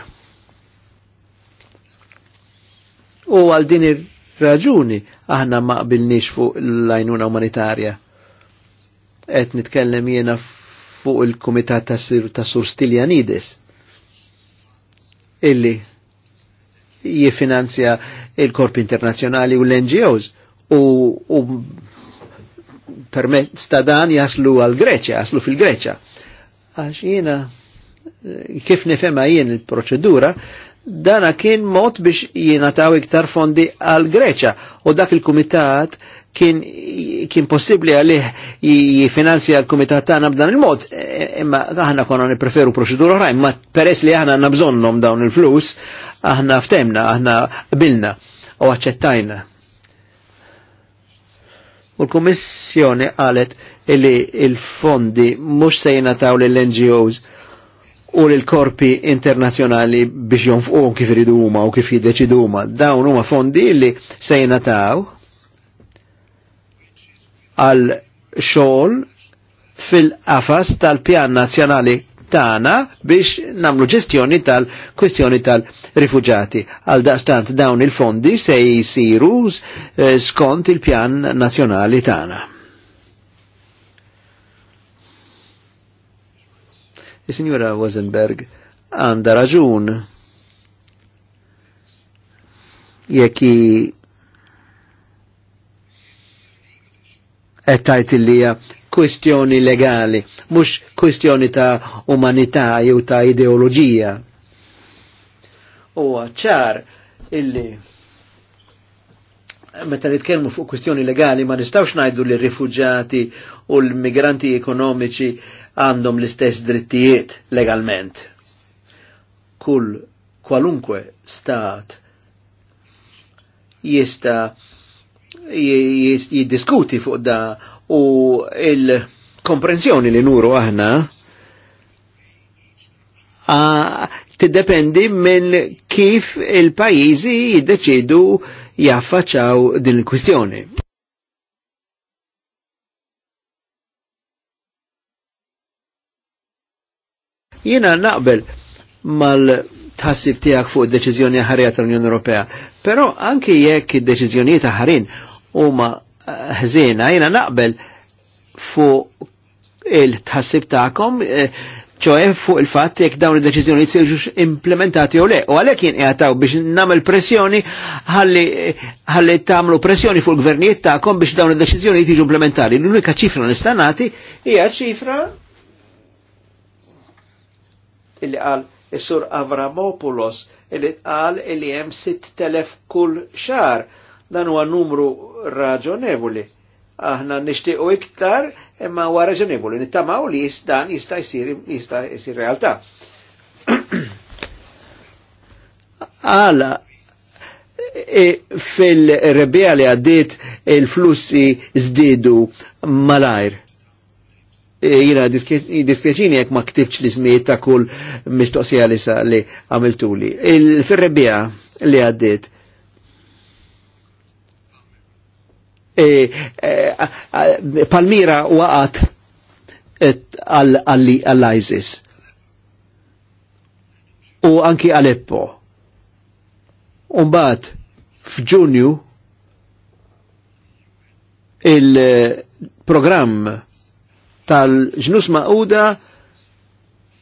U għal din ir-raġuni aħna ma qbilniex fuq l lajnuna umanitarja qed nitkellem jiena fuq il-Kumitat ta' Sir ta' Sur Stiljanides illi jifinanzja il-Korp Internazzjonali u l-NGOs u, u permezz ta' dan jaslu għal Greċja, jaslu fil-Greċja. Għax jiena kif nifema jien il-proċedura, dana kien mod biex jena taw iktar fondi għal Greċja u dak il-Kumitat kien, kien possibli għalih jifinanzja l-komitat tagħna b'dan il-mod, e, imma aħna konna nipreferu proċedura oħra, imma peress li aħna nabżonnom dawn il-flus, aħna ftemna, aħna bilna u aċċettajna. U l-Kummissjoni qalet illi il-fondi mhux se jingħataw lill-NGOs u l-korpi internazzjonali biex jonfqu kif iridu huma u kif jiddeċidu huma. Dawn huma fondi li se jingħataw għal xogħol fil-qafas tal-pjan nazzjonali tagħna biex namlu ġestjoni tal-kwestjoni tal-rifuġati. Għal daqstant dawn il-fondi se jisiru eh, skont il-pjan nazzjonali tagħna. Is-Sinjura Wozenberg għanda raġun jekk tajt li kwestjoni legali, mux kwestjoni ta' umanità jew ta' ideologija. U ċar illi meta nitkellmu fuq kwestjoni legali ma nistawx ngħidu li rifuġati u l-migranti ekonomiċi għandhom l-istess drittijiet legalment. Kull kwalunkwe stat jista' jiddiskuti fuq da u il-komprensjoni li nuru aħna tiddependi minn kif il-pajizi jiddeċidu jaffaċaw din il-kwistjoni. Jina naqbel mal-tħassib tijak fuq deċizjoni ħarija tal-Unjoni Ewropea, pero anki jekk id-deċizjoni ħarin huma eh, ħżiena, jiena naqbel fuq il-tħassib tagħkom, eh, ċoħe fuq il-fatt jekk dawn id-deċiżjoni jitsirġux implementati u le. U għalhekk jien ta'w biex nagħmel pressjoni ħalli tagħmlu pressjoni fuq il-gvernijiet tagħkom biex dawn id-deċiżjoni jtiġu implementati. L-unika ċifra nista' nagħti hija ċifra illi qal is-sur Avramopoulos illi qal illi hemm 6000 kull xar Dan huwa numru raġonevoli. Aħna nixtiequ iktar imma huwa raġonevoli. Nittamaw li dan jista' jsir jista' jsir realtà. Ala, e fil-rebija li għaddit il-flussi zdidu malajr e jina dispieċini jek ma ktibċ li smiet ta' kull mistoqsija li sa' li għamiltuli. Il-ferrebija li għaddit, E, e, Palmira waqat għall-ISIS e, u anki Aleppo. Umbat f'Ġunju il-programm tal-ġnus ma'uda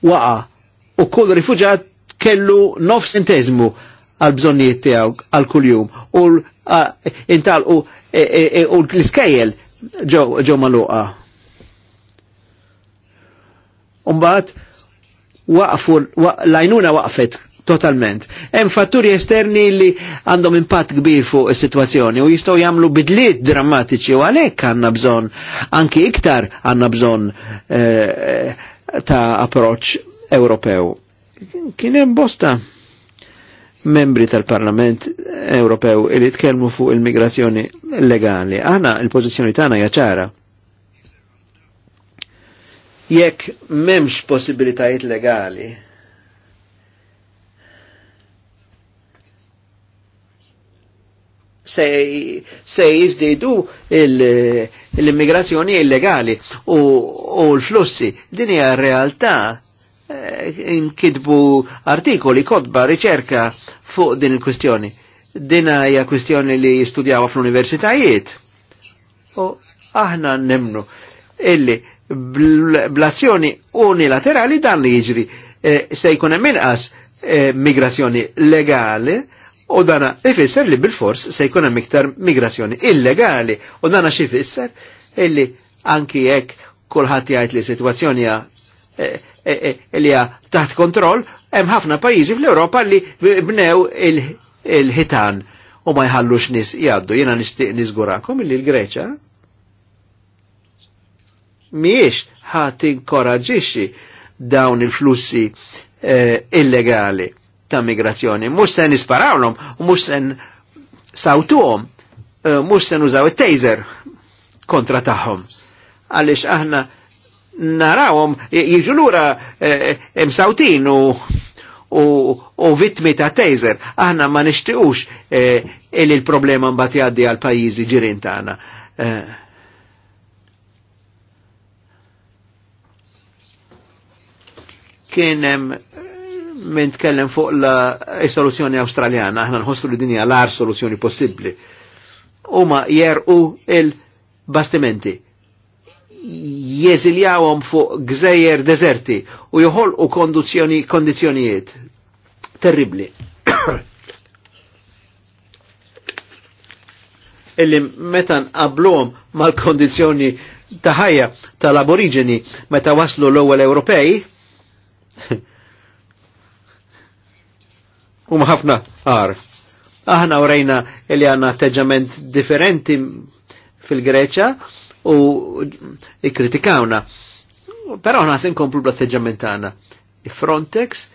waqa u kull rifuġat kellu nof sentezmu għal bżonnijiet tiegħu għal kuljum u intalqu E, e, e, u l-iskejjel ġew maluqa. Umbat, waqfu, lajnuna waqfet totalment. Hemm fatturi esterni li għandhom impatt kbir fuq is-sitwazzjoni u jistgħu jagħmlu bidliet drammatiċi u għalhekk għandna bżonn anki iktar għandna bżonn eh, ta' approċċ Ewropew. Kien hemm bosta membri tal-Parlament Ewropew li tkellmu fuq il-migrazzjoni legali. Aħna il-pożizzjoni tagħna hija ċara. Jekk m'hemmx possibilitajiet legali se, se jizdidu l-immigrazzjoni illegali u, u l-flussi. Din hija realtà Eh, inkidbu artikoli, kodba, riċerka fuq din il-kwistjoni. Dina hija kwistjoni li jistudjawa fl-universitajiet. U aħna nemnu illi blazzjoni unilaterali dan li jiġri eh, se jkun hemm inqas eh, migrazzjoni legali u dana ifisser li bil-fors se jkun hemm iktar migrazzjoni illegali u dana xi ifisser illi anki jekk kulħadd jgħid li situazzjoni hija E, e, li taħt kontroll, hemm ħafna pajjiżi fl-Ewropa li bnew il-ħitan u ma jħallux nis jaddu. Jena nishtiq nizgurakom li l-Greċa miex ħat inkoraġixi dawn il-flussi e, illegali ta' migrazzjoni. Mux sen nisparawlom, mux sen sawtuhom, mux sen użaw il tejzer kontra taħħom. Għalix aħna narawhom jiġu lura eh, eh, msawtin u u vittmi ta' tejzer, aħna ma nishtiqux eh, illi l-problema mbagħad jgħaddi għal pajjiżi ġirin tagħna. Kien hemm minn tkellem fuq la soluzzjoni Awstraljana, aħna nħossu li dinja l-ar soluzzjoni possibbli. Huma jerqu il-bastimenti jeżiljawhom fuq gżejjer deserti u joħolqu kondizzjonijiet terribli. Illi meta nqablhom mal-kondizzjoni ta' ħajja tal aborigeni meta waslu l-ewwel Ewropej, huma ħafna ar. Aħna urejna li għandna atteġġament differenti fil-Greċja, u ikkritikawna. Però ħna se nkomplu l atteġġament tagħna. Frontex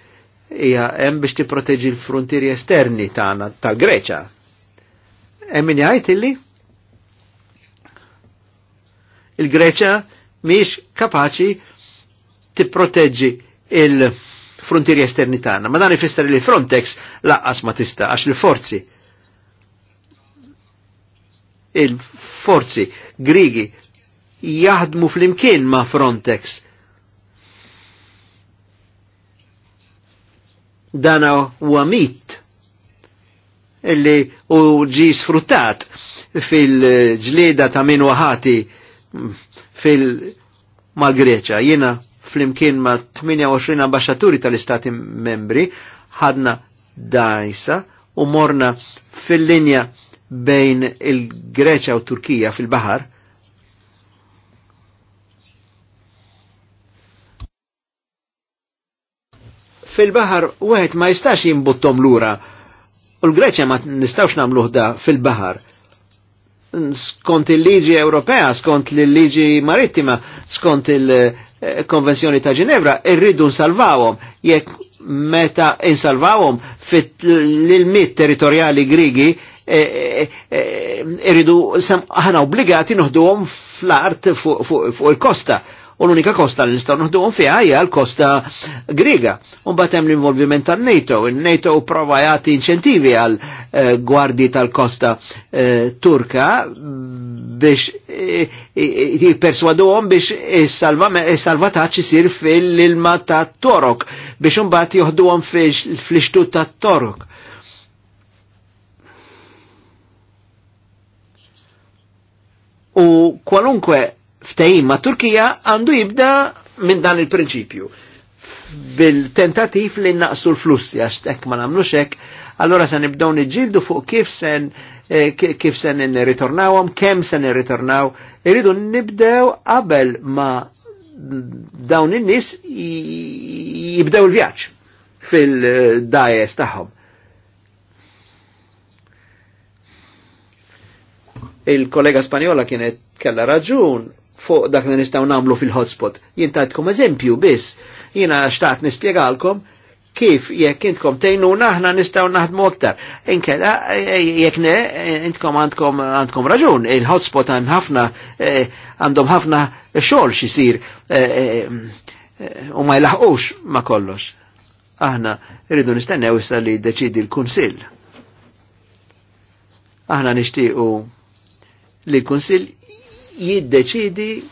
hija hemm biex tipproteġi l-frontieri esterni tagħna tal-Greċa. Hemm min jgħid illi il-Greċa miex kapaċi tipproteġġi il-frontieri esterni tagħna. Ma dan ifisser li Frontex laqqas ma tista' għax li forzi il-forzi grigi jaħdmu fl-imkien ma' Frontex. Dana u għamit illi u ġi sfruttat fil-ġlieda ta' minn waħati fil malgreċa Jena fl-imkien ma' 28 ambasċaturi tal-istati membri ħadna dajsa u morna fil-linja bejn il-Greċa u Turkija fil-bahar. Fil-bahar wieħed ma jistax jimbuttom lura u l-Greċa ma nistax namluħ da fil-bahar. Skont il-liġi Ewropea, skont il-liġi marittima, skont il-Konvenzjoni ta' Ginevra, irridu nsalvawhom jekk meta insalvawhom fit l-mit territoriali Grigi E, e, e, irridu ħana obbligati għom fl-art fuq il-kosta. U l-unika kosta li nistaw nistgħu għom fija hija l-kosta Griega. Mbagħad hemm l-involviment tal nato il nato prova jgħati inċentivi għal gwardi tal-kosta Turka biex jiperswadu għom biex salvataċi sir fil-ilma ta' Torok biex un bat juhdu għom fil ixtut ta' Torok U kwalunkwe ftehim ma' Turkija għandu jibda minn dan il-prinċipju. Bil-tentativ li naqsu l-flussi għax tek ma nagħmlux hekk, allora se nibdew niġġieldu fuq kif sen eh, kif se nirritornawhom, kemm se nirritornaw, irridu nibdew qabel ma dawn in-nies jibdew il-vjaġġ fil-dajes tagħhom. il-kollega Spanjola kienet kella raġun fuq dak li nistgħu nagħmlu fil-hotspot. Jien tajtkom eżempju biss, jiena xtaqt nispjegalkom kif jekk intkom tejnuna aħna nistgħu naħdmu aktar. Inkella eh, jekk ne eh, intkom għandkom għandkom raġun, il-hotspot hemm ħafna eh, għandhom ħafna xogħol xisir u ma jlaħqux ma kollox. Aħna rridu nistennew issa li deċidi l-Kunsill. Aħna nixtiequ li l-Kunsill jiddeċidi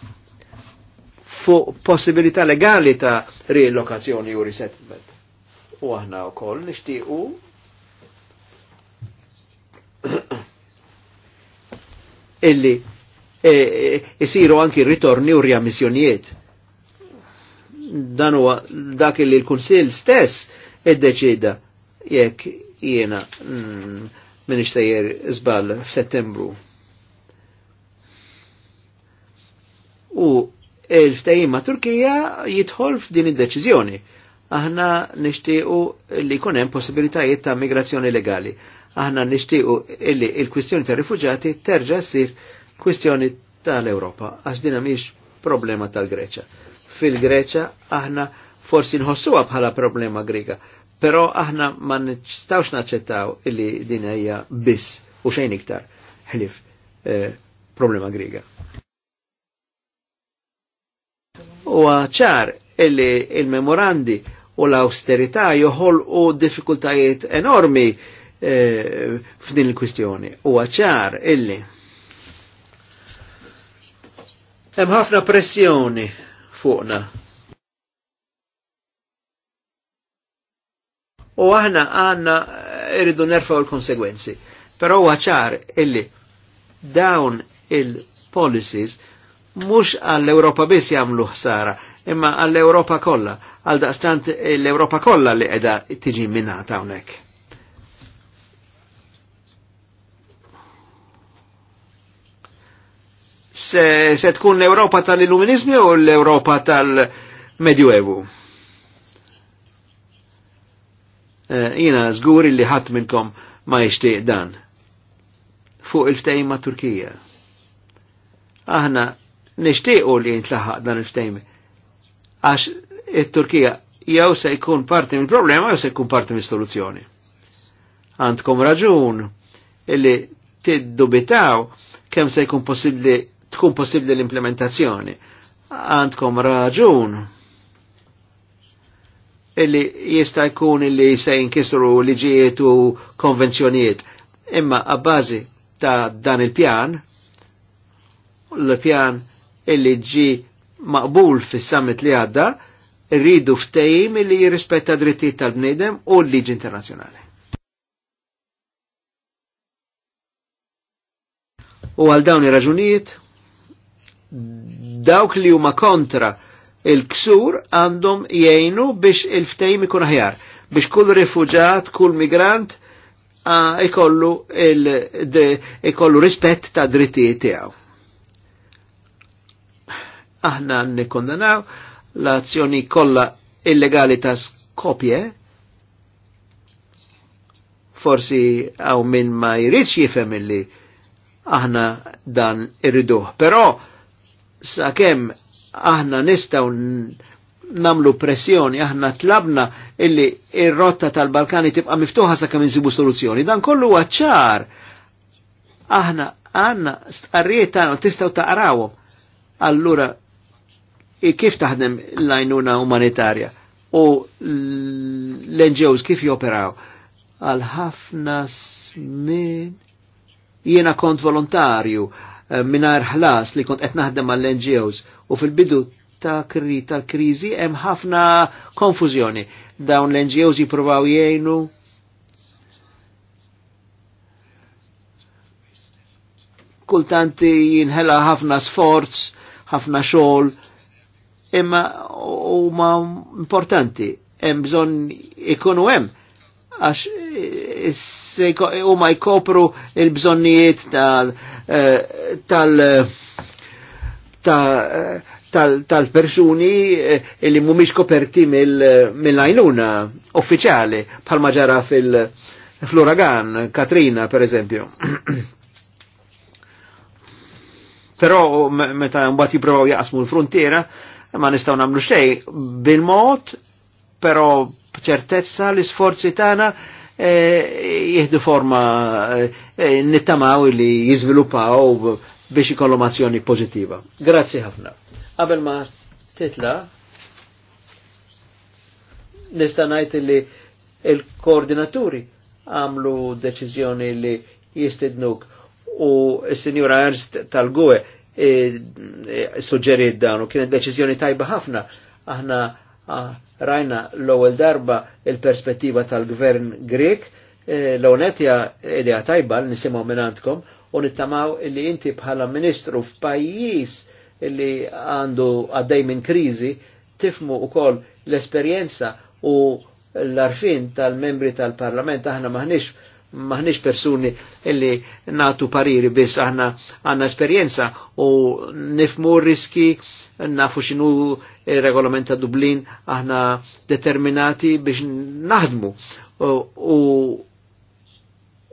fuq possibilità legali ta' rilokazzjoni u resettlement. U aħna u koll nishtiqu illi jisiru e, e, anki ritorni u riammissjonijiet. Dan huwa dak li l-Kunsill stess iddeċida jekk jiena mm, minix sejjer zbal f'Settembru u il-ftajim ma' Turkija jidħol f'din id-deċiżjoni. Aħna nixtiequ li kunem hemm possibilitajiet ta' migrazzjoni legali. Aħna nixtiequ illi il-kwistjoni ta' rifuġati terġa' ssir kwistjoni tal europa għax din miex problema tal-Greċa. Fil-Greċa aħna forsi nħossuha bħala problema Griga, però aħna ma nistgħux naċċettaw illi din hija biss u xejn iktar ħlif eh, problema Griga. U ċar illi il-memorandi u l-austerità joħol u diffikultajiet enormi eh, f'din il-kwistjoni. U ċar illi hemm ħafna pressjoni fuqna. U aħna għanna irridu nerfaw il-konsegwenzi. Però huwa ċar illi dawn il-policies mhux għall-Ewropa biss jagħmlu ħsara, imma għall-Ewropa kollha, għal daqstant l-Ewropa kollha li qiegħda tiġi minnata hawnhekk. Se, se tkun l-Ewropa tal-Illuminizmi u l-Ewropa tal-Medjuevu? Eh, jina zguri li ħadd minnkom ma jixtieq dan. Fuq il-ftejn ma' Turkija. Aħna nishtiqu li jintlaħaq dan il-ftejm. Għax il-Turkija jew se jkun parti mill problema jew se jkun parti mill soluzzjoni Għandkom raġun illi tiddubitaw kemm se jkun possibbli tkun possibli l-implementazzjoni. Għandkom raġun illi jista' jkun illi se jinkisru liġijiet u konvenzjonijiet. Imma għabbażi ta' dan il-pjan, l-pjan illi ġi maqbul fis-summit li għadda rridu ftehim li jirrispetta drittijiet tal-bniedem u l-liġi internazzjonali. U għal dawn ir-raġunijiet dawk li huma kontra il-ksur għandhom jgħinu biex il ftejim ikun aħjar, biex kull rifuġat, kull migrant ikollu rispett ta' drittijiet tiegħu. Aħna nikkondanaw l-azzjoni kollha illegali ta' skopje, forsi għaw minn ma jridx jifem illi aħna dan irriduh. Però sakemm aħna nistaw namlu pressjoni, aħna tlabna illi ir-rotta tal-Balkani tibqa' miftuħa sakemm insibu soluzzjoni. Dan kollu għacċar. Aħna għanna st tagħna tistgħu taqrawom. Allura kif taħdem l-għajnuna umanitarja u l-NGOs kif joperaw għal ħafna smin jiena kont volontarju eh, minar ħlas li kont qed naħdem għall ngos u fil-bidu ta' kri tal-kriżi hemm ħafna konfużjoni. Dawn l-NGOs jippruvaw jgħinu kultanti jinħela ħafna sforz, ħafna xogħol imma huma importanti, hemm bżonn ikunu hemm għax eh, huma jkopru il-bżonnijiet eh, tal-persuni tal eh, li mhumiex koperti mill-għajnuna uffiċjali bħalma ġara fil floragan Katrina per eżempju. Però meta mbagħad jipprovaw jaqsmu l-frontiera, ma nistaw namlu xej bil-mod, pero b'ċertezza l-isforzi tana eh, jihdu forma eh, eh, nittamaw li jizvilupaw biex ikollhom pozitiva. Grazie Grazzi ħafna. Qabel ma titla nista' ngħid li il-koordinaturi għamlu deċiżjoni li jistidnuk u s senjura Ernst tal-Gwe E, e, suġġeriet dan u kienet deċiżjoni tajba ħafna. Aħna rajna l-ewwel darba il-perspettiva tal-gvern Grek, e, l-onetja idea tajba li nisimgħu għandkom u nittamaw li inti bħala ministru f'pajjiż li għandu għaddej minn kriżi tifmu ukoll l-esperjenza u l-arfin tal-membri tal-parlament aħna maħniex maħniex persuni illi natu pariri biss aħna għanna esperienza u nifmu riski nafu xinu regolament ta' Dublin aħna determinati biex naħdmu u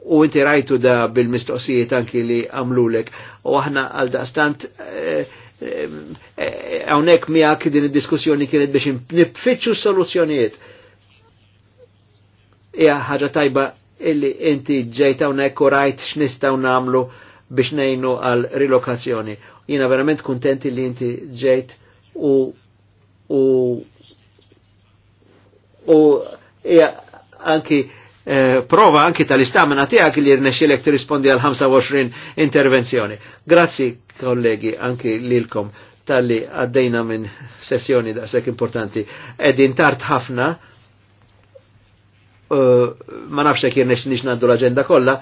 u inti rajtu da bil-mistoqsijiet anki li għamlulek u aħna għal daqstant eh, eh, għawnek e, e, miak din id-diskussjoni kienet biex nipfitxu soluzzjonijiet. Ija ħagġa tajba illi inti ġejta unek u rajt x'nistgħu namlu biex nejnu għal rilokazzjoni. Jina verament kontenti li inti ġejt u u u ja, e, anki eh, prova anki tal-istamina tiegħek li rnexxilek tirrispondi għal 25 intervenzjoni. Grazzi kollegi anki lilkom tal-li għaddejna minn sessjoni daqshekk importanti. Edin tart ħafna Eh, ma nafx jekk jirnex nix naddu l-agenda kollha,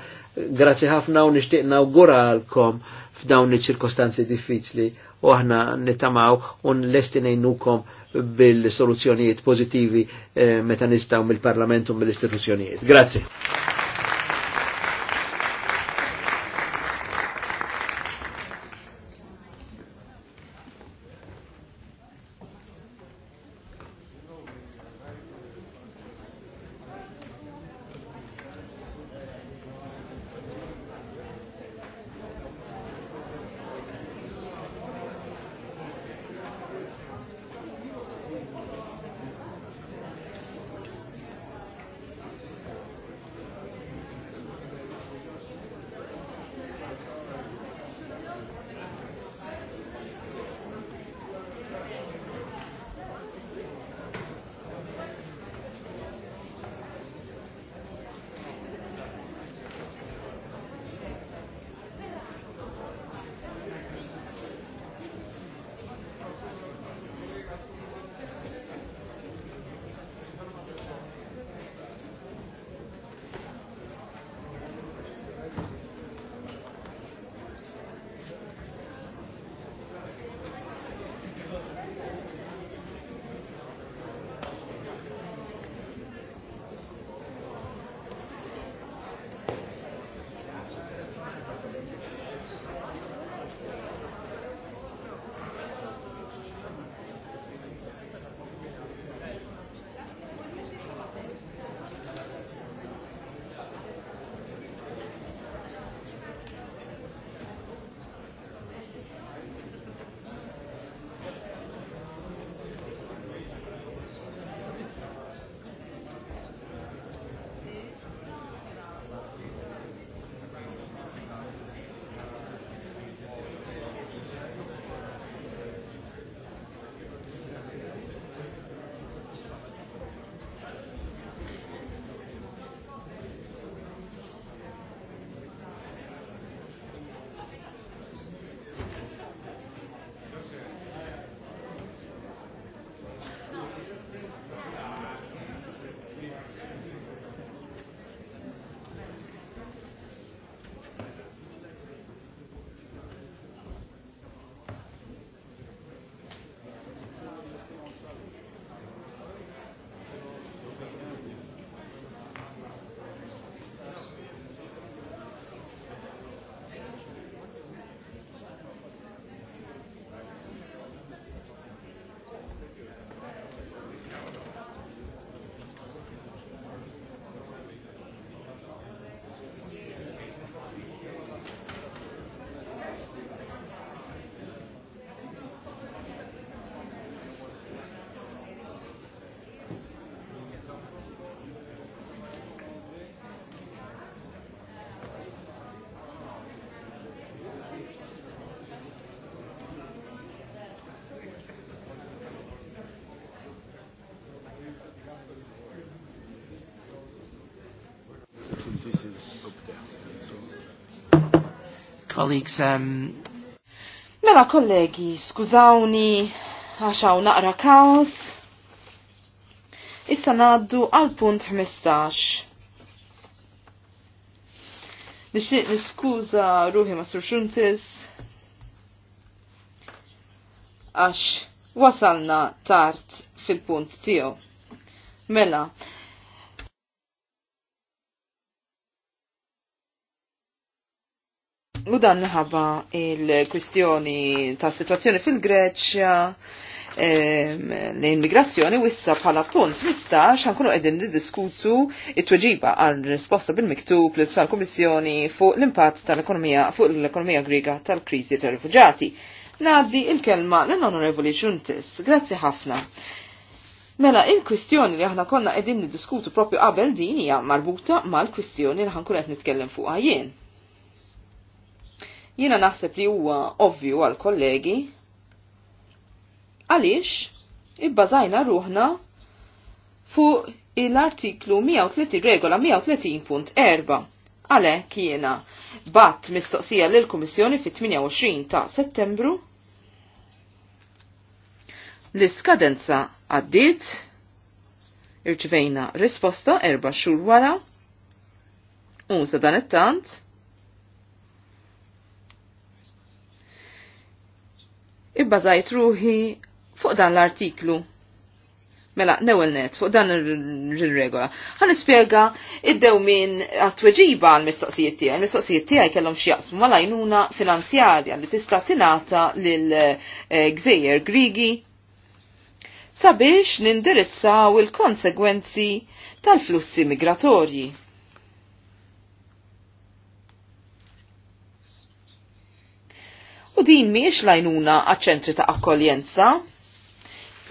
grazzi ħafna u gura għalkom f'dawn il ċirkostanzi diffiċli u aħna nittamaw u lesti ngħinukom bil-soluzzjonijiet pozitivi eh, meta nistaw mill-Parlament u mill-istituzzjonijiet. Grazzi. Colleagues, um... Mela kollegi, skużawni, għaxaw naqra kaos. Issa naddu għal punt 15. Nixtieq niskuża ruħi ma' surxuntis għax wasalna tard fil-punt tiegħu. Mela, U dan minħabba il-kwistjoni ta' situazzjoni fil-Greċja, l-immigrazzjoni wissa bħala punt mistax ħankunu qegħdin niddiskutu it-tweġiba għal risposta bil-miktub li tal-Kummissjoni fuq l-impatt tal-ekonomija fuq l-ekonomija grega tal-kriżi tar-rifuġati. Nadi il-kelma l-Onorevoli Ġuntis. Grazzi ħafna. Mela, il-kwistjoni li aħna konna qegħdin niddiskutu propju qabel din hija marbuta mal-kwistjoni li ħankun qed nitkellem fuq jien. Jiena naħseb li huwa ovvju għal kollegi għaliex ibbażajna ruħna fuq l-artiklu 130 regola 130.4 għale kiena bat mistoqsija l-Komissjoni fit-28 ta' settembru l-iskadenza għaddit irċivejna risposta erba' xhur wara u sa dan it-tant ibbażajt ruħi fuq dan l-artiklu. Mela, newel net, fuq dan il-regola. Għan ispiega id-dew minn għat-tweġiba għal-mistoqsijiet tijaj. Il-mistoqsijiet tijaj kellom xieqsmu mal-għajnuna finanzjarja li tista' tinata l eh, gżejjer Grigi sabiex nindirizzaw il-konsegwenzi tal-flussi migratorji. U din miex lajnuna għaċ-ċentri ta' akkoljenza,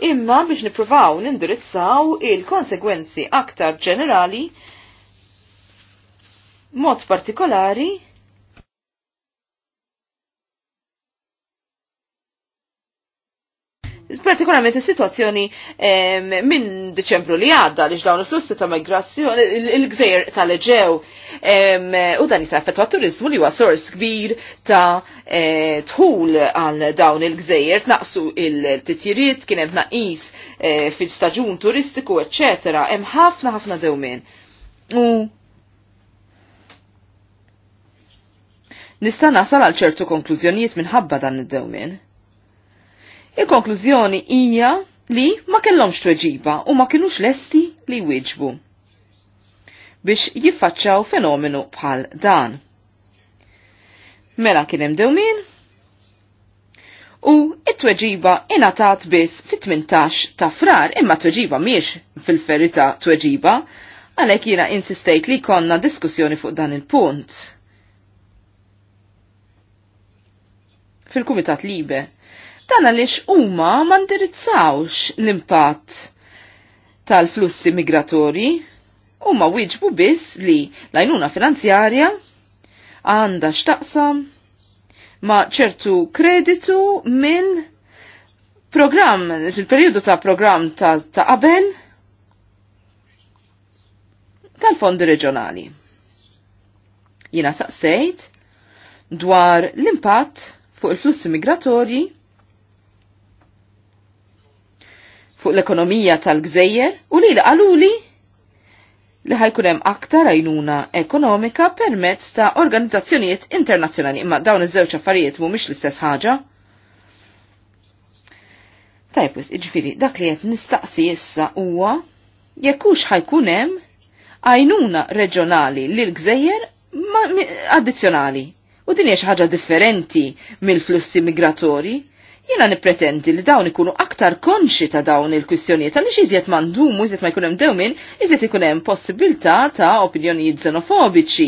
imma biex nipruvaw nindirizzaw il-konsegwenzi aktar ġenerali mod partikolari partikolarment is-sitwazzjoni minn Deċembru li għadda li dawn il-flussi ta' migrazzjoni il-gżejjer tal-Eġew u dan jista' effettwa turizmu li huwa sors kbir ta' e, tħul għal dawn il-gżejjer tnaqsu il-titjiriet kien hemm tnaqqis e, fil-staġun turistiku eċċetera hemm ħafna ħafna dewmien. Nista' nasal għal ċertu konklużjonijiet minħabba dan id-dewmien. Il-konklużjoni hija li ma kellhomx tweġiba u ma kinux lesti li jwieġbu biex jiffaċċaw fenomenu bħal dan. Mela kien hemm dewmin u it-tweġiba ingħatat biss fit-18 ta' frar imma tweġiba miex fil-ferita tweġiba għalhekk jiena insistejt li konna diskussjoni fuq dan il-punt. Fil-Kumitat Libe T'an għaliex huma ma ndirizzawx l-impatt tal-flussi migratorji huma wieġbu biss li l finanzjarja għandha x'taqsam ma ċertu kreditu minn program fil-periodu ta' program ta' ta' qabel tal-fondi reġjonali. Jina saqsejt dwar l-impatt fuq il-flussi migratorji fuq l-ekonomija tal-gżejjer u li għaluli li ħajkunem aktar għajnuna ekonomika permezz ta' organizzazzjonijiet internazzjonali imma dawn iż-żewġ affarijiet mhumiex l-istess ħaġa. Tajb wis iġifieri dak li qed nistaqsi issa huwa jekk hux ħajkun hemm għajnuna reġjonali lil gżejjer addizzjonali. U din hija xi ħaġa differenti mill-flussi migratorji jina nipretendi li dawn ikunu aktar konxi ta' dawn il-kwistjonijiet għaliex iżjed mandumu, iżjed ma jkun hemm dewmin, iżjed ikun hemm possibilità ta' opinjonijiet xenofobiċi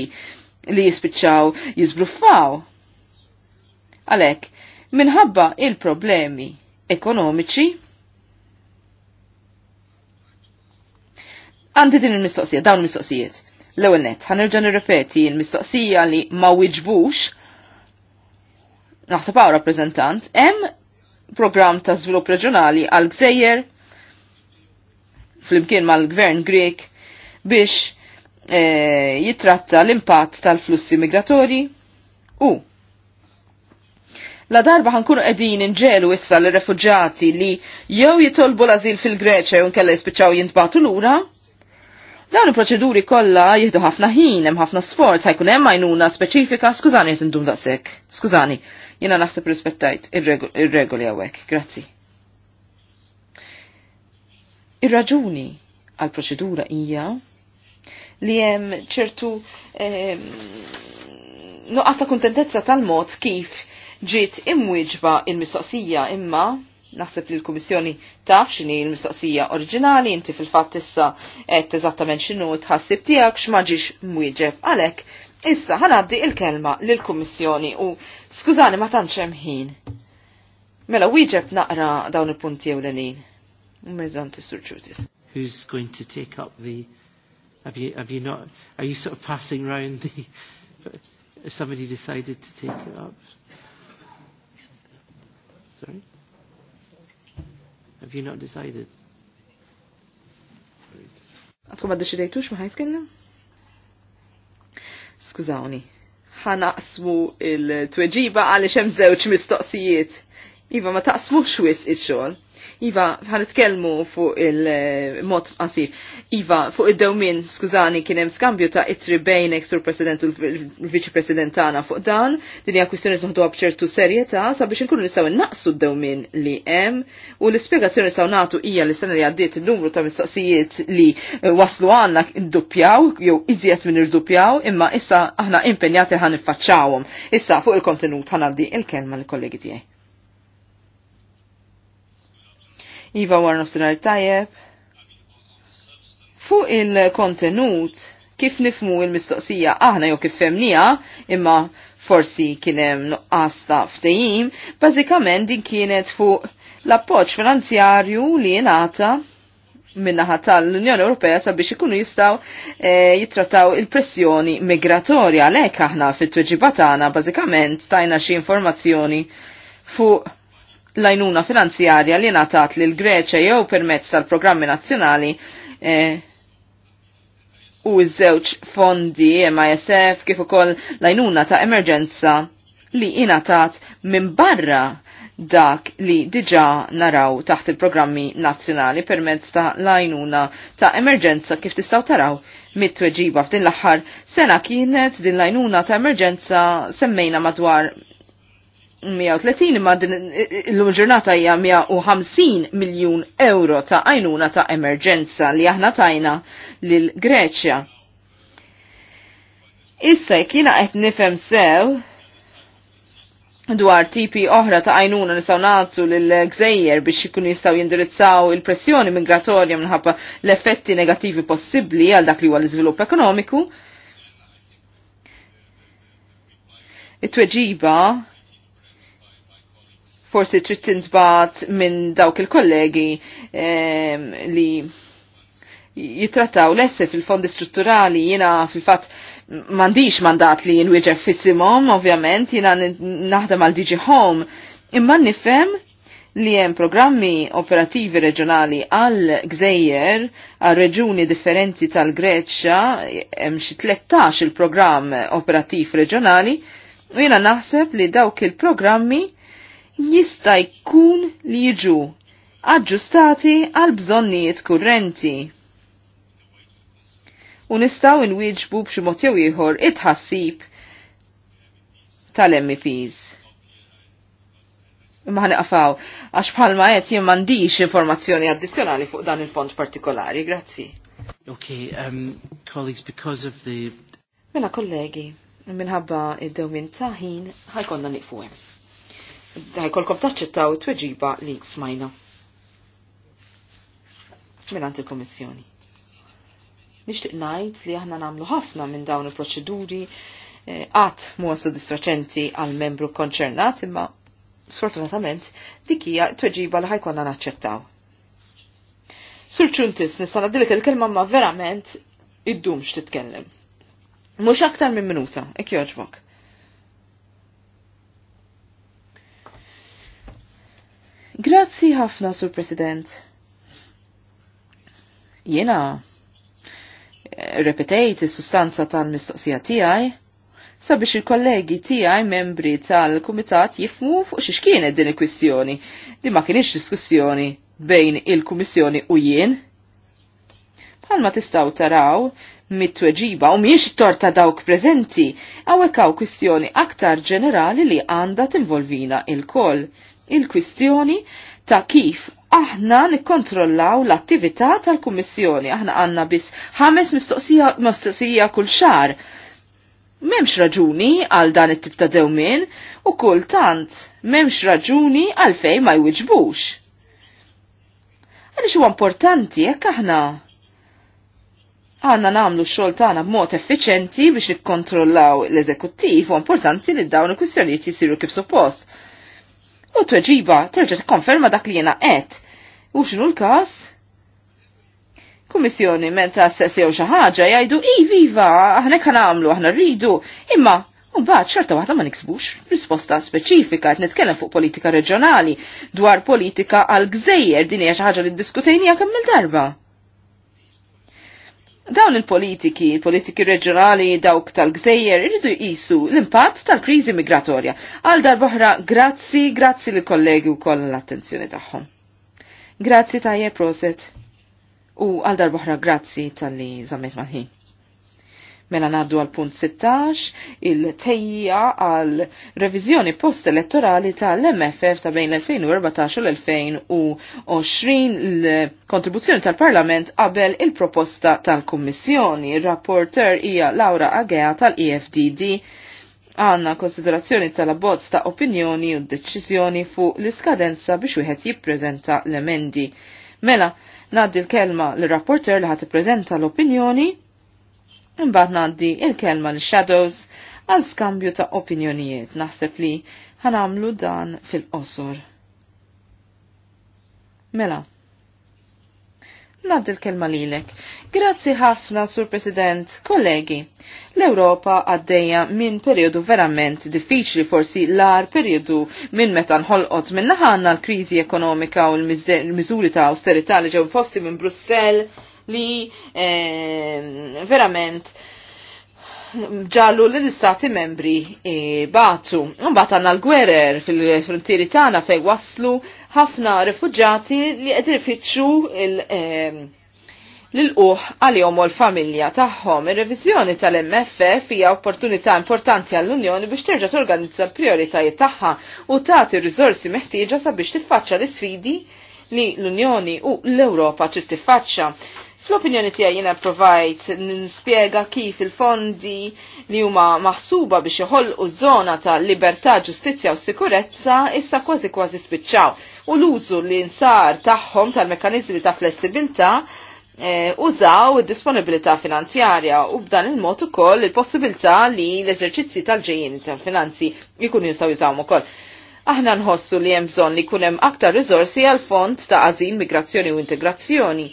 li jispiċċaw jizbruffaw. Għalek, minħabba il-problemi ekonomiċi, għandi din il-mistoqsija, dawn il-mistoqsijiet. L-ewel ħanirġan ħanerġan repeti il-mistoqsija li ma wiġbux, naħseb għaw rappresentant, hemm program ta' żvilupp reġjonali għal gżejjer flimkien mal-gvern Grek biex e, jitratta l-impatt tal-flussi migratori u la darba ħankunu qegħdin inġelu issa l refuġati li jew jitolbu l-azil fil-Greċja u nkella jispiċaw jintbatu lura, dawn il-proċeduri kollha jieħdu ħafna ħin, hemm ħafna sforz, ħajkun hemm għajnuna speċifika, skużani qed indum daqshekk. Skużani jina naħseb rispettajt ir-regoli għawek. Grazzi. Ir-raġuni għal-proċedura hija li hemm ċertu eh, nuqqas ta' kuntentezza tal-mod kif ġiet imwieġba il-mistoqsija imma naħseb li l-Kummissjoni taf x'inhi l-mistoqsija oriġinali, inti fil-fatt issa qed eżattament x'inhu tħassib tiegħek x'ma ġiex mwieġeb għalhekk Issa, ħanaddi il-kelma lill kommissjoni u skużani ma tantx hemm ħin. Mela wieġeb naqra dawn il-punti ewlenin. Mizzan t ġutis. Who's going to take up the have you have you not are you sort of passing round the somebody decided to take it up? Sorry? Have you not decided? Għatkom għadda xidejtux ma Skużawni, ħanaqsmu il-tweġiba għaliex hemm żewġ mistoqsijiet. Iva ma taqsmux wisq ix-xogħol. Iva, għan itkelmu fuq il-mod għasir. Iva, fuq id-dawmin, skużani, kienem skambju ta' itri bejn ekstur president u l-vice president tana fuq dan, din hija kwistjoni tnuħdu bċertu serjeta, sabiex nkunu nistaw naqsu d-dawmin li hemm u l-ispiegazzjoni nistaw natu hija li sena li għaddiet il-numru ta' mistoqsijiet li waslu għanna dduppjaw, jew iżjed minn id-dupjaw, imma issa aħna impenjati ħan niffaċċawhom. Issa fuq il-kontenut ħanaddi il-kelma l-kollegi tiegħi. Iva war nofsinar tajjeb. Fuq il-kontenut, kif nifmu il-mistoqsija aħna jew kif femnija, imma forsi kienem nuqqas ta' ftejim, bażikament din kienet fuq l-appoġġ finanzjarju li jingħata minnaħa tal-Unjoni Ewropea sabiex ikunu jistaw e, eh, jitrattaw il-pressjoni migratorja. Lek aħna fit-tweġibatana bażikament tajna xi informazzjoni fuq l-ajnuna finanzjarja li natat lil Greċa jew permezz tal-programmi nazzjonali eh, u ż-żewġ fondi MISF kif ukoll l ta' emerġenza li inatat minn barra dak li diġa naraw taħt il-programmi nazzjonali permezz ta' lajnuna ta' emerġenza kif tistaw taraw mit-tweġiba f'din l-aħħar sena kienet din lajnuna ta' emerġenza semmejna madwar 130 imma l-ġurnata hija 150 miljun euro ta' għajnuna ta' emerġenza li aħna tajna lil Greċja. Issa jekk jiena qed nifhem sew dwar tipi oħra ta' għajnuna nistgħu nagħtu lil gżejjer biex ikun jistgħu jindirizzaw il-pressjoni migratorja minħabba l-effetti negattivi possibbli għal dak li huwa l-iżvilupp ekonomiku. It-tweġiba forsi trid tintbat minn dawk il-kollegi ehm, li jitrattaw l-esse fil-fondi strutturali jina fil-fat mandiċ mandat li jinwieġer fissimom, ovvjament, jina naħdem għal Digi Home, imma nifem li jem programmi operativi reġjonali għal gżejjer għal reġuni differenti tal-Greċċa, hemm xi 13 il-programm operattiv reġjonali, u jina naħseb li dawk il-programmi jista' jkun li jiġu aġġustati għal bżonnijiet kurrenti. U nistgħu inwieġbu b'xi mod jew ieħor it-ħassib tal-MEPs. Imma ħanqafaw, għax bħalma qed jien m'għandix informazzjoni addizzjonali fuq dan il-fond partikolari, grazzi. Okay, um, colleagues, because of the... Mela kollegi, minħabba id-dewmin taħin, ħajkonna niqfu hemm ħajkolkom taċċettaw it-tweġiba li smajna. Minant il-Komissjoni. Nixtieq ngħid li aħna nagħmlu ħafna minn dawn il-proċeduri eh, għat e, mu soddisfaċenti għal membru konċernat imma sfortunatament dik hija tweġiba li ħajkonna naċċettaw. Sur ċuntis nista' il-kelma ma verament iddumx titkellem. Mhux aktar minn minuta, ek joġbok. Grazzi ħafna, Sur President. Jena, eh, repetejt is-sustanza tal-mistoqsija tiegħi sabiex il-kollegi tiegħi membri tal-kumitat jifmu fuq xiex kienet din il-kwistjoni. di ma kienx diskussjoni bejn il-kummissjoni u jien. Bħalma tistgħu taraw mit-tweġiba u miex torta dawk preżenti, hawnhekk hawn kwistjoni aktar ġenerali li għandha tinvolvina il-koll. il il koll il-kwistjoni ta' kif aħna nikkontrollaw l-attività tal-Kummissjoni. Aħna għanna biss ħames mistoqsija, mistoqsija kull xar. Memx raġuni għal dan it-tip ta' dewmin u kultant memx raġuni għal fej ma jwiġbux. Għalix huwa importanti jekk aħna għanna namlu xol tagħna b'mod effiċenti biex nikkontrollaw l-eżekuttiv u importanti li dawn il-kwistjonijiet jisiru kif suppost. U tweġiba terġa' tikkonferma dak li jena qed. U x'inhu l-każ? Kummissjoni meta assessjew xi ħaġa jgħidu i viva aħna kan għamlu aħna rridu, imma Mbagħad xorta waħda ma niksbux risposta speċifika qed nitkellem fuq politika reġjonali dwar politika għal gżejjer din hija xi ħaġa li diskutejni kemm il-darba. Dawn il-politiki, il-politiki reġjonali dawk tal-gżejjer irridu jqisu l-impatt tal-kriżi migratorja. Għal darbohra grazzi, grazzi li kollegi u koll l-attenzjoni tagħhom. Grazzi tajje proset. U għal boħra grazzi tal-li zammet maħin. Mela naddu għal punt 16, il-tejja għal revizjoni post-elettorali tal-MFF ta' bejn l-2014 u l-2020 l-kontribuzzjoni tal-Parlament qabel il-proposta tal-Kummissjoni. Il-rapporter hija Laura Agea tal-EFDD għanna konsiderazzjoni tal-abbozz ta' opinjoni u deċiżjoni fuq l-iskadenza biex wieħed jippreżenta l-emendi. Mela, naddi l-kelma l-rapporter li ħat prezenta l-opinjoni Imbagħad ngħaddi il-kelma l shadows għal skambju ta' opinjonijiet naħseb li ħanamlu dan fil-qosor. Mela. Nad il-kelma lilek. Grazzi ħafna, Sur President, kollegi. L-Europa għaddeja minn periodu verament diffiċli forsi l-ar periodu minn meta nħolqot minn naħanna l-krizi ekonomika u l-miżuri ta' austerità li ġew fossi minn Brussell li ehm, verament ġallu l-istati membri e, batu. Mbagħad għandna l-gwerer fil-frontieri tagħna fejn waslu ħafna refugġati li qed ifittxu il- e, l-uħ għal-jom u l-familja taħħom. Ir-revizjoni tal-MFF hija opportunità importanti għall-Unjoni biex terġa' torganizza l-prioritajiet tagħha u tagħti r-riżorsi meħtieġa sabiex tiffaċċa l-isfidi li l-Unjoni u l-Ewropa ċi tiffaċċa. Fl-opinjoni tiegħi jiena provajt nispjega kif il-fondi li huma maħsuba biex iħolqu żona ta' libertà, ġustizzja u sikurezza issa kważi kważi spiċċaw u l-użu li nsar tagħhom tal-mekkaniżmi ta' flessibilità eh, użaw id-disponibilità finanzjarja u b'dan il-mod ukoll il-possibilità li l-eżerċizzi tal-ġejjin tal-finanzi jkunu jistgħu jużawhom ukoll. Aħna nħossu li hemm bżonn li jkun hemm aktar riżorsi għal fond ta' għażil migrazzjoni u integrazzjoni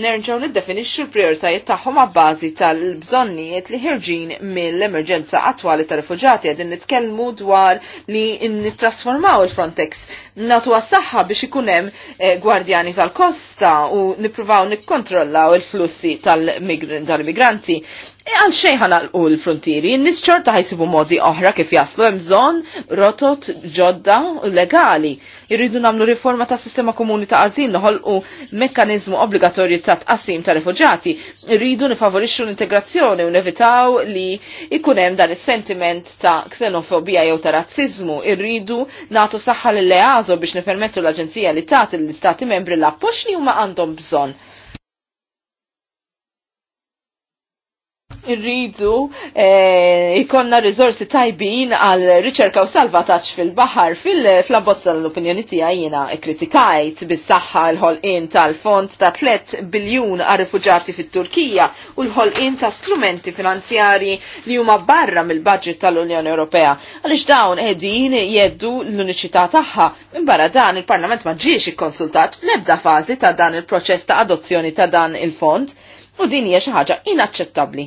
nerġaw niddefinixxu l-prioritajiet tagħhom għabbażi tal-bżonnijiet li ħirġin mill-emerġenza attwali tar-rifuġati għadin nitkellmu dwar li nittrasformaw il-Frontex natu għas-saħħa biex ikun hemm eh, gwardjani tal-kosta u nippruvaw nikkontrollaw il-flussi tal-migranti. E, għal xejn u l-frontieri, n-nis ċorta ħajsibu modi oħra kif jaslu hemm bżonn rotot ġodda legali. Irridu nagħmlu riforma tas sistema komuni ta' għażin noħolqu mekkaniżmu obbligatorju ta' tqassim ta' rifuġati. Irridu nifavorixxu l-integrazzjoni u nevitaw li ikunem hemm dan is-sentiment ta' ksenofobija jew ta' razziżmu. Irridu nagħtu saħħa l easo biex nipermettu l-Aġenzija li tagħti l-Istati membri la' appoġġ li huma għandhom bżonn irridu eh, ikonna rizorsi tajbin għal riċerka u salvataċ fil-bahar fil-flabbozza l-opinjoni tija jena kritikajt bis-saħħa l-ħolqin tal-fond ta' 3 biljun għal rifugjati fit-Turkija u l-ħolqin ta' strumenti finanzjari li huma barra mill-budget tal-Unjoni Ewropea. Għaliex dawn qegħdin jeddu l-uniċità tagħha. barra dan il-Parlament ma ġiex ikkonsultat l-ebda fażi ta' dan il-proċess ta' adozzjoni ta' dan il-fond u din hija xi ħaġa inaċċettabbli.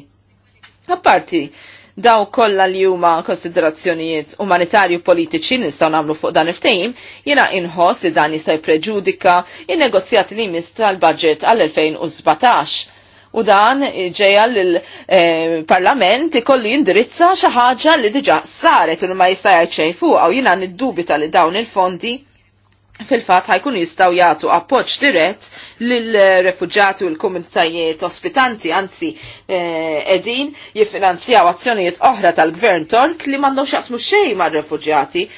Apparti, daw kollha li huma konsiderazzjonijiet umanitarju politiċi nistgħu nagħmlu fuq dan il-ftehim, jiena inħoss li dan jista' jippreġudika in-negozjati li jmiss tal-budget għall-2017. U dan ġeja l-parlament eh, ikolli indirizza xi ħaġa li diġà saret u ma jista' jgħid xejn fuq jiena niddubita li dawn il-fondi fil-fat ħajkun jistaw jagħtu appoġġ dirett lill refugġati u l-komunitajiet ospitanti, anzi eh, edin jiffinanzjaw azzjonijiet oħra tal-Gvern Tork li mandu xaqsmu xejn mar refugġati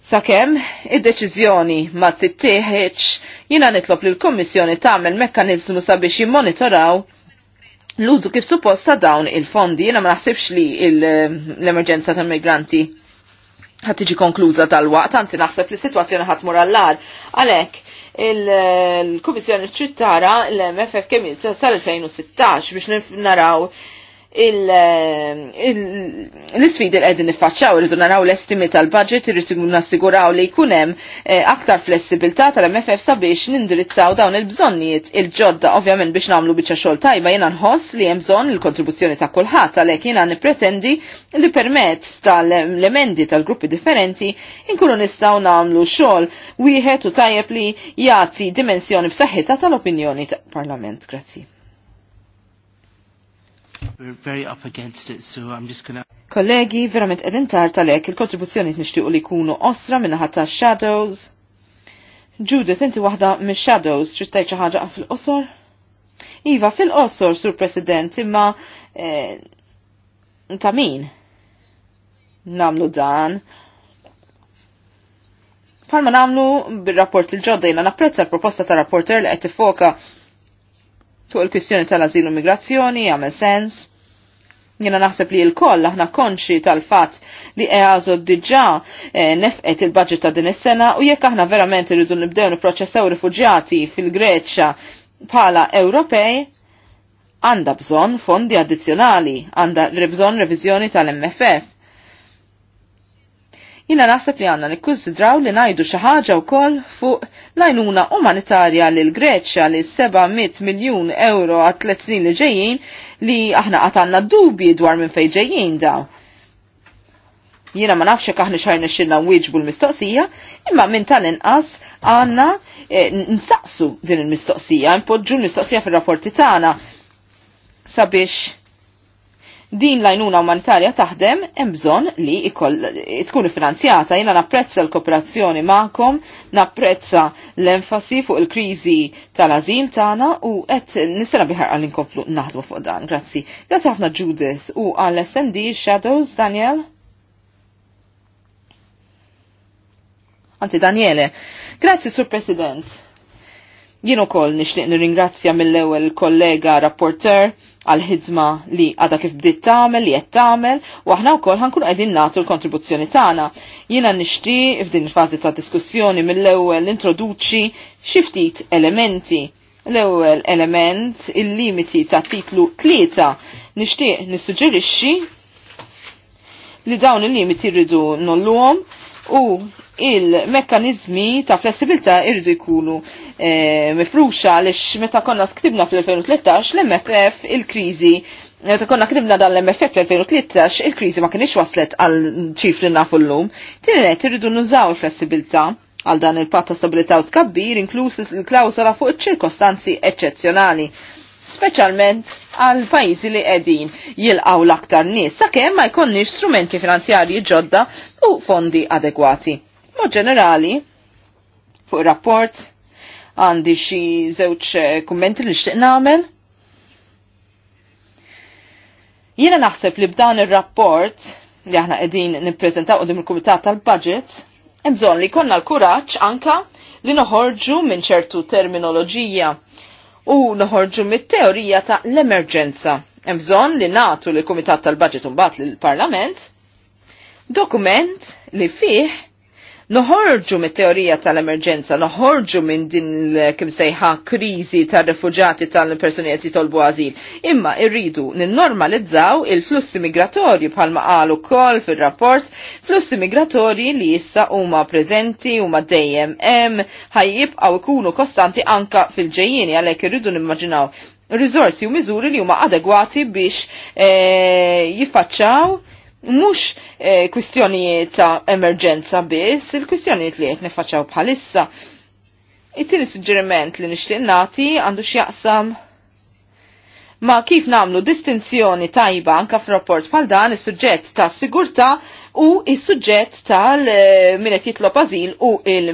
Sakemm id-deċiżjoni ma tittieħeġ jiena nitlob li l-Kummissjoni tagħmel mekkaniżmu sabiex jimmonitoraw l-użu kif supposta dawn il-fondi. Jiena ma naħsibx li l-emerġenza tal-migranti ħat tiġi konkluża tal-waqt, għanzi naħseb li situazzjoni ħat murallar. Għalek, il-Komissjoni ċittara l-MFF kemm sal-2016 biex naraw l eh, isfidi li qegħdin niffaċċaw irridu naraw l-estimi tal-budget irridu nassiguraw li jkun hemm eh, aktar flessibilità tal-MFF sabiex nindirizzaw dawn il-bżonnijiet il-ġodda ovvjament biex nagħmlu biċċa xogħol tajba jiena nħoss li hemm bżonn il-kontribuzzjoni ta' kulħadd għalhekk jiena nippretendi li permezz tal-emendi tal-gruppi differenti inkunu nistgħu nagħmlu xogħol wieħed u tajjeb li jagħti dimensjoni b'saħħitha tal-opinjoni tal-Parlament. Grazzi. We're very up against it, so I'm just gonna... Kollegi, verament edin tar talek il-kontribuzzjoni t-nishtiqu li kunu osra minna ħatta Shadows. Judith, inti wahda mis Shadows, ċittaj ħaġa fil-qosor? Iva, fil-qosor, sur President, imma eh, ta' min? Namlu dan. Palma namlu bil-rapport il ġoddejna napprezza l-proposta ta' rapporter li għet foka Tuq il-kwistjoni tal u migrazzjoni, għamel sens. Jena naħseb li l-koll aħna konxi tal-fat li d-dġa eh, nefqet il-budget ta' din is-sena u jekk aħna verament irridu nibdew nipproċessaw rifuġjati fil-Greċċa bħala Ewropej, għanda bżon fondi addizzjonali, għanda bżon revizjoni tal-MFF. Jina naħseb li għanna nikkonsidraw li najdu xaħġa u koll fuq lajnuna umanitarja li l-Greċja li 700 miljon euro għat tlet snin li ġejjin li aħna għatanna dubi dwar minn fej ġejjin daw. Jina ma nafxek aħna xajna xinna wieġbu l-mistoqsija, imma minn tal-inqas għanna eh, nsaqsu din il-mistoqsija, npoġġu l-mistoqsija fil-rapporti tagħna sabiex din l umanitarja taħdem hemm bżonn li tkun finanzjata. Jiena napprezza l-kooperazzjoni magħkom, napprezza l-enfasi fuq il-kriżi tal azim tagħna u qed nistena biħar għal inkomplu naħdmu fuq dan. Grazzi. Grazzi ħafna Judith u għall snd Shadows Daniel. Anzi Daniele. Grazzi Sur President. Jien ukoll nixtieq nirringrazzja mill-ewwel kollega rapporter għal-ħidma li għada kif bdiet tagħmel li qed tagħmel u aħna wkoll ħankun qegħdin nagħtu l-kontribuzzjoni tagħna. Jiena nixtieq f'din il-fażi ta' diskussjoni mill-ewwel introduċi xi ftit elementi. L-ewwel element il-limiti ta' titlu tlieta nixtieq nissuġġerixxi li dawn il-limiti rridu nolluhom u il-mekkanizmi ta' flessibilità irridu jkunu e, mifruxa għaliex meta konna skribna fl-2013 l-MFF il-kriżi Meta konna kribna dan l-MFF fl-2013, il-kriżi ma kienx waslet għal ċif li nafu l-lum. Tinet irridu nużaw il-flessibilità għal dan il-patta stabilità u tkabbir, inkluż il-klawsola fuq ċirkostanzi eccezzjonali speċjalment għal pajjiżi li qegħdin jilqgħu l-aktar nies sakemm ma jkollniex strumenti finanzjarji ġodda u fondi adegwati. Mod ġenerali, fuq rapport għandi xi żewġ eh, kummenti li nixtieq nagħmel. Jiena naħseb li b'dan ir-rapport li aħna qegħdin niprezentaw qudiem il-Kumitat tal-Budget, hemm bżonn li konna l-kuraġġ anka li noħorġu minn ċertu terminoloġija u noħorġu mit-teorija ta' l-emerġenza. Hemm bżonn li nagħtu lill kumitat tal-Budget imbagħad lill-Parlament dokument li fih noħorġu mit-teorija tal-emerġenza, noħorġu minn din kim sejħa kriżi tar refugġati tal personieti jitolbu għażil. Imma irridu ninnormalizzaw il-flussi migratorji bħalma qalu kol fir-rapport, flussi migratorji li issa huma preżenti huma dejjem hemm għaw ikunu kostanti anka fil ġejjini għalhekk irridu nimmaġinaw rizorsi u miżuri li huma adegwati biex e, mux eh, kwistjonijiet ta' emerġenza biss, il-kwistjonijiet li qed nifaċaw bħalissa. It-tieni suġġeriment li nixtieq nagħti għandu x'jaqsam ma kif namlu distinzjoni tajba anka f'rapport bħal dan is-suġġett ta' sigurtà u il suġġett tal eh, min qed jitlob azil u l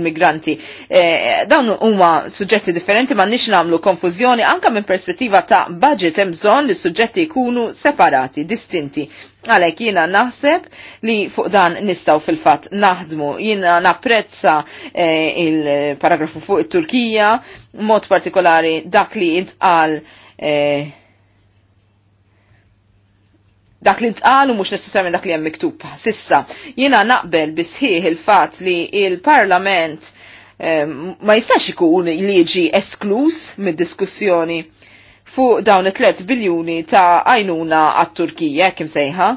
migranti eh, Dawn huma suġġetti differenti ma nix nagħmlu konfużjoni anke minn perspettiva ta' budget hemm bżonn li suġġetti jkunu separati, distinti. Għalek jiena naħseb li fuq dan nistaw fil-fat naħdmu. Jiena napprezza eh, il-paragrafu fuq it-Turkija, mod partikolari dak li intqal eh, dak li tqalu mhux necessarjament dak li hemm miktub sissa. Jiena naqbel bisħieħ il-fatt li il-Parlament eh, ma jistax ikun liġi esklus mid-diskussjoni fuq dawn it-3 biljuni ta' għajnuna għat-Turkija eh, kim sejħa.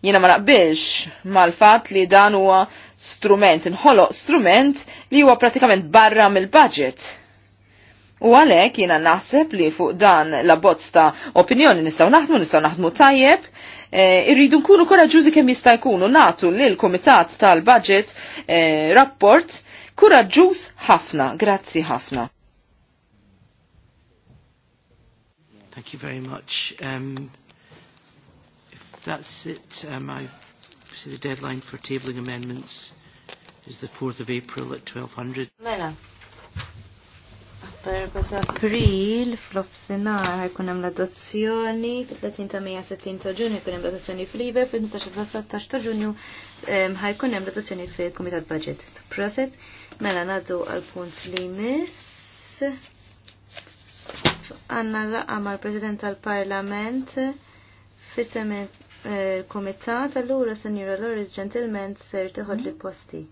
Jiena ma naqbilx mal-fatt li dan huwa strument, inħoloq strument li huwa pratikament barra mill-budget U għalek jina naħseb li fuq dan la bozz ta' opinjoni nistaw naħdmu, nistaw naħdmu tajjeb, eh, irridu nkunu koraġużi kemm jista' jkunu natu lil kumitat tal-budget eh, rapport koraġuż ħafna, grazzi ħafna. Thank you very much. Um, if that's it, um, I see the deadline for tabling amendments is the 4th of April at 1200. Mela ta' april fl-ofsinar ħajkun hemm l-adozzjoni fit-30 ta' 60 ta' ġunju ħajkun hemm l-adozzjoni fl iber fil-15 ta' ġunju ħajkun hemm l-adozzjoni fil-Kumitat Budget. Proset, mela nagħdu għal punt li miss. Għanna laqa mal-President tal-Parlament fis eh, Komitat, allura Senjura Loris ġentilment ser tiħod li posti.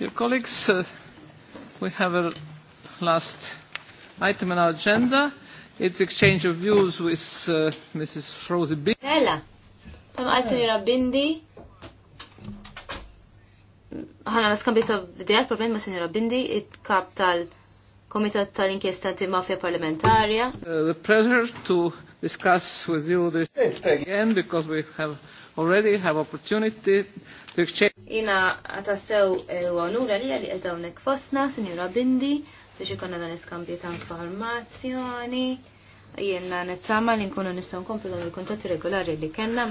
Dear colleagues, uh, we have a last item on our agenda. It's exchange of views with uh, Mrs. Rosie Bindi. Mela, tam għal Bindi. Ħana naskambi ta' videjat problem ma' Sinjora Bindi, it-kap tal-Komitat tal-Inkjesta Antimafja Parlamentarja. Uh, the pleasure to discuss with you this again because we have already have opportunity to exchange. Jina għatassew e, għonura li għalli għedawnek fosna, Sinjura Bindi, biex ikonna dan iskambju ta' informazzjoni. Jena nittama li nkunu nistaw nkomplu l-kontatti regolari li kena,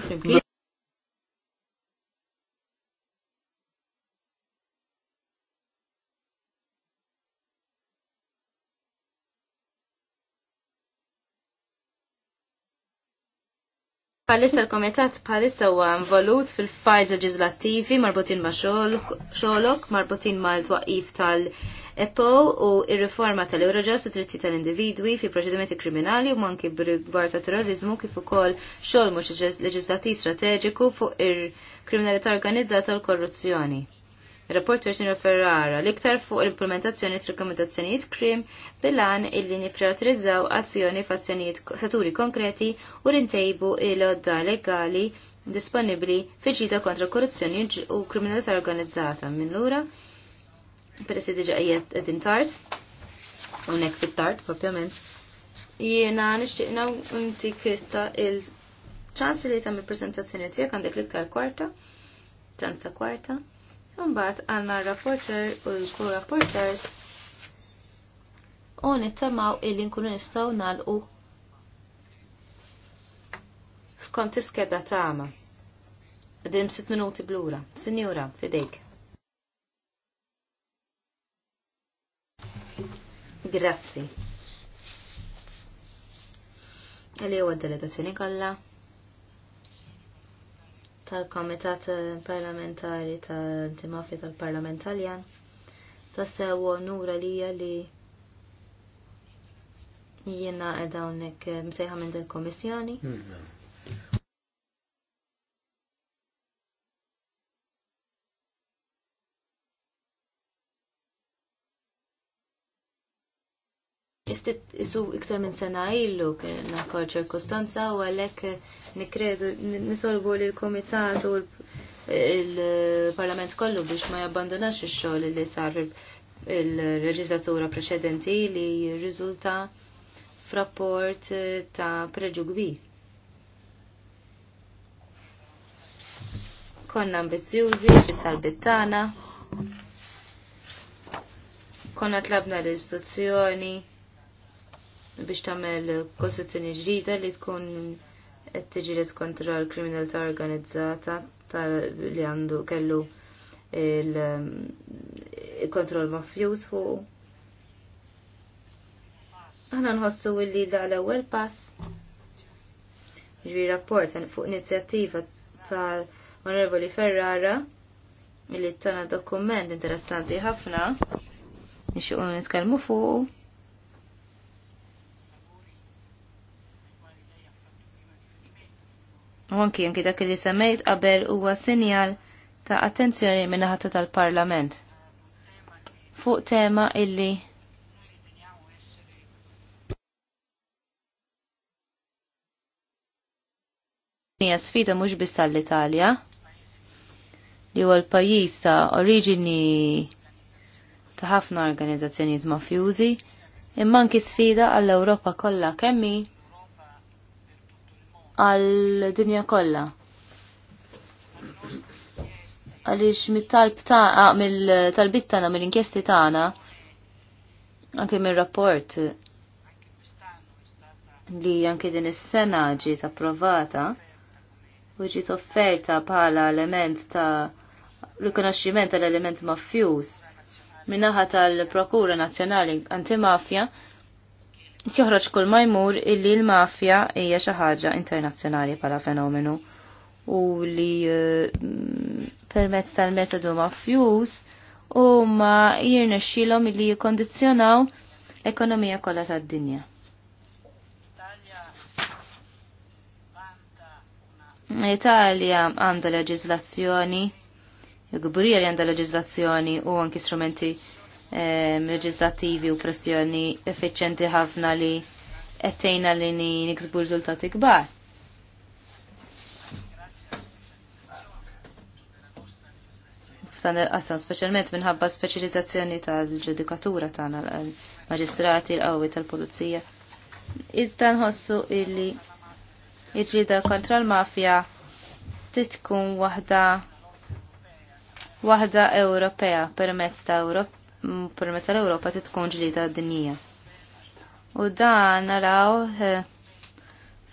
Palissa l-komitat palissa huwa involut fil-fajz leġislattivi marbutin ma' xolok, marbutin ma' l-twaqif tal-EPO u ir-riforma tal-Eurojust u tritti tal-individwi fi proċedimenti kriminali u manki b'rigwar ta' terrorizmu kif ukoll xogħol mhux leġislattiv strateġiku fuq ir-kriminalità organizzata u l-korruzzjoni. Rapporter Sino Ferrara, l-iktar fuq l-implementazzjoni t-rekomendazzjonijiet krim bilan illi niprioritizzaw azzjoni f'azzjonijiet saturi konkreti u rintejbu il-odda legali disponibli fiġita kontra korruzzjoni u kriminalità organizzata. Minn lura, peressi diġa għajet din tart, unnek fit-tart, propjament, jiena nishtiqna unti kissa il ċansi li tam il-prezentazzjoni tijak għandek l-iktar kwarta, ċansa kwarta. Mbagħad għandna rapporter u l co rapporter u nittamaw illi nkunu nistgħu nagħlqu skont iskeda tagħma. Dim sitt minuti blura. Sinjura, fidejk. Grazzi. Għalli għad delegazzjoni kollha tal-Komitat eh, Parlamentari tal-Antimafja tal-Parlament tassew ta' sewa nura li jiena edha unnek eh, msejħa minn dil-Komissjoni. Istit isu iktar minn sena illu kena aktar ċirkustanza u għalek eh, nikredu nisolgu li l-komitat u l-parlament kollu biex ma jabbandonax ix-xogħol li sar il-reġislatura preċedenti li rizulta f'rapport eh, ta' preġu kbir. Konna ambizjużi fit-talbit tagħna. Konna tlabna l-istituzzjoni biex tagħmel kostituzzjoni ġdida li tkun qed tiġilet kontra l-kriminalità organizzata li għandu kellu um, il-kontroll mafjuż fuq. Aħna nħossu li da l-ewwel pass. Ġri rapport fuq inizjattiva tal Honorable Ferrara li tana dokument interessanti ħafna nixuqu nitkellmu fuq U anki dak li semmejt qabel huwa sinjal ta' attenzjoni minn ħatta tal-Parlament. Fuq tema illi hija sfida mhux biss għall-Italja li huwa l-pajjiż ta' oriġini ta' ħafna organizzazzjonijiet mafjużi, imma anki sfida għall-Ewropa kollha kemmi għal-dinja kollha. Għaliex mit-talb ta' ah, mill-talbit tagħna mill-inkjesti tagħna anke mir-rapport li anke din is-sena ġiet approvata u ġiet offerta bħala element ta' rikonoxximent tal-element mafjuż min-naħa tal-Prokura Nazzjonali Antimafja Sjoħroġ kull ma jmur illi l-mafja hija xi ħaġa internazzjonali bħala fenomenu u li eh, permezz tal-metodu mafjuż u ma jirnexxilhom illi jikkondizzjonaw l-ekonomija kollha tad-dinja. Italja għandha leġiżlazzjoni, li għandha leġiżlazzjoni u anki strumenti leġislattivi u pressjoni effiċenti ħafna li ettejna li ni niksbu rizultati kbar. Għastan specialment minħabba specializzazzjoni tal-ġudikatura tana l magistrati l għawi tal polizija Iżda nħossu illi iġida kontra l-mafja titkun wahda wahda Ewropea permezz ta' Ewrop permess tal-Ewropa titkonġli ta' d-dinija. U dan naraw eh,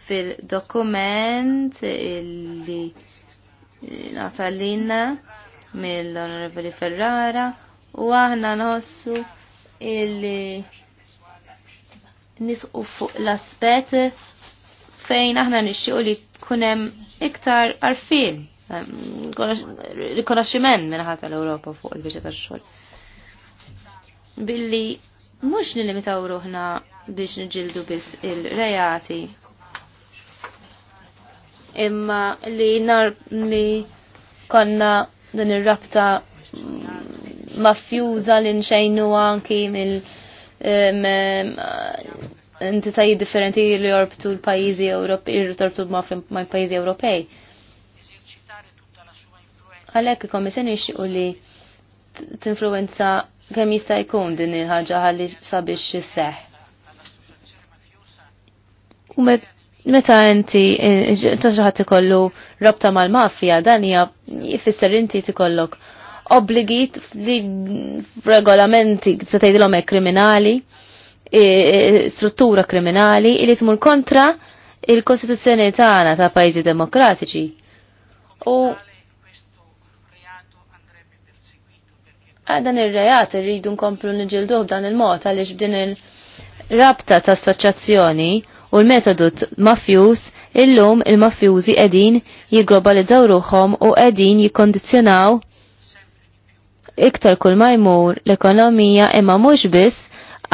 fil-dokument illi natalina mill-Onorevoli Ferrara u aħna nħossu illi nisqu fuq l-aspet fejn aħna nixxiequ li kunem iktar għarfin. Eh, rikonoxximent minn ħata l europa fuq il-biċċa tax-xogħol billi mhux nilimitaw ruħna biex niġildu biss il-rejati. Imma li nar li konna din ir-rabta mm, mafjuża li nxejnu anki mill entitajiet differenti li jorbtu l-pajjiżi Ewropej, jorbtu ma' pajjiżi Ewropej. Għalhekk il xie u li t-influenza kemm jista' jkun din il-ħaġa ħalli sabiex isseħ. U meta inti taġraħat ikollu rabta mal-mafja dan hija jfisser inti tikollok obbligi li regolamenti se tgħidilhom kriminali, e, e, struttura kriminali li tmur kontra il-Kostituzzjoni tagħna ta' pajjiżi demokratiċi. U dan ir-reat rridu nkomplu niġilduh b'dan il-mod għaliex b'din il-rabta ta' assoċjazzjoni u l-metodu mafjuż illum il-mafjużi qegħdin jigglobalizzaw ruhom u qegħdin jikkondizzjonaw iktar kull majmur jmur l-ekonomija imma mhux biss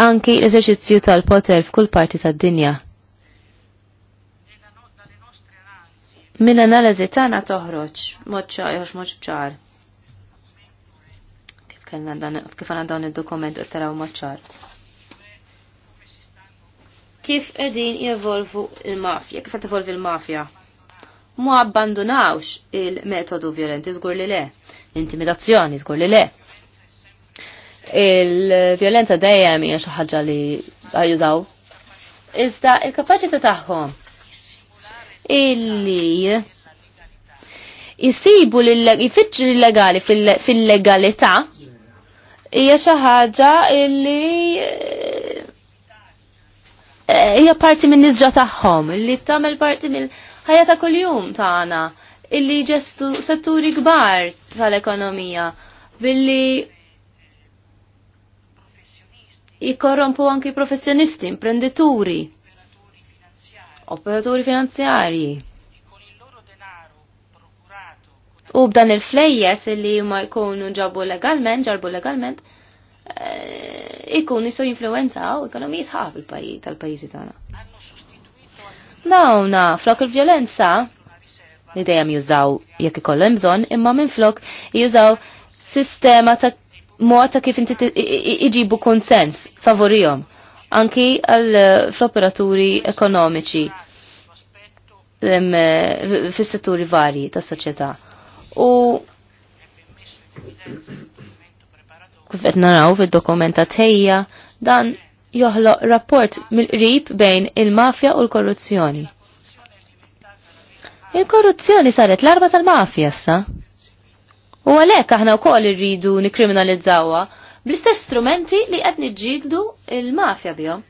anki l-eżerċizzju tal-poter f'kull parti tad-dinja. Mill-analiżi tagħna toħroġ mod ċar kellna dan kif għandna dawn id-dokument taraw maċċar. Kif qegħdin jevolvu il-mafja, kif qed evolvi il-mafja? Ma abbandonawx il-metodu violenti żgur li le, l-intimidazzjoni żgur li le. Il-violenza dejjem hija xi ħaġa li għajużaw. Iżda il-kapaċità tagħhom illi jisibu l-legali fil-legalità hija xi ħaġa li eh, eh, hija parti minn nisġa tagħhom, li tagħmel parti mill ħajja ta' kuljum tagħna, illi ġestu setturi kbar tal-ekonomija billi jikorrompu anki professjonisti, imprendituri, operaturi finanzjarji. U b'dan il-flejjes li ma jkunu ġabu legalment, ġarbu legalment, ikun jisu jinfluenzaw ekonomiji sħaf tal pajjiżi tagħna. Nawna, flok il-vjolenza li dejjem jużaw jekk ikollhom bżonn, imma minn flok jużaw sistema ta' mod ta' kif inti iġibu konsens favorihom anki għal fl-operaturi ekonomiċi fis-setturi varji tas-soċjetà. U kif qed naraw fid-dokumenta tejja dan joħloq rapport mill-qrib bejn il-mafja u l-korruzzjoni. Il-korruzzjoni saret l-arba tal-mafja sa. U għalhekk aħna wkoll irridu nikkriminalizzawha bl-istess strumenti li qed niġġieldu il-mafja bihom.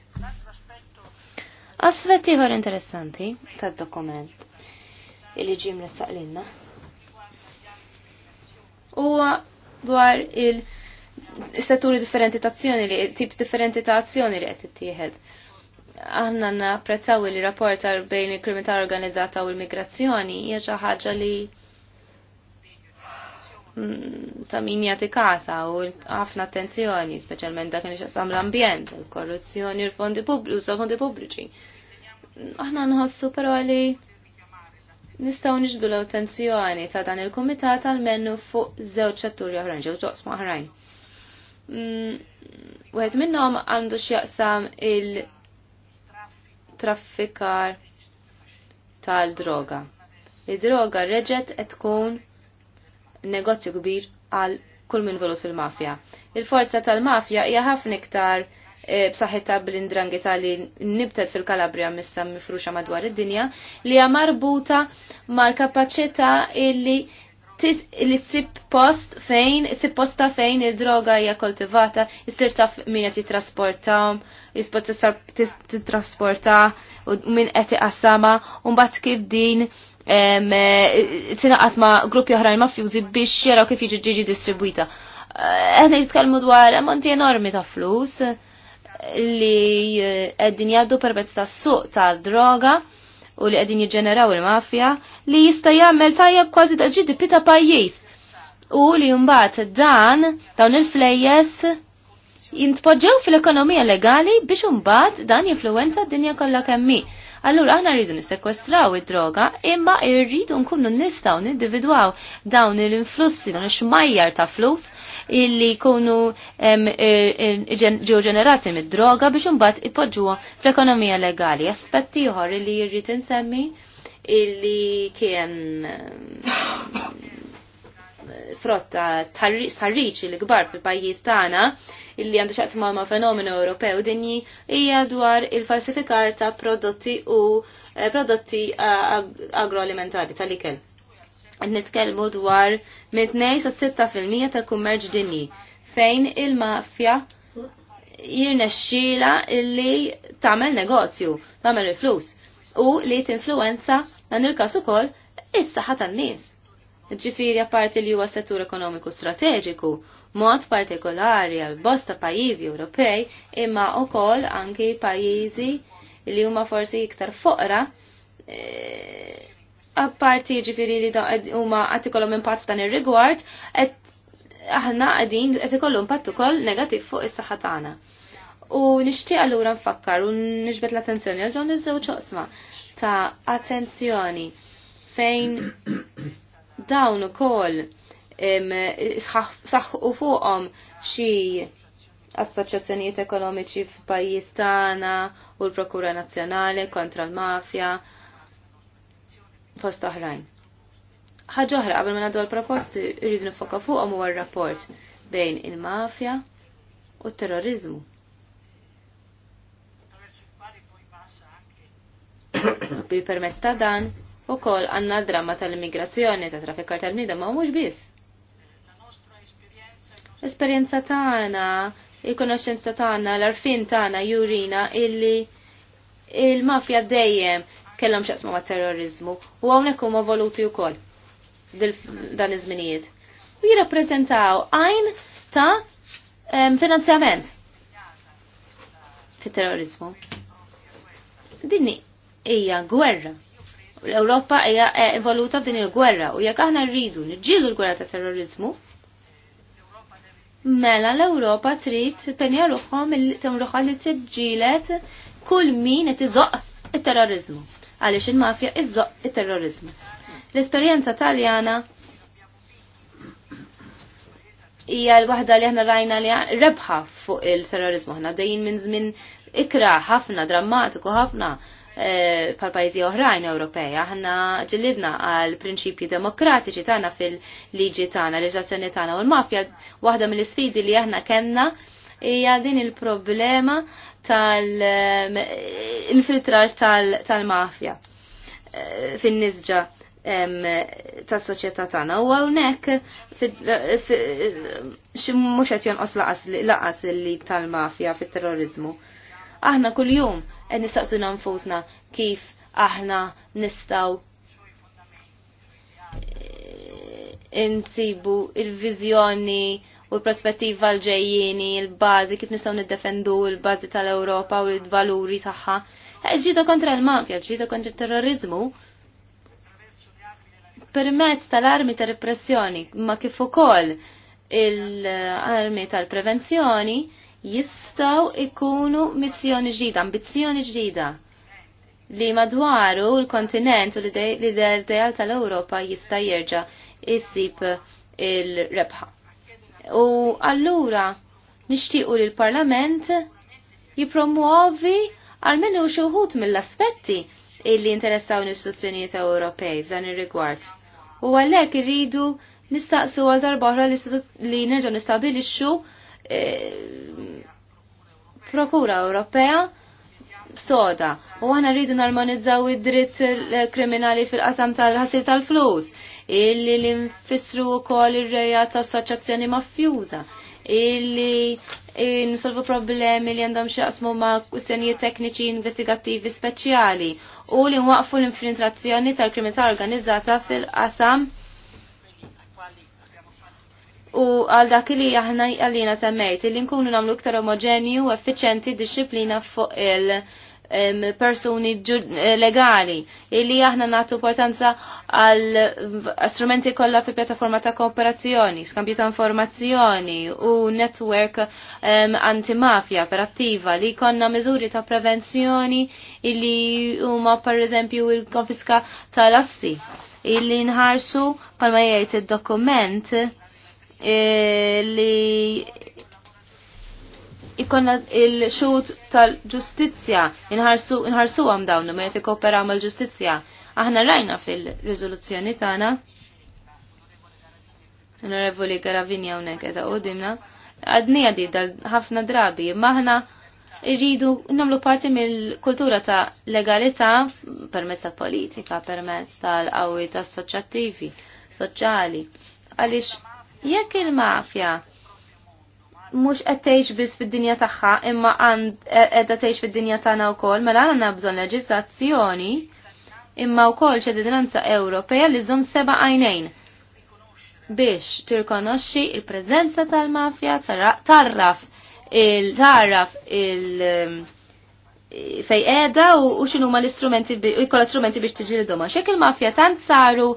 Aspetti ieħor interessanti tad-dokument li ġim saqlinna huwa dwar il- staturi differenti ta' azzjoni li, tip differenti ta' azzjoni li qed ittieħed. Aħna napprezzaw li rapportar bejn il-kriminalità organizzata u l-migrazzjoni hija xi ħaġa li mm, ta' min jagħti kasa u ħafna attenzjoni, speċjalment dak li xaqsam l-ambjent, il-korruzzjoni u l-fondi pubbliċi. Aħna nħossu però li nistaw nġdu l-attenzjoni ta' dan il-komitat għal-mennu fuq zewċ ċatturi oħrajn, ġew ġoqs oħrajn. Mm, wieħed minnhom għandu x'jaqsam il-traffikar tal-droga. Id-droga reġet qed tkun negozju kbir għal kull minn volut fil-mafja. Il-forza tal-mafja hija ħafna iktar E, b'saħħitha bl indrangheta li nibtet fil-Kalabria missa mifruxa madwar id-dinja li hija marbuta mal-kapaċità illi li tsib post fejn, tsib posta fejn il-droga hija koltivata, jistir taf minn qed jitrasporta, jispot titrasporta u min qed iqassama, u mbagħad kif din e, tinaqat ma' gruppi oħrajn mafjużi biex jaraw kif jiġi ġiġi distribwita. Eħna jitkellmu dwar monti enormi ta' flus, li eh, qegħdin jgħaddu permezz tas-suq ta' droga u li qegħdin jiġġeneraw il-mafja li jista' jagħmel tajjeb kważi ta' ġiddi pita' pajjiż. U li mbagħad dan dawn il-flejjes jintpoġġew fil-ekonomija legali biex jumbat dan jinfluwenza d-dinja kollha kemm Allura aħna rridu nissekwestraw id-droga imma rridu nkunu nistgħu nindividwaw dawn l-influssi dawn ix-xmajjar ta' flus illi jkunu ġew ġenerati mid-droga biex imbagħad ipoġġuha fl-ekonomija legali. Aspett ieħor illi jrid insemmi illi kien frotta sarriċi l-kbar fil-pajjiż tagħna illi għandu xaqsma ma' fenomenu Ewropew dinji hija dwar il-falsifikar ta' prodotti u eh, prodotti agroalimentari tal-ikel. Nitkellmu dwar minn 2 sa 6% ta' kummerġ dinji fejn il-mafja jirnexxila illi tagħmel negozju, tagħmel il-flus u li tinfluenza dan il-każ ukoll is-saħħa tan-nies ġifiri apparti li huwa settur ekonomiku strateġiku, mod partikolari għal bosta pajjiżi Ewropej imma wkoll anki pajjiżi li huma forsi iktar foqra e, apparti ġifiri li huma qed ikollhom impatt f'dan ir-rigward qed aħna qegħdin qed ikollhom impatt ukoll negattiv fuq is-saħħa tagħna. U nixtieq allura nfakkar u nixbet l-attenzjoni għal dawn iż-żewġ oqsma ta' attenzjoni fejn dawn ukoll saħħu fuqhom xi assoċjazzjonijiet ekonomiċi f'pajjiż tagħna u l-Prokura Nazzjonali kontra l-mafja fost oħrajn. Ħaġa oħra qabel ma nagħdu l-proposti rridu nifoka fuqhom huwa r-rapport bejn il-mafja u t-terrorizmu. Bil-permezz ta' dan, U kol għanna drama tal-immigrazzjoni, ta' trafikar tal-mida, ma' mux bis. Esperienza tagħna, il-konoxenza tagħna, l-arfin tagħna jurina illi il-mafja dejjem kellhom xaqsma ma' terrorizmu u hawnhekk huma voluti wkoll dan iż-żminijiet. U jirrappreżentaw għajn ta' finanzjament fit-terrorizmu. Dinni hija gwerra l-Ewropa hija involuta eh, f'din il-gwerra u jekk aħna rridu niġġiedu l-gwerra ta' terrorizmu, mela l-Ewropa trid penja ruħhom il-temruħa li tiġġielet kull min qed iżoq it-terrorizmu għaliex il-mafja iżoq it-terrorizmu. L-esperjenza taljana hija l-waħda li aħna rajna li rebħa fuq il-terrorizmu aħna dejjin minn żmien ikra ħafna, drammatiku ħafna E, pal pajjiżi oħrajn Ewropeja, Aħna ġillidna għal prinċipji demokratiċi tagħna fil-liġi tagħna, leġiżlazzjoni tagħna u l-mafja waħda mill-isfidi li aħna kellna hija din il-problema tal-infiltrar tal-mafja e, fin-nisġa tas soċjetà tagħna. U hawnhekk xi mhux qed jonqos laqas li tal-mafja fit-terrorizmu. Aħna kuljum qed nistaqsu nfusna kif aħna nistgħu eh, insibu il-viżjoni u l-prospettiva l-ġejjini, il-bażi kif nistgħu niddefendu il-bażi tal-Ewropa u l-valuri tagħha. Eh, ġida kontra l-mafja, ġida kontra terrorizmu, permezz tal-armi ta' repressjoni, ma kif ukoll il-armi tal-prevenzjoni, jistaw ikunu missjoni ġdida, ambizzjoni ġdida li madwaru l-kontinent u l-ideal tal-Europa jista jerġa jissib il-rebħa. U allura nixtiequ li l-Parlament jipromuovi għalmenu xuħut mill-aspetti illi interessaw l-istituzzjonijiet Ewropej f'dan ir-rigward. U għalhekk irridu nistaqsu għal darba oħra li nerġgħu nistabilixxu Eh, prokura Ewropea soda u għana rridu narmonizzaw id-dritt kriminali fil-qasam tal-ħasil tal-flus illi l nfissru u kol ir-reja ta' soċazzjoni maffjuża illi nisolvu problemi li għandhom xaqsmu ma' kustjonijiet tekniċi investigativi speċjali u li nwaqfu l-infiltrazzjoni tal-kriminalità organizzata fil-qasam u għal dak li aħna għallina semmejt li nkunu namlu iktar omogenju u effiċenti disciplina fuq il persuni eh, legali illi aħna natu importanza għal strumenti kollha fi pjattaforma ta' kooperazzjoni, skambju ta' informazzjoni u network antimafja attiva li konna miżuri ta' prevenzjoni illi huma per eżempju il-konfiska tal-assi illi nħarsu palma jgħid id-dokument E, li ikonna il-xut tal-ġustizja inħarsu għam dawnu meta għam mal-ġustizja. Aħna rajna fil-riżoluzzjoni tagħna. Onorevoli Garavini hawnhekk dimna, għadni Għadnija dal ħafna drabi, maħna irridu nagħmlu parti mill-kultura ta' legalità permezz tal-politika, permezz tal-qawwi tas-soċjattivi, soċjali. Jekk il-mafja mhux qed tgħix biss fid-dinja tagħha imma għand qiegħda tgħix fid-dinja tagħna wkoll mela għandna bżonn leġislazzjoni imma wkoll ċedinanza Ewropea li żhom seba' għajnejn biex tirkonoxxi il-preżenza tal-mafja tarraf il-tarraf il e, fej qiegħda u xinu ma l-istrumenti, ikolla istrumenti biex tiġridhom. doma. Xek il-mafja tant saru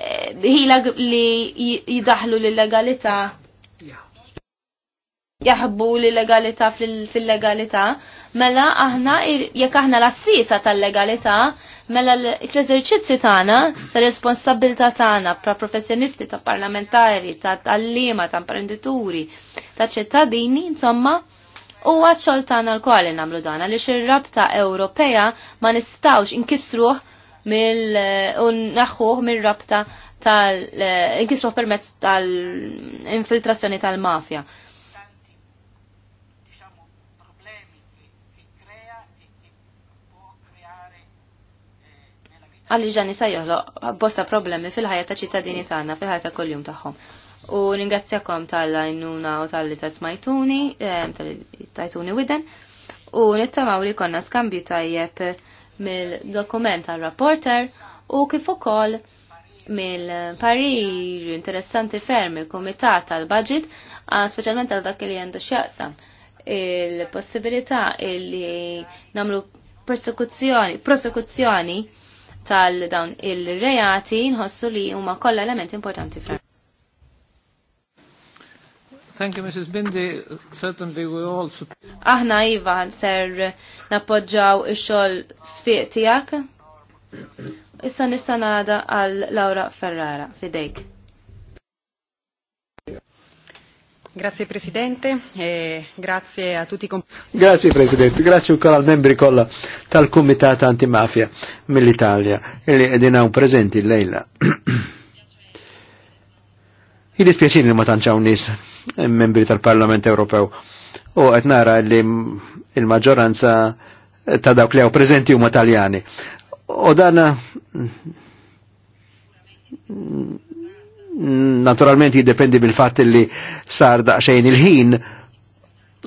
Eh, ħila li jidaħlu l-legalità jaħbu l-legalità fil-legalità, mela aħna, jekk aħna l-assisa tal-legalità, mela fl-eżerċizzi tagħna, tal-responsabilità tagħna pra professjonisti, ta' parlamentari, ta' tallima, ta' imprenditori, ta' ċittadini, insomma, u għadxol tagħna l-kwali nagħmlu dana li ir-rabta Ewropea ma nistawx inkisruh mill uh, naħħuh mill-rabta tal uh, inkisru permezz tal-infiltrazzjoni tal-mafja. Għalli ġani sa joħlo, bosta problemi fil-ħajja ta' ċittadini tagħna, fil-ħajja ta' kuljum tagħhom. U ningrazzjakom tal-għajnuna u tal-li ta' smajtuni, eh, tal-li tajtuni widen, u nittamaw li konna skambju tajjeb mill-dokument għal rapporter u kif ukoll mill-parir interessanti ferm il-Kumitat tal-Budget, ah, speċjalment għal dak li għandu x'jaqsam il-possibilità li namlu prosekuzzjoni, prosekuzzjoni tal-dawn il-rejati nħossu li huma kollha elementi importanti ferm. Thank you, Mrs. Bindi. Certainly we all Aħna Iva ser nappoġġaw ix-xogħol sfiq tiegħek. Issa nista' ngħada għal Laura Ferrara fidejk. Grazie Presidente, e grazie a tutti i compagni. Grazie Presidente, grazie ancora al membri colla tal Comitato Antimafia mill-Italja li qegħdin hawn preżenti lejla. Jidispjaċini li ma tantx hawn membri tal-Parlament Ewropew. U qed nara li il-maġġoranza ta' dawk li għaw prezenti huma Taljani. U dan naturalment jiddependi bil-fatt li sar daqsxejn il-ħin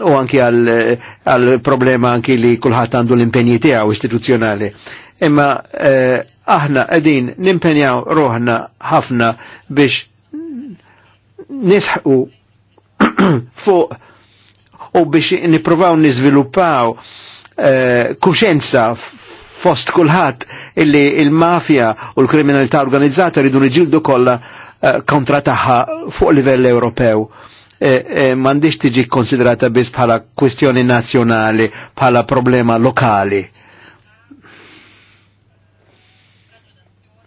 u anki għal problema anki li kullħat għandu l-impenji tiegħu istituzzjonali. Imma eh, aħna qegħdin nimpenjaw roħna ħafna biex nisħu fuq u biex niprovaw nizviluppaw eh, kuxenza fost kulħadd illi il-mafja u l-kriminalità organizzata ridu niġildu kollha eh, kontra tagħha fuq livell Ewropew. Eh, M'għandix tiġi konsiderata biss bħala kwestjoni nazzjonali, bħala problema lokali.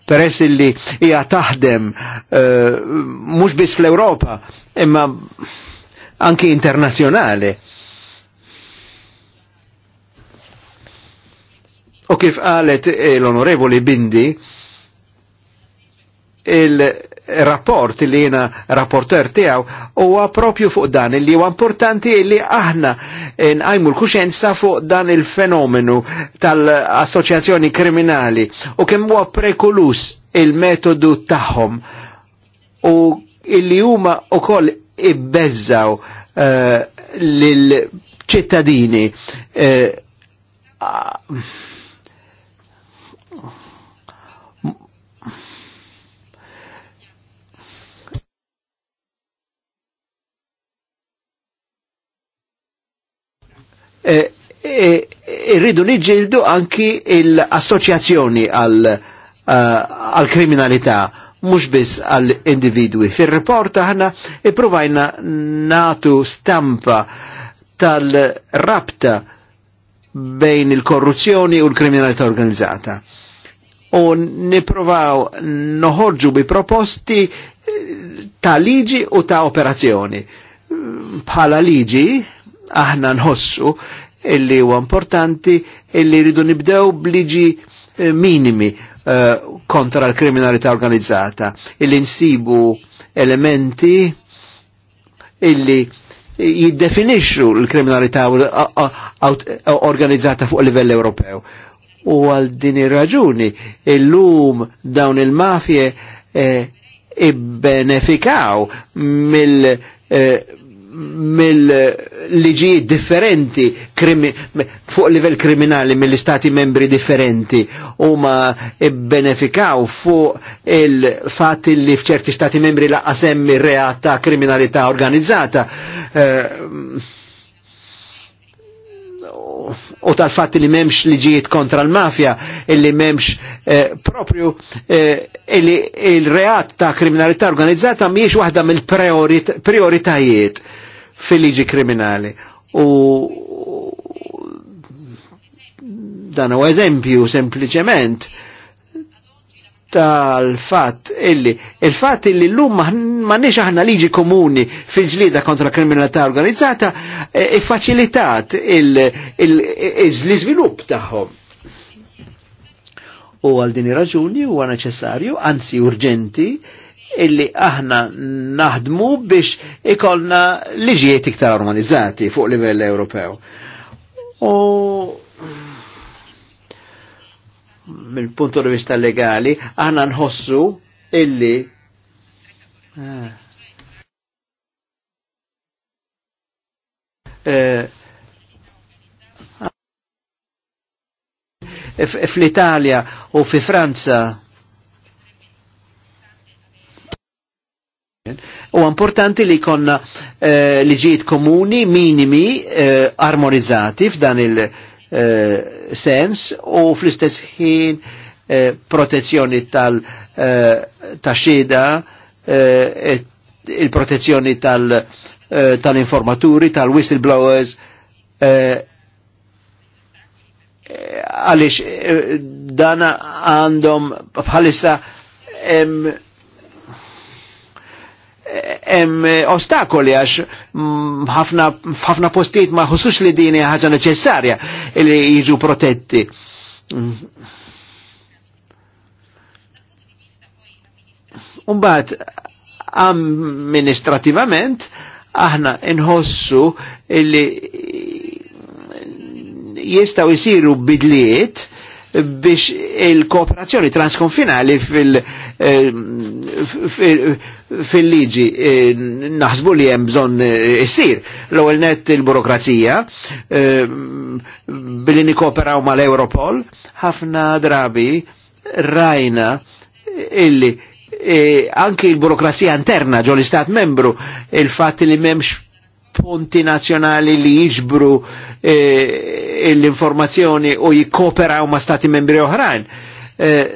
Peress illi hija taħdem eh, mhux biss fl-Ewropa, imma anki internazjonali. U kif qalet l-onorevoli Bindi, il-rapport li jena rapporter tijaw huwa propju fuq dan li huwa importanti li aħna nqajmu l-kuxenza fuq dan il-fenomenu tal-assoċjazzjoni kriminali u kemm huwa prekulus il-metodu tagħhom u illi huma ukoll ibbeżaw uh, eh, lil-ċittadini eh, eh, irridu e, niġildu anki l-assoċjazzjoni għal-kriminalità Uh, mux biss għall-individwi. Fil-report aħna ipruvajna natu stampa tal-rabta bejn il-korruzzjoni u l-kriminalità organizzata. U niprovaw noħorġu bi proposti eh, ta' liġi u ta' operazzjoni. Bħala liġi, aħna nħossu illi huwa importanti illi rridu nibdew bliġi eh, minimi Eh, kontra l-kriminalità organizzata. Illi nsibu elementi illi jiddefinixxu l-kriminalità organizzata fuq livell Ewropew. U għal din ir-raġuni illum dawn il-mafje eh, ibbenefikaw mill- eh, mill-liġijiet differenti fuq livell kriminali mill-istati membri differenti u ma benefikaw fuq il-fat li fċerti stati membri laqqa reat reata kriminalità organizzata eh, u tal-fat li memx liġijiet kontra l-mafja illi memx eh, propju eh, illi il-reat ta' kriminalità organizzata miex waħda mill-prioritajiet. Priorit fil-liġi kriminali. U dan u eżempju sempliciment tal-fat illi il-fat illi l-lum ma nix aħna liġi komuni fil-ġlida kontra kriminalità organizzata e, e facilitat e, l-izvilupp tagħhom. U għal din raġuni huwa neċessarju, anzi urġenti, illi aħna naħdmu biex ikolna liġijiet iktar armonizzati fuq livell Ewropew. U mill punto di vista legali, aħna nħossu illi eh, eh, eh fl-Italja u fi Franza U importanti li konna eh, liġijiet komuni, minimi, eh, armonizzati f'dan il-sens eh, u fl-istess ħin eh, protezzjoni tal-taxxida, eh eh, eh, eh, eh, il-protezzjoni tal-informaturi, eh, tal tal-whistleblowers, għalix eh, dana għandhom bħalissa hemm ostakoli għax mm, ħafna postijiet ma ħossux li dini ħaġa neċessarja li jiġu protetti. Umbat, amministrativament, aħna nħossu li jistaw jisiru bidliet biex il-kooperazzjoni transkonfinali eh, fil-liġi eh, naħsbu li hemm bżonn eh, issir. L-ewwel net il-burokrazija billi nikkooperaw mal-Europol ħafna drabi rajna illi anki il-burokrazija interna ġol istat membru il-fatt li memx ponti nazjonali li jiġbru eh, eh l-informazzjoni u jikoperaw ma' stati membri oħrajn. Eh,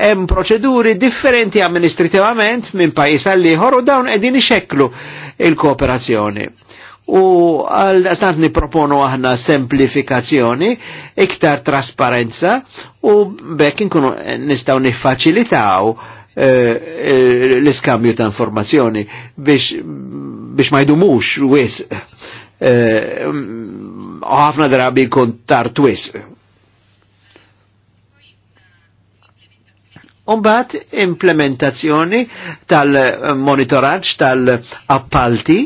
hemm eh, proċeduri differenti amministrativament minn pajjiż għal ieħor u dawn qegħdin ixekklu il-kooperazzjoni. U għal stant niproponu aħna semplifikazzjoni, iktar trasparenza u bekk nkunu nistgħu niffaċilitaw Eh, eh, l-iskambju ta' informazzjoni biex, biex ma jdumux wis eh, ħafna e, drabi kont tar twis. Umbat implementazzjoni tal monitoraċ tal-appalti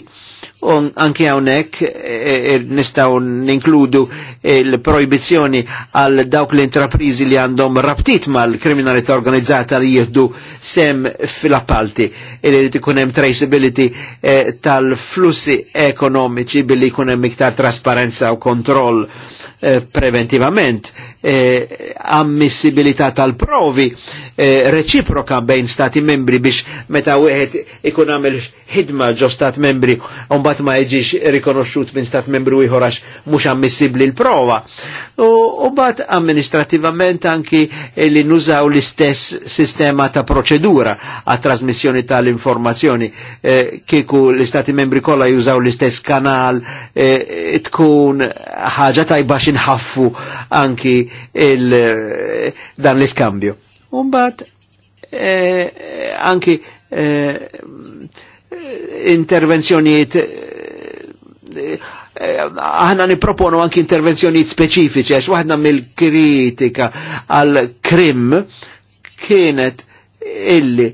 un anki hawnhekk e, nistgħu ninkludu il-projbizzjoni eh, għal dawk l-intraprizi li għandhom rabtit mal-kriminalità organizzata li jieħdu sem fil-appalti li jrid ikun traceability tal-flussi ekonomiċi billi jkun hemm iktar trasparenza u kontroll Eh, preventivament eh, ammissibilità tal-provi eh, reciproka bejn stati membri biex meta wieħed ikun għamil ħidma ġo stat membri un bat ma jiġix rikonoxxut minn stat membru ieħor mhux ammissibbli l-prova. U bat amministrativament anki li nużaw l-istess sistema ta' proċedura għat trasmissjoni tal-informazzjoni kieku l-istati membri kollha jużaw l-istess kanal tkun ħaġa tajba inħaffu anki dan l-iskambju. Umbat, eh, anki eh, intervenzjoniet eh, eh aħna niproponu anki intervenzjoniet speċifiċi, għax waħda mill-kritika għal-krim kienet illi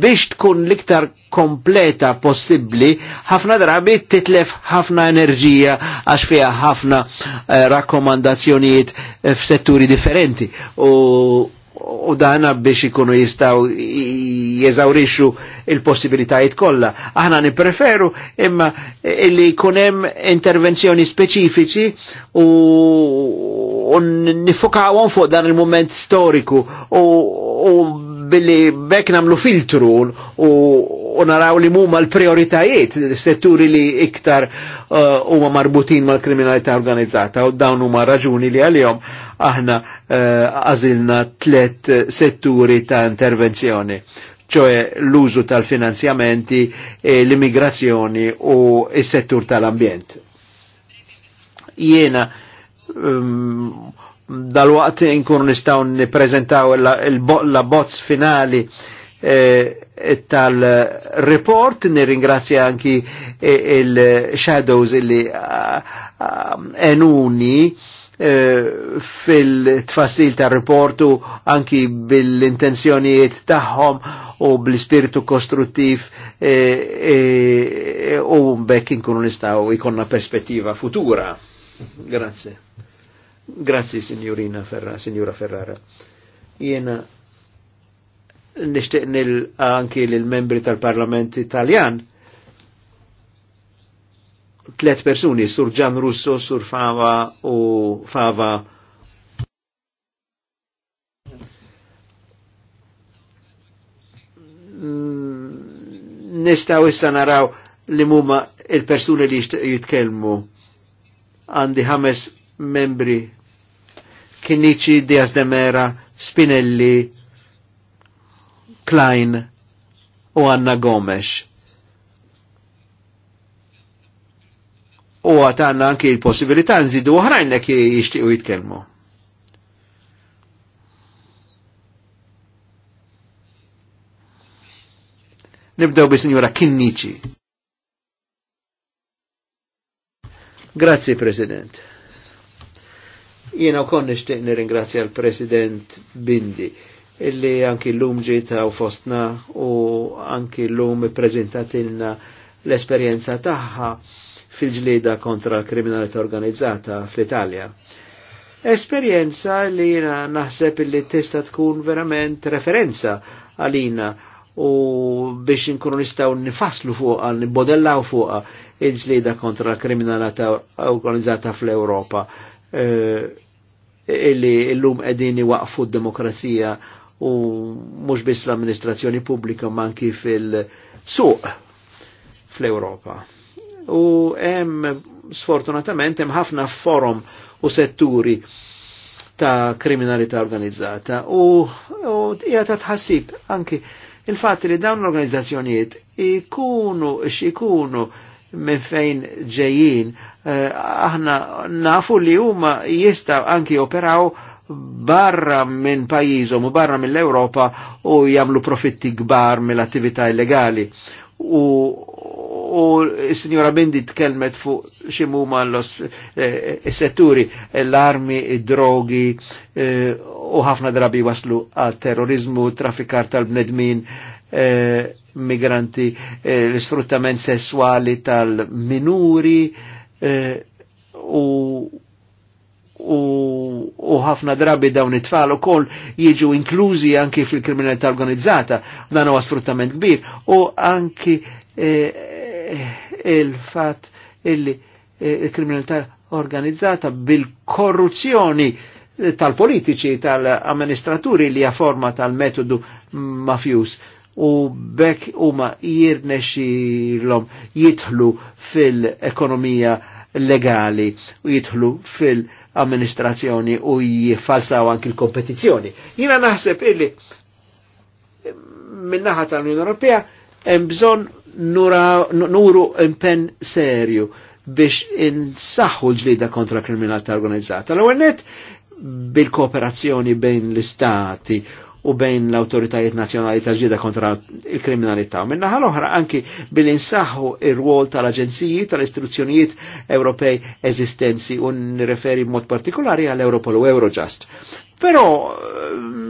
biex tkun liktar kompleta possibli, ħafna drabi titlef ħafna enerġija għax fiha ħafna eh, rakkomandazzjonijiet eh, f'setturi differenti. U, u dana biex ikunu jistaw jeżawrixu il-possibilitajiet kollha. Aħna nipreferu imma illi jkun hemm intervenzjoni speċifiċi u, u fuq dan il-moment storiku u, u billi bekk namlu filtru u, naraw li mumma l-prioritajiet, setturi li iktar uh, huma uh, marbutin mal-kriminalità organizzata u dawn huma raġuni li għalihom aħna għażilna uh, tlet setturi ta' intervenzjoni ċoħe l-użu tal-finanzjamenti, e l-immigrazzjoni u s-settur tal-ambjent. Jiena um, dal-waqt inkun nistaw niprezentaw la bozz finali eh, tal-report, nirringrazzja anki eh, il-shadows illi enuni eh, fil-tfassil tal-reportu anki bil-intenzjonijiet tagħhom u bl-ispiritu kostruttiv u bekk inkunu nistaw ikonna perspettiva futura. Grazie. Grazzi, signorina Ferra, signora Ferrara. Jena nishtiq nil anki l-membri tal-Parlament Italjan. Tlet persuni, Sur Gian Russo, Sur Fava u Fava. Mm, nistaw issa naraw li mumma il-persuni li jitkelmu. Għandi ħames membri Kinnici, Diaz de Mera, Spinelli, Klein u Anna Gomes. U għat għanna anki il-possibilità nżidu uħrajn li u jitkelmu. Nibdew bi Signora Kinnici. Grazie President. Jiena konni nixtieq nirringrazzja l-President Bindi illi anki l-lum ġita u fostna u anki l-lum prezentatilna l-esperienza taħħa fil-ġlida kontra kriminalità organizzata fl-Italja. Esperienza li jina naħseb li tista tkun verament referenza għalina u biex nkunu nistaw nifaslu fuqa, nibodellaw fuqa il-ġlida kontra kriminalità organizzata fl-Europa. Eh, illi illum edini waqfu d-demokrazija u mux biss l-amministrazzjoni pubblika manki fil-suq fl-Europa. U hemm sfortunatament hemm ħafna forum u setturi ta' kriminalità organizzata u hija ta' tħassib anki il-fatt li dawn l-organizzazzjonijiet ikunu x'ikunu ikunu minn fejn ġejjin, eh, aħna nafu li huma jistaw anki operaw barra minn pajjiżhom u barra mill-Ewropa u jagħmlu profitti kbar mill-attività illegali. U, u s-Sinjora Bindi tkellmet ximuma l-setturi eh, l-armi, id-drogi eh, u ħafna drabi waslu għal terrorizmu, trafikar tal-bnedmin, Eh, migranti, eh, l-isfruttament sessuali tal-minuri eh, u u u ħafna drabi dawn it-tfal u koll jieġu inklużi anki fil-kriminalità organizzata, dan huwa sfruttament kbir, u anki il-fat illi il-kriminalità organizzata bil-korruzzjoni tal-politiċi, tal-amministraturi li forma tal-metodu mafjus u bekk huma jirnexilhom jidħlu fil-ekonomija legali u jidħlu fil-amministrazzjoni u jifalsaw anki l-kompetizzjoni. Jina naħseb illi minnaħa tal-Unjoni Ewropea hemm bżonn nuru impenn serju biex insaħħu l-ġlida kontra kriminalità organizzata. L-ewwel bil-kooperazzjoni bejn l-istati u bejn l-autoritajiet nazjonali ta' ġdida kontra il-kriminalità. Minna ħal oħra anki bil-insaħħu ir-rwol tal-aġenziji tal-istituzzjonijiet Ewropej eżistenzi u nreferi mod partikolari għal Europol u Eurojust. Però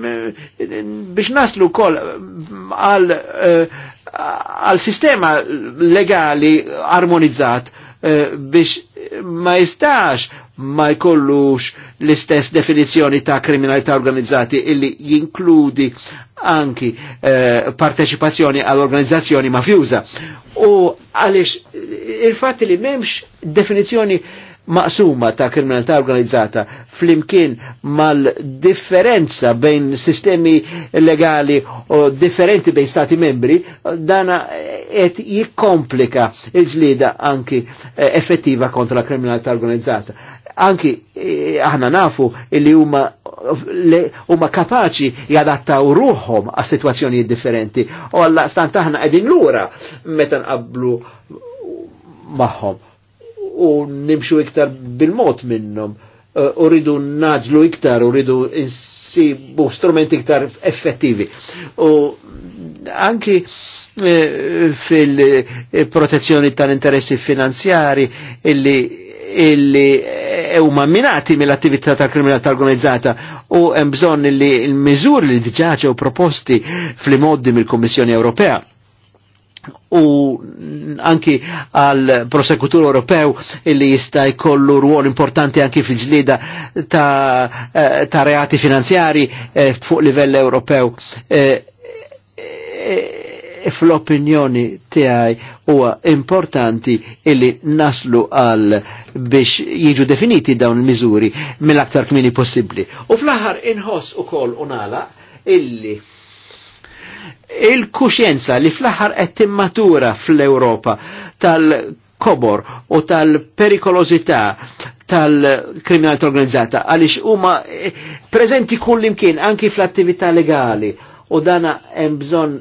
eh, biex naslu kol eh, eh, għal sistema legali armonizzat Eh, biex ma jistax ma jkollux l-istess definizjoni ta' kriminalità organizzati illi jinkludi anki eh, partecipazzjoni għall organizzazzjoni mafjuża. U għalix il fat li memx definizjoni maqsuma ta' kriminalità organizzata flimkien mal-differenza bejn sistemi legali u differenti bejn stati membri, dana eh, et jikkomplika il-ġlida anki eh, effettiva kontra la kriminalità organizzata. Anki eh, aħna nafu li huma huma kapaċi jadattaw ruħhom għas situazzjoni differenti u għalla stant aħna qegħdin lura meta nqablu magħhom u nimxu iktar bil mot minnhom eh, u rridu naġlu iktar, u rridu insibu strumenti iktar effettivi. U anki eh, fil-protezzjoni tal-interessi finanzjari illi illi eh, huma minati mill-attività tal-kriminalità organizzata u hemm bżonn li l-miżur li diġaġew proposti fl-imoddi mill-Kummissjoni Ewropea u anki għal prosekutur Ewropew illi jista jkollu ruol importanti anki fil-ġlida ta', eh, ta reati finanzjari eh, fuq livell Ewropew. E, e, e, fl-opinjoni tiegħi huwa importanti illi naslu għal biex jiġu definiti dawn il-miżuri mill-aktar kmini possibbli. U fl-aħħar inħoss ukoll unala illi il-kuxjenza li fl-aħħar qed timmatura fl-Ewropa tal-kobor u tal-perikolożità tal-kriminalità organizzata għaliex huma eh, preżenti kull imkien anki fl-attività legali u dana hemm bżonn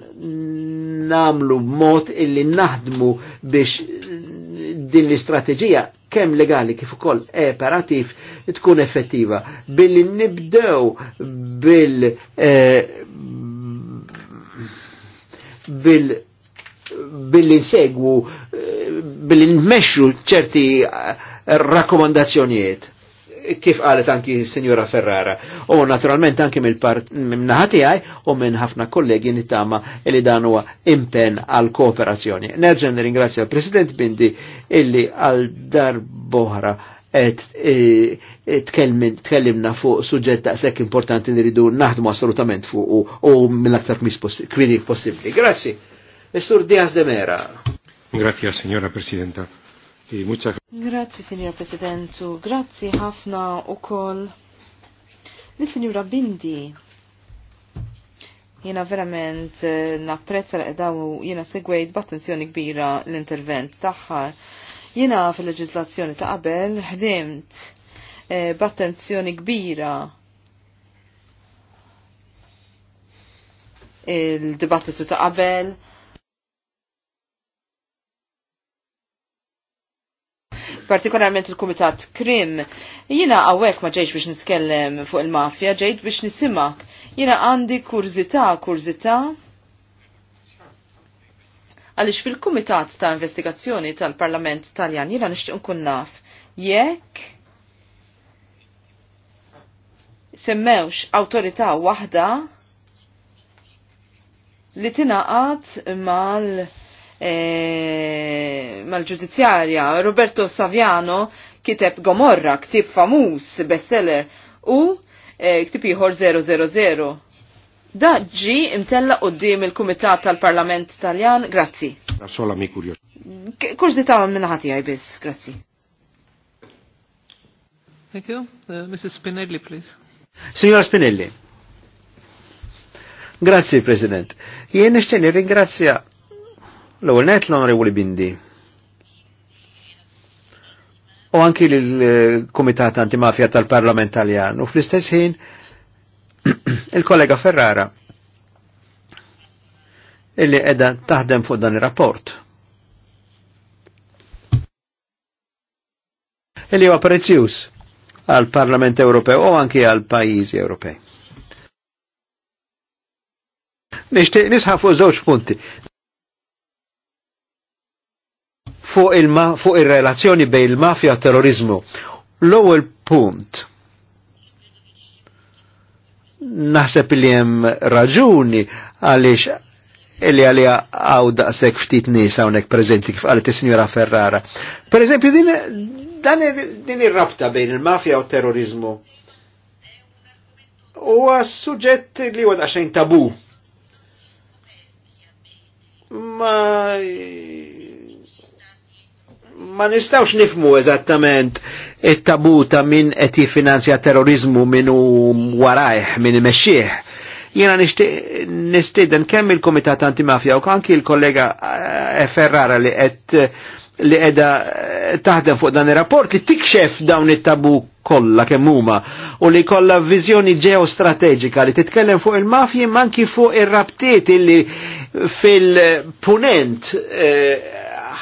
namlu mod illi naħdmu biex din l-istrateġija kemm legali kif ukoll operativ tkun effettiva billi nibdew bil eh, bil billi segwu eh, billi nmexxu ċerti eh, rakkomandazzjonijiet kif qalet anki s-Signora Ferrara. U naturalment anki mill minnaħati għaj u minn ħafna kollegi nittama illi dan huwa impen għal kooperazzjoni. Nerġa' ringrazja l-President Bindi illi għal darbohra E, tkellimna fuq suġġett daqshekk importanti li naħdmu assolutament fuq u mill-aktar kmini possibbli. Grazzi. Mr. Diaz de Mera. Grazie, signora Presidenta. E Grazzi, signora Presidentu. Grazzi ħafna u koll. Li signora Bindi, jena verament eh, napprezza l-edaw jena segwejt b'attenzjoni kbira l-intervent taħħar Jina fil-leġizlazzjoni ta' qabel ħdimt eh, b'attenzjoni kbira il-dibattitu ta' qabel. partikolarment il-Kumitat Krim, jina għawek ma ġejx biex nitkellem fuq il-mafja, ġejt biex nisimak. Jina għandi kurzita, kurzita għaliex fil-Kumitat ta' Investigazzjoni tal-Parlament Taljan jiena nishtiq nkun naf jekk semmewx awtorità waħda li tinaqat mal e, mal-ġudizzjarja. Roberto Saviano kiteb Gomorra, ktib famuż bestseller u e, ktib ieħor 000 Daġġi imtella qoddim il-Kumitat tal-Parlament Taljan, grazzi. Sola mi kurjos. Kurz di ta' minna ħati bis, grazzi. Thank you. Uh, Mrs. Spinelli, please. Signora Spinelli. Grazzi President. Jien nixtieni ringrazzja l-ewwel net l-Onorevoli Bindi. U anki l-Kumitat Antimafja tal-Parlament Taljan u fl-istess ħin Il-kollega Ferrara illi edha taħdem fuq dan il-rapport. Illi huwa prezzjuż għal Parlament Ewropew u anki għal pajjiżi Ewropej. Nixtieq nisħaf fuq żewġ punti. Fuq il-relazzjoni bejn il-mafja u terrorizmu. L-ewwel punt naħseb li jem raġuni għaliex illi għalija għaw daqsek ftit nisa unek prezenti kif għalet il-Signora Ferrara. Per eżempju, din, din ir-rabta bejn il-mafja u terrorizmu huwa suġġett li huwa daqsxejn tabu. Ma ma nistawx nifmu eżattament it-tabuta minn qed jiffinanzja terrorizmu minn warajh minn imexxih. Jena nistiden kemm il-Komitat Antimafja u anki il-kollega eh, Ferrara li qed li edha eh, taħdem fuq dan ir-rapport li tikxef dawn it-tabu kollha kemm huma u li kollha viżjoni ġeostrateġika li titkellem fuq il-mafji manki fuq ir-rabtiet illi fil-punent eh,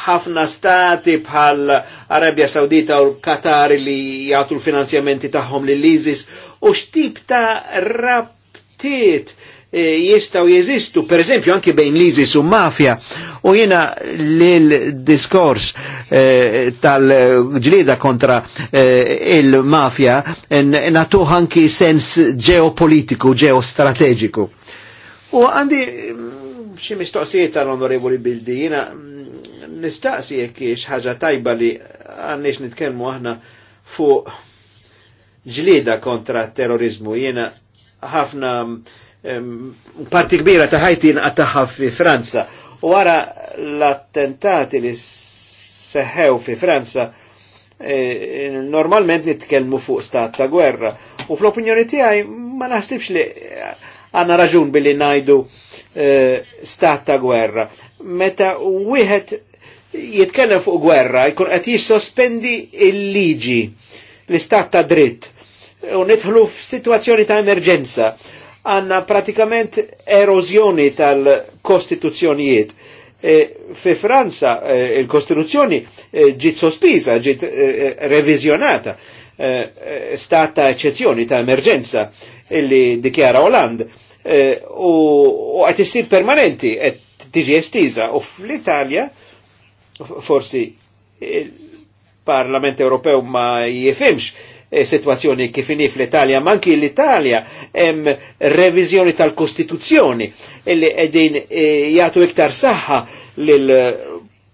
ħafna stati bħal Arabja Saudita u Qatar li jgħatu l-finanzjamenti tagħhom l isis u x'tip ta' rabtiet eh, jistaw jeżistu, per eżempju, anki bejn l-ISIS u mafja. U jena l-diskors eh, tal-ġlida kontra eh, il-mafja natu anki sens ġeopolitiku, ġeostrategiku. U għandi mm, xi mistoqsijiet tal-onorevoli Bildi, jena mm, nistaqsi jekk hiex ħaġa tajba li għandniex nitkellmu aħna fuq ġlida kontra terrorizmu. Jiena ħafna parti kbira ta' ħajti nqattaħħa fi Franza. Wara l-attentati li seħħew fi Franza, e, normalment nitkellmu fuq stat ta' gwerra. U fl-opinjoni tiegħi ma naħsibx li għanna raġun billi najdu e, stat ta' gwerra. Meta wieħed jitkellem fuq gwerra, jkun qed jissospendi il-liġi, l-istat ta' dritt, u nidħlu f'sitwazzjoni ta' emerġenza. Għanna pratikament erozjoni tal-kostituzzjonijiet. E, fi Franza e, il-Kostituzzjoni e, ġiet e, sospiża, e, ġiet revizjonata, e, stata eccezzjoni ta' emerġenza illi dikjara Oland u għat permanenti qed tiġi estiża u fl-Italja forsi il-Parlament Ewropew ma jifimx eh, situazzjoni kif inhi fl-Italja, manki l-Italja hemm revizjoni tal-Kostituzzjoni li qegħdin eh, jagħtu iktar saħħa lil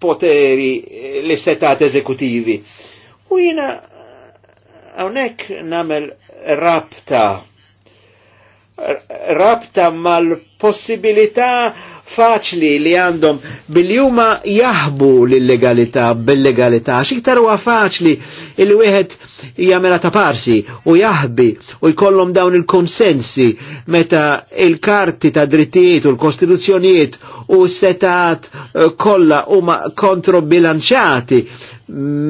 poteri eh, li setat eżekutivi. U jina hawnhekk namel rabta rabta mal-possibilità faċli li għandhom billi huma jaħbu l-legalità bil-legalità, xiktar huwa faċli il wieħed jagħmilha ta' parsi u jaħbi u jkollhom dawn il-konsensi meta il-karti ta' drittijiet u l-kostituzzjonijiet u setat eh, kollha huma kontrobilanċati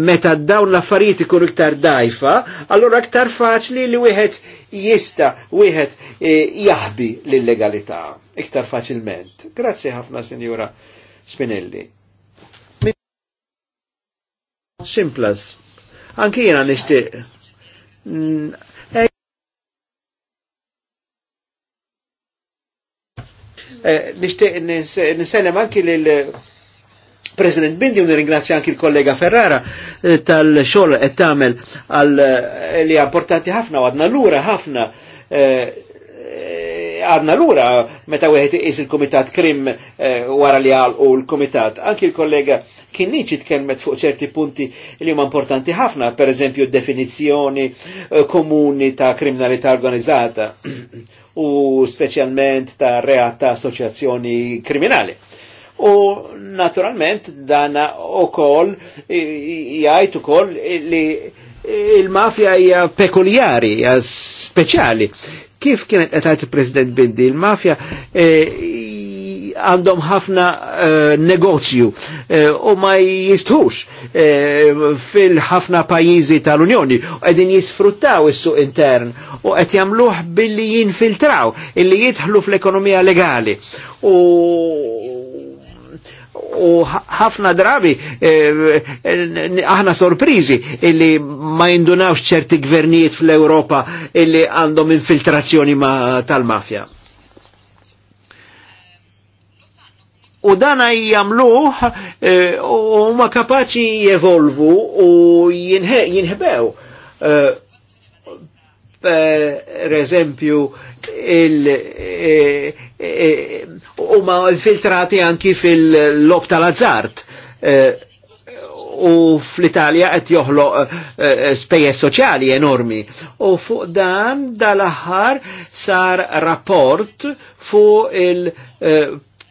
meta dawn l-affarijiet ikunu iktar dajfa, allora iktar faċli li wieħed jista wieħed eh, jaħbi l-legalità iktar faċilment. Grazzi ħafna Sinjura Spinelli. Simplas. Anki jiena nixtieq Eh, nishtiq nisellem anki lil eh, President Bindi u nirringrazzja anki l-kollega Ferrara eh, tal-xogħol qed tagħmel għal li portati ħafna u għadna lura ħafna għadna lura meta wieħed iqis il-Kumitat Krim wara li għal u l-Kumitat. Anki l-kollega kienniċi tkellmet fuq ċerti punti li huma importanti ħafna, per eżempju definizzjoni komuni ta' kriminalità organizzata. u specialment ta' reat ta' assoċjazzjoni kriminali. U naturalment dana u kol jgħajt u kol li il-mafja hija pekuljari, hija speċjali. Kif kienet qed il-President Bindi, il-mafja eh, għandhom ħafna eh, negozju eh, u ma jistħux eh, fil-ħafna pajizi tal-Unjoni u għedin jisfruttaw is-suq intern u għed jamluħ billi jinfiltraw illi jitħlu fl-ekonomija legali u u ħafna drabi aħna sorprizi illi ma jindunawx ċerti gvernijiet fl-Europa illi għandhom infiltrazzjoni tal-mafja. U dana jamluħ eh, u ma kapaċi jevolvu u jinħbew. Eh, per eżempju, eh, u ma filtrati anki fil-lob tal-azzart. U fl-Italja qed joħloq spejjeż soċjali enormi. U fuq dan dal-aħħar sar rapport fuq il-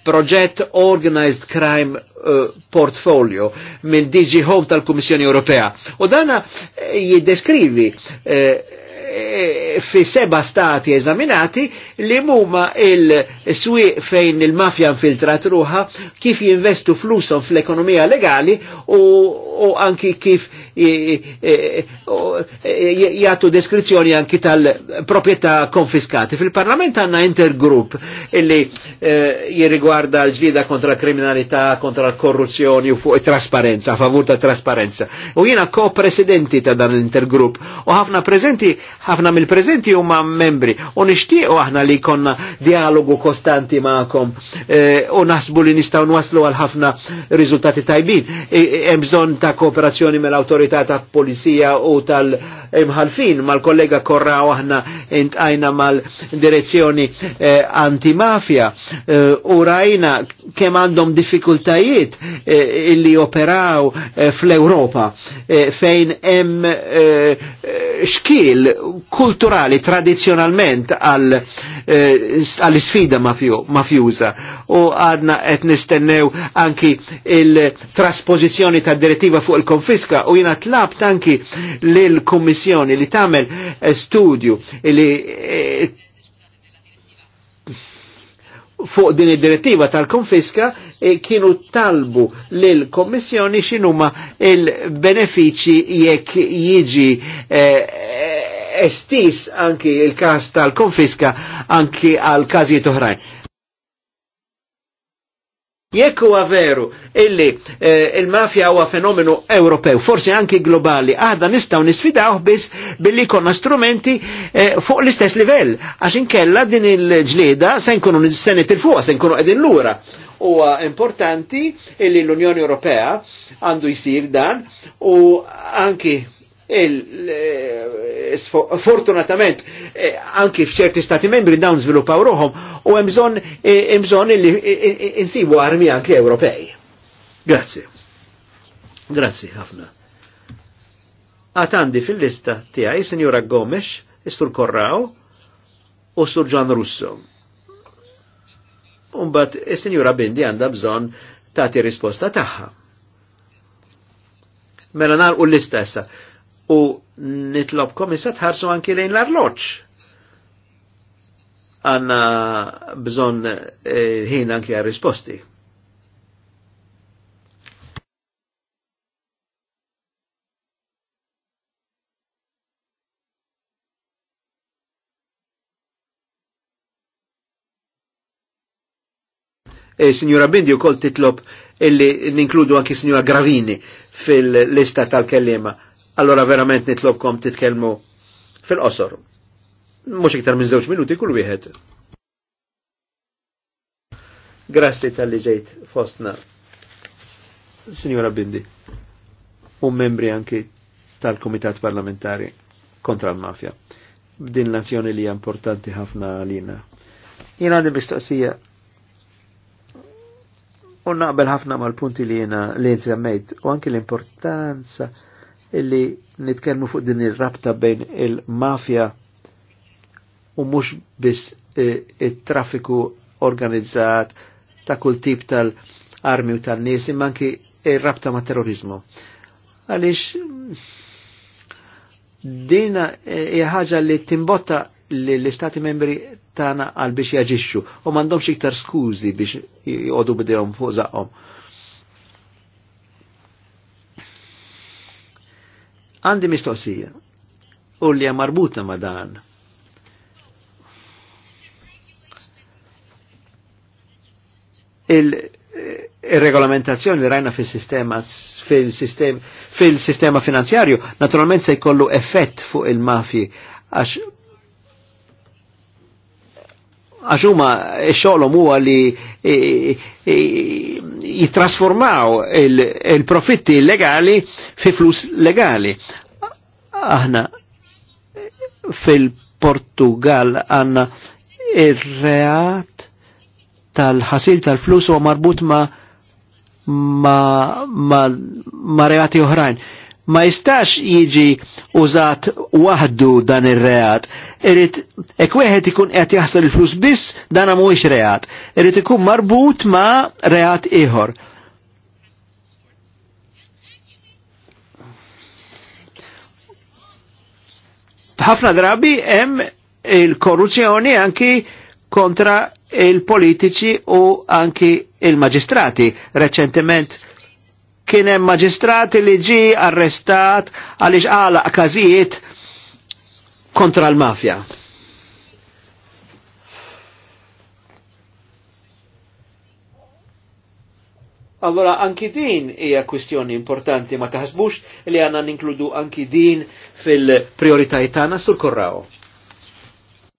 proġett Organized Crime eh, portfolio minn DG Home tal-Kummissjoni Ewropea. U dana eh, jiddeskrivi eh, fi seba stati eżaminati li muma il swi fejn il-mafja infiltrat ruħa kif jinvestu flusom fl-ekonomija legali u, u anki kif jgħatu deskrizzjoni anki tal-propieta konfiskati. Fil-parlament għanna intergrupp illi eh, jirrigwarda l-ġlida kontra kriminalità, kontra l-korruzzjoni u fuq trasparenza, favur ta' trasparenza. U jiena ko-presidenti ta' dan l-intergrupp u ħafna prezenti, ħafna mill-prezenti huma membri u nixtiequ aħna li konna dialogu kostanti ma'kom eh, u nasbu li nistaw nwaslu għal ħafna rizultati tajbin. Eh, eh, hemm bżonn ta' kooperazzjoni mill-awtorità ta' polizija u tal-imħalfin mal-kollega Korra aħna intajna mal-direzzjoni eh, antimafja u rajna kem għandhom diffikultajiet eh, illi operaw eh, fl-Europa eh, fejn eh, xkil kulturali tradizjonalment għal eh, Eh, għall-sfida mafjuza. u għadna qed nistennew anki il-trasposizjoni ta' direttiva fuq il-konfiska u jina tlabt anki l-Kommissjoni li tagħmel eh, studju li eh, fuq din id-direttiva tal-konfiska kienu talbu l-Kommissjoni xinuma il benefici jekk jiġi eh, estis anki il-kas tal-konfiska anki għal każijiet oħrajn. Jekku għaveru illi eh, il-mafja huwa fenomenu Ewropew, forsi anki globali, aħda nistaw nisfidaw biss billi konna strumenti eh, fuq l-istess livell, għax inkella din il-ġlieda se nkunu se nitilfuha, se nkunu l-ura. huwa importanti illi l-Unjoni Ewropea għandu jisir dan u anki Eh, fortunatament eh, anki f'ċerti stati membri dawn żviluppaw ruħhom u hemm bżonn eh, li insibu armi anki Ewropej. Grazzi. Grazzi ħafna. Għatandi fil-lista tiegħi Sinjura Gomes, Istur Korraw u Sur Ġan Russo. Umbat, il-Sinjura Bindi għanda bżon tati risposta tagħha. Mela nar u l-lista essa u nitlobkom issa tħarsu anki lejn l-arloċ. Għanna bżon eh, ħin anki għal risposti. E, signora Bindi u kol titlop illi ninkludu anki signora Gravini fil-lista tal-kellima allora verament nitlobkom titkellmu fil-qosor. Mhux iktar minn żewġ minuti kull wieħed. Grassi tal-li ġejt fostna, Signora Bindi, u membri anki tal-Komitat Parlamentari kontra l-Mafja. Din l-azzjoni li importanti ħafna għalina. Jina għandi mistoqsija u naqbel ħafna mal-punti li jena li jinti u anki l-importanza illi nitkellmu fuq din ir-rabta bejn il-mafja u mhux biss eh, it-traffiku organizzat ta' kull tip tal-armi u tan-nies imma anki rabta ma' terrorizmu. Għaliex dina eh, hija ħaġa li timbotta li l-istati membri tana għal biex jaġixxu u m'għandhomx iktar skużi biex jgħodu bidejhom fuq zaqhom. Għandi mistoqsija. U li marbuta ma dan. il-regolamentazzjoni il rajna fil-sistema fil-sistema fil finanzjarju naturalment se jkollu effett fuq il-mafji għax għax huma xogħolhom huwa li e- e- jitrasformaw il-profitti il illegali fi flus legali. Aħna fil-Portugal għanna il reat tal-ħasil tal-flus u marbut ma ma, ma, ma reati oħrajn ma jistax jiġi użat wahdu dan ir-reat. Irrit, ek weħet ikun għet jaħsel il-flus bis, dan mhuwiex reat. Irrit ikun marbut ma' reat iħor. Bħafna drabi hemm il-korruzzjoni anki kontra il-politiċi u anki il magistrati Reċentement kien hemm maġistrati li ġi arrestat għaliex għalaq każijiet kontra l-mafja. Allora, anki din hija kwistjoni importanti, ma taħsbux li għanna ninkludu anki din fil-prioritajiet tagħna sur korraw.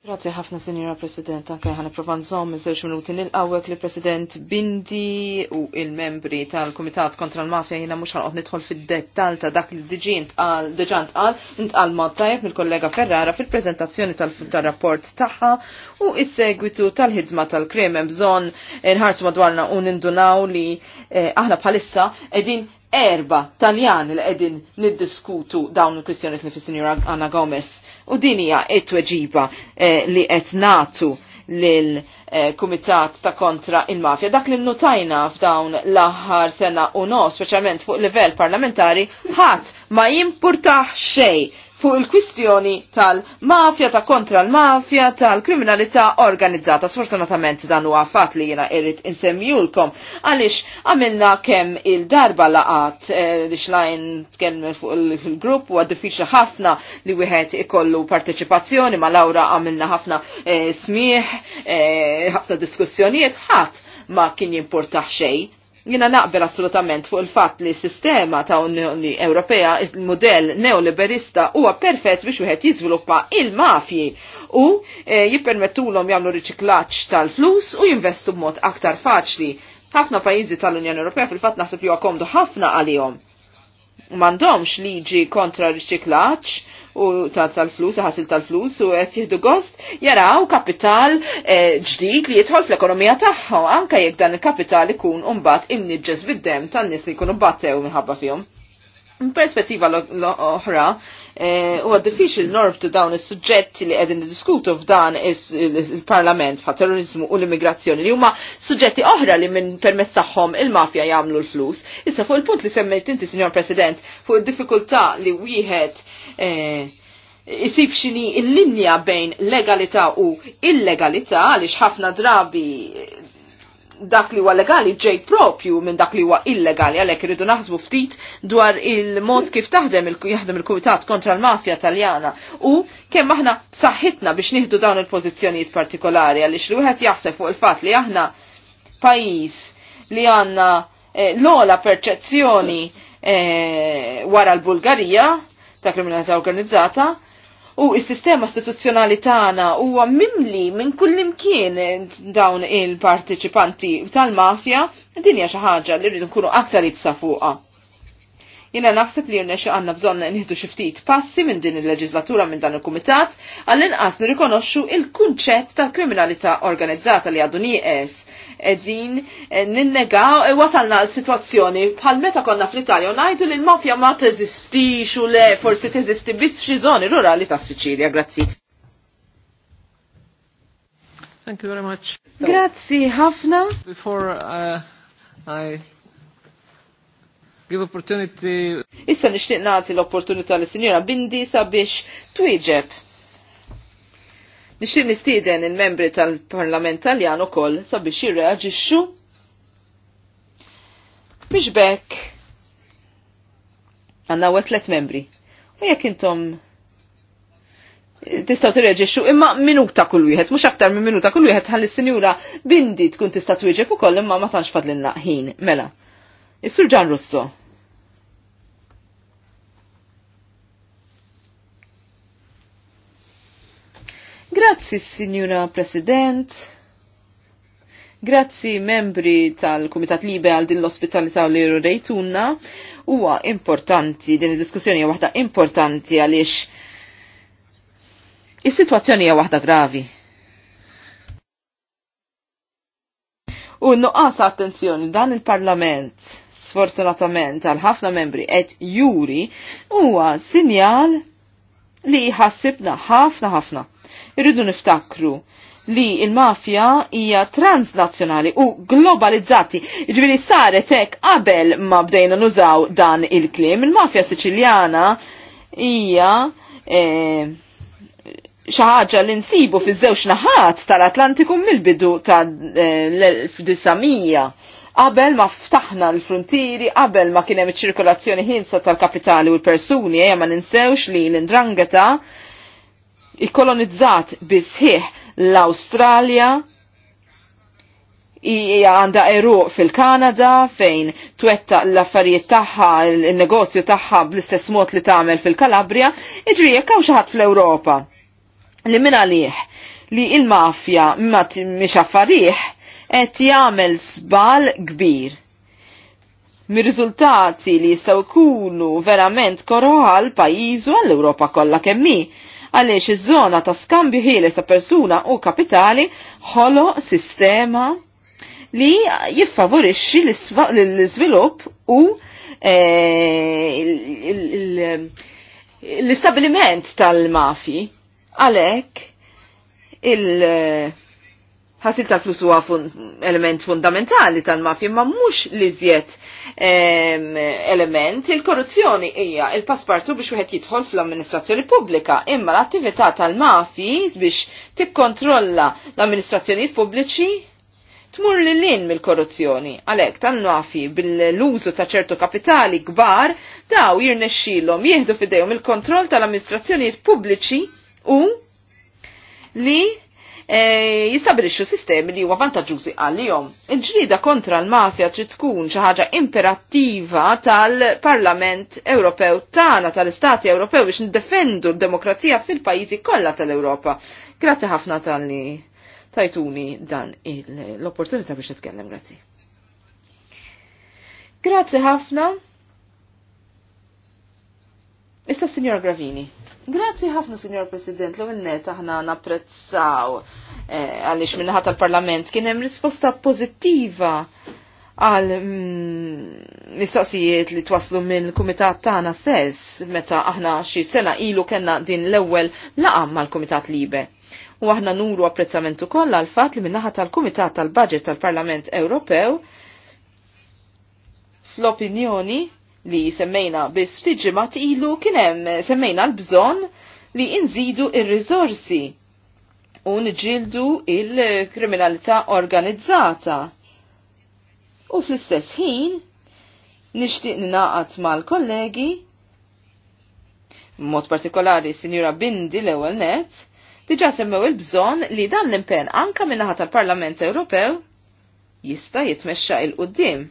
Grazie ħafna, Sinjora President, anke ħana provan zom, żewġ minuti nil-għawek li President Bindi u il-membri tal-Komitat kontra l-Mafja jina mux ħanqot nidħol fil dettall ta' dak li diġint għal, diġant għal, intqal ma' tajab mill-kollega Ferrara fil-prezentazzjoni tal-rapport taħħa u s segwitu tal-ħidma tal-krim bżon nħarsu madwarna u nindunaw li eh, aħna bħalissa edin erba taljan li qegħdin niddiskutu dawn il kwistjoni li fis-Sinjura Anna Gomez. U din hija t-tweġiba eh, li qed nagħtu lill-Kumitat eh, ta' kontra il-mafja. Dak li notajna f'dawn l-aħħar sena u nos, speċjalment fuq livell parlamentari, ħadd ma jimpurtaħ xejn fuq il-kwistjoni tal-mafja, ta' kontra l-mafja, tal-kriminalità organizzata. Sfortunatament dan huwa fatt li jiena irrid insemmjulkom għaliex għamilna kemm il-darba laqat eh, li xlajn tkellem fuq il-grupp u diffiċli ħafna li wieħed ikollu parteċipazzjoni ma' Laura għamilna ħafna eh, smieħ, eh, ħafna diskussjonijiet ħadd ma kien jimportax xejn jina naqbel assolutament fuq il-fatt li s-sistema ta' Unjoni Ewropea, il-modell neoliberista, huwa perfett biex wieħed jiżviluppa il-mafji u e, jippermettulhom jagħmlu riċiklaċ tal-flus u jinvestu b'mod aktar faċli. Ħafna pajjiżi tal-Unjoni Ewropea fil-fatt naħseb li huwa komdu ħafna għalihom. M'għandhomx liġi kontra riċiklaġġ u tal-flus, ħasil tal-flus u qed jieħdu gost jaraw kapital eh, ġdid li jidħol fl-ekonomija tagħhom anke jekk dan il-kapital ikun mbagħad imniġġes bid-dem tan-nies li jkunu battew minħabba fihom. Perspettiva l-oħra, eh, huwa diffiċli norbtu dawn is-suġġetti li qegħdin diskutu f'dan il-Parlament fa' terrorizmu u l-immigrazzjoni li huma suġġetti oħra li minn permezz tagħhom il-mafja jagħmlu l-flus. Issa fuq il-punt li semmejt inti, Sinjor President, fuq id-diffikultà li wieħed Eh, isib xini il-linja bejn legalità u illegalità għaliex ħafna drabi dak li huwa legali ġej propju minn dak li huwa illegali għalhekk irridu naħsbu ftit dwar il-mod kif taħdem jaħdem il-Kumitat kontra l-Mafja Taljana u kemm aħna saħħitna biex nieħdu dawn il-pożizzjonijiet partikolari għaliex li wieħed jaħseb fuq il-fatt li aħna pajjiż li għandna eh, l-ola perċezzjoni eh, wara l-Bulgarija ta' kriminalità organizzata u s-sistema istituzzjonali tagħna huwa mimli minn kullimkien dawn il-partiċipanti tal-mafja din hija xi ħaġa li rridu nkunu aktar ibsa fuqha. Jiena naħseb li jirnexi għandna bżonn nieħdu xi ftit passi minn din il-leġislatura minn dan il-kumitat għall inqas nirrikonoxxu il-kunċett tal-kriminalità organizzata li għadu nieqes edin eh, ninnega eh, wasalna għal situazzjoni bħal meta konna fl-Italja u najdu li l-mafja ma teżistix u le forsi teżisti biss xi zoni rurali ta' Siċilja. Grazzi. Thank you very much. Grazzi ħafna. Before uh, I give opportunity. Issa nixtieq nagħti l-opportunità li sinjora Bindi sabiex twieġeb. Nixtieq nistieden il-membri tal-Parlament Taljan ukoll sabiex jirreaġixxu biex bekk għandna wet tliet membri. U jekk intom tistgħu tirreġixxu imma minuta kull wieħed, mhux aktar minn minuta kull wieħed ħalli sinjura bindi tkun tista' twieġeb ukoll imma ma tantx fadlilna ħin mela. Is-Sur Ġan Russo. Grazzi, Signora President. Grazzi membri tal-Kumitat Libe għal din l-ospitalità li rejtunna. Huwa importanti, din id-diskussjoni hija waħda importanti għaliex is-sitwazzjoni hija waħda gravi. U nuqqas attenzjoni dan il-Parlament sfortunatament għal ħafna membri qed juri huwa sinjal li jħassibna ħafna ħafna irridu niftakru li il-mafja hija transnazzjonali u globalizzati. Ġviri saret hekk qabel ma bdejna nużaw dan il-klim. Il-mafja siċiljana hija eh, xi ħaġa li nsibu fiż-żewġ naħat tal-Atlantiku mill-bidu tal-1900 eh, qabel ma ftaħna l-frontieri, qabel ma kien hemm iċ-ċirkolazzjoni ħinsa tal-kapitali u l-persuni, ejja ma ninsewx li l-indrangeta ikkolonizzat bisħiħ l-Awstralja hija għandha eru fil-Kanada fejn twetta l-affarijiet tagħha il-negozju tagħha bl-istess mod li tagħmel fil-Kalabria, jiġri jekk hawn xi ħadd fl-Ewropa li min għalih li il-mafja ma mhix affarijiet qed jagħmel sbal kbir mir-riżultati li jistgħu jkunu verament korroħal pajjiżu għall-Ewropa kollha kemmi għaliex iż-żona ta' skambju ħieles ta' persuna u kapitali ħolo sistema li jiffavorixxi l-iżvilupp u eh, l-istabiliment tal-mafi. Għalhekk il- ħasil tal-flus huwa fun element fundamentali tal-mafja, ma mhux li żjed element, il-korruzzjoni hija il-paspartu biex wieħed jidħol fl-amministrazzjoni pubblika, imma l-attività tal mafji biex tikkontrolla l-amministrazzjonijiet pubbliċi tmur li lin mill-korruzzjoni. Għalhekk tal-mafi bil-użu ta' ċertu kapitali kbar daw jirnexxilhom jieħdu fidejhom il-kontroll tal-amministrazzjonijiet pubbliċi u li E, jistabilixxu sistemi li huwa vantaġġużi għalihom. Il-ġlida kontra l-mafja trid tkun xi ħaġa imperattiva tal-Parlament Ewropew tagħna tal-Istati Ewropew biex niddefendu d-demokrazija fil-pajjiżi kollha tal-Ewropa. Grazzi ħafna tal-li tajtuni dan l-opportunità biex nitkellem, grazzi. Grazzi ħafna. Issa Signor Gravini. Grazzi ħafna, Signor President, l net aħna napprezzaw eh, għaliex minnaħat tal-Parlament kien hemm risposta pożittiva għal mm, mistoqsijiet li twaslu minn kumitat tagħna stess meta aħna xi sena ilu kellna din l-ewwel laqam mal-Kumitat Libe. U aħna nuru apprezzamentu kollha għal fatt li minnaħat tal-Kumitat tal-Budget tal-Parlament Ewropew fl-opinjoni li semmejna biss ftit ġimgħat ilu kien hemm eh, semmejna l-bżonn li inżidu ir rizorsi u nġildu il-kriminalità organizzata. U fl-istess ħin nixtieq ninaqat mal-kollegi mod partikolari Sinjura Bindi l-ewwel net, diġà semmew il-bżonn li dan l-impenn anka naħa tal-Parlament Ewropew jista' jitmexxa il qudiem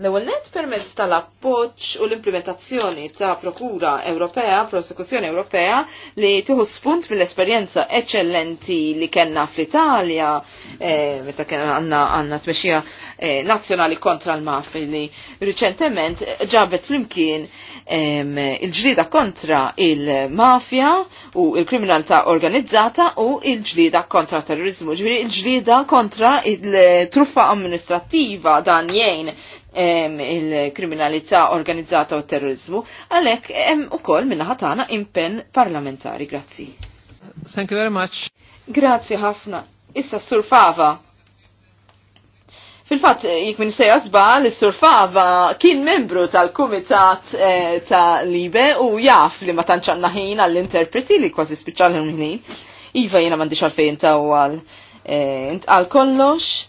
L-ewwel net permezz tal-appoġġ u l-implementazzjoni ta' Prokura Ewropea, Prosekuzzjoni Ewropea li tieħu spunt mill-esperjenza eċċellenti li kellna fl-Italja eh, meta kien għandna għandna tmexxija eh, nazzjonali kontra l-mafi li riċentement ġabet flimkien ehm, il-ġlida kontra il-mafja u il-kriminalità organizzata u il-ġlida kontra terrorizmu, ġifieri il-ġlida kontra il-truffa amministrattiva dan jgħin il-kriminalità organizzata u terrorizmu, għalek hemm ukoll minnaħa tagħna impenn parlamentari. Grazzi. Thank you very much. Grazzi ħafna. Issa surfava. Fil-fatt, jik minn sejra zbal, surfava kien membru tal-Kumitat eh, tal ta' Libe u jaf li ma tanċanna ħin għall-interpreti li kważi spiċċal ħin. Iva jena mandi xalfejn ta' eh, għal. kollox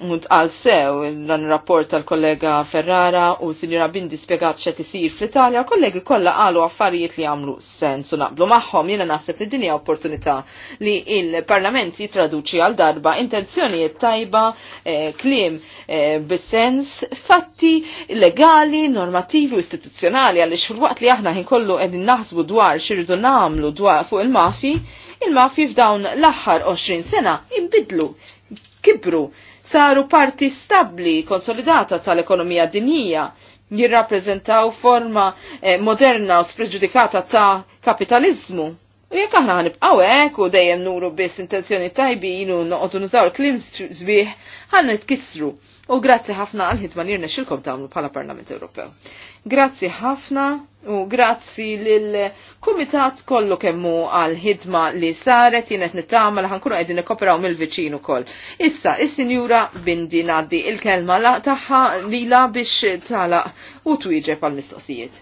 mund għal sew dan rapport tal-kollega Ferrara u l-Sinjura Bindi spiegat xed isir fl-Italja, kollegi kollha qalu affarijiet li għamlu sens u naqblu magħhom jiena naħseb li dinja opportunità li il-Parlament jitraduċi għal darba intenzjonijiet tajba, eh, klim kliem eh, bis-sens, fatti legali, normativi u istituzzjonali għaliex fil li aħna kollu qegħdin naħsbu dwar xirridu nagħmlu dwar fuq il-mafi, il-mafi f'dawn l-aħħar 20 sena jinbidlu kibru saru parti stabli, konsolidata tal-ekonomija dinija, jirrappreżentaw forma eh, moderna u spreġudikata ta' kapitalizmu. U jekk aħna ħanibqaw hekk u dejjem nuru biss intenzjoni tajbin u noqogħdu nużaw il-klim sbieħ ħan nitkissru. U grazzi ħafna għal ħidma li rnexxilkom tagħmlu bħala Parlament Ewropew. Grazzi ħafna U grazzi lill-Kumitat kollu kemmu għal ħidma li saret jenet nittama li ħankunu għedin nikoperaw mill-viċinu koll. Issa, il sinjura bindi naddi il-kelma la taħħa li la biex tala u twieġeb għal mistoqsijiet.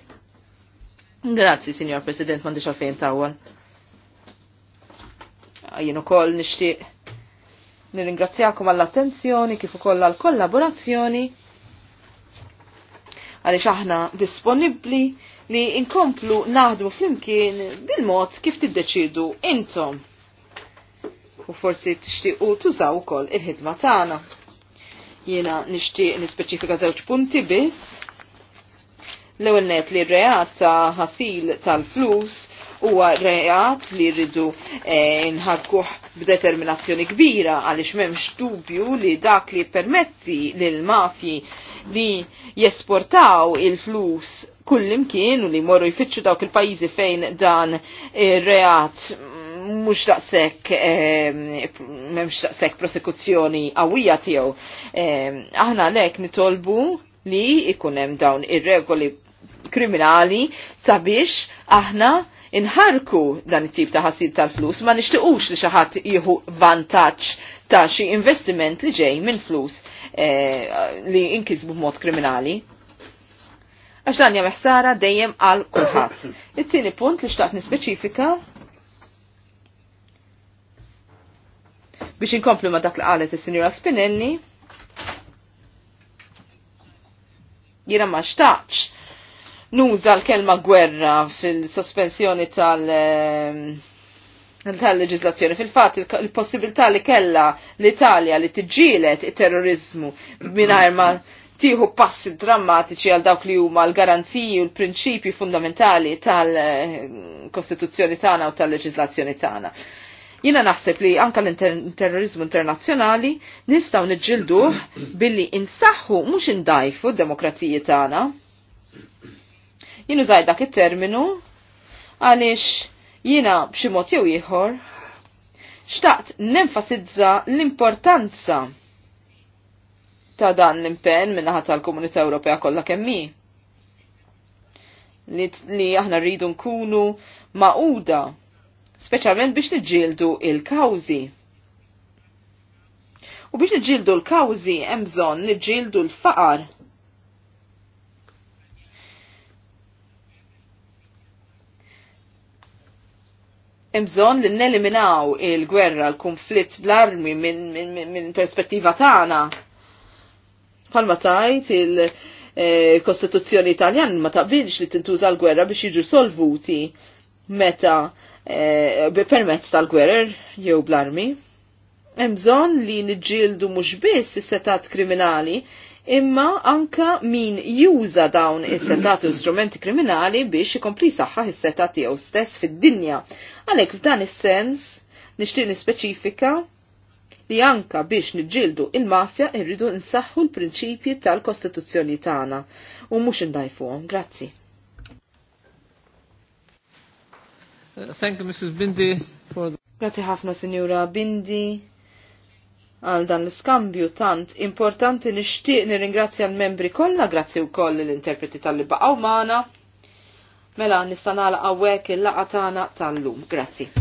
Grazzi, Sinjor President, mandi xalfejn tawal. Jien ukoll nixtieq ingrazzjakum għall-attenzjoni kif ukoll għall-kollaborazzjoni għaliex aħna disponibbli li inkomplu naħdmu flimkien bil-mod kif tiddeċidu intom. U forsi tixtiequ tużaw ukoll il-ħidma tagħna. Jiena nixtieq nispeċifika żewġ punti biss. L-ewwel net li r-reat ta' ħasil tal-flus huwa reat li rridu eh, nħarkuh b'determinazzjoni kbira għaliex m'hemmx dubju li dak li permetti lil mafji li jesportaw il-flus kullimkien u li morru jfittxu dawk il-pajizi fejn dan il reat mux daqsek mux daqsek prosekuzzjoni għawija tiegħu. Aħna lek nitolbu li ikunem dawn ir-regoli kriminali sabiex aħna inħarku dan it-tip ta' ħassib tal-flus ma nixtiqux li xi ħadd jieħu vantaġġ ta' xi investiment li ġej minn flus eh, li inkisbu b'mod kriminali. Għax dan jagħmel ħsara dejjem għal kulħadd. It-tieni punt li xtaqt nispeċifika biex inkomplu ma dak li qalet is-Sinjura Spinelli jiena ma xtaqx nuża l-kelma gwerra fil-sospensjoni tal- ehm, tal-leġizlazzjoni. Fil-fat, il-possibilità li kella l-Italja li tġilet il-terrorizmu minn ma tiħu passi drammatiċi għal dawk li huma l-garanziji u l-prinċipji fundamentali tal-Kostituzzjoni tagħna u tal-leġizlazzjoni tagħna. Jina naħseb li anka l-terrorizmu internazzjonali nistaw niġġilduh billi insaħħu mhux indajfu d-demokrazija tagħna Jien użaj dak it-terminu għaliex jiena b'xi mod jew ieħor xtaqt nenfasizza l-importanza ta' dan l-impenn minnaħat tal-Komunità Ewropea kollha kemm hi. Li, li aħna rridu nkunu maquda, speċjalment biex niġġieldu il-kawżi. U biex niġġieldu l-kawżi hemm bżonn niġġieldu l-faqar imżon li neliminaw il-gwerra, l-konflitt bl-armi minn min, min perspettiva tagħna. Palma tajt il-Kostituzzjoni eh, Italjan ma taqbilx li tintuża l-gwerra biex jiġu solvuti meta eh, permezz tal-gwerer jew bl-armi. Imżon li niġġieldu mhux biss is-setat kriminali imma anka min juża dawn is-setat u strumenti kriminali biex ikompli saħħa is-setat tiegħu stess fid-dinja. Għalek f'dan is-sens nixtieq nispeċifika li anka biex niġġieldu il-mafja irridu nsaħħu l-prinċipji tal-Kostituzzjoni tagħna u mhux indajfuhom. Grazzi. Uh, thank you, Mrs. Bindi, for the... Grazie ħafna, Signora Bindi għal dan l-skambju tant importanti nixtieq nirringrazzja l-membri kollha, grazzi wkoll l-interpreti tal-li għaw magħna. Mela nista' nagħlaq il-laqgħa tagħna tal-lum. Grazzi.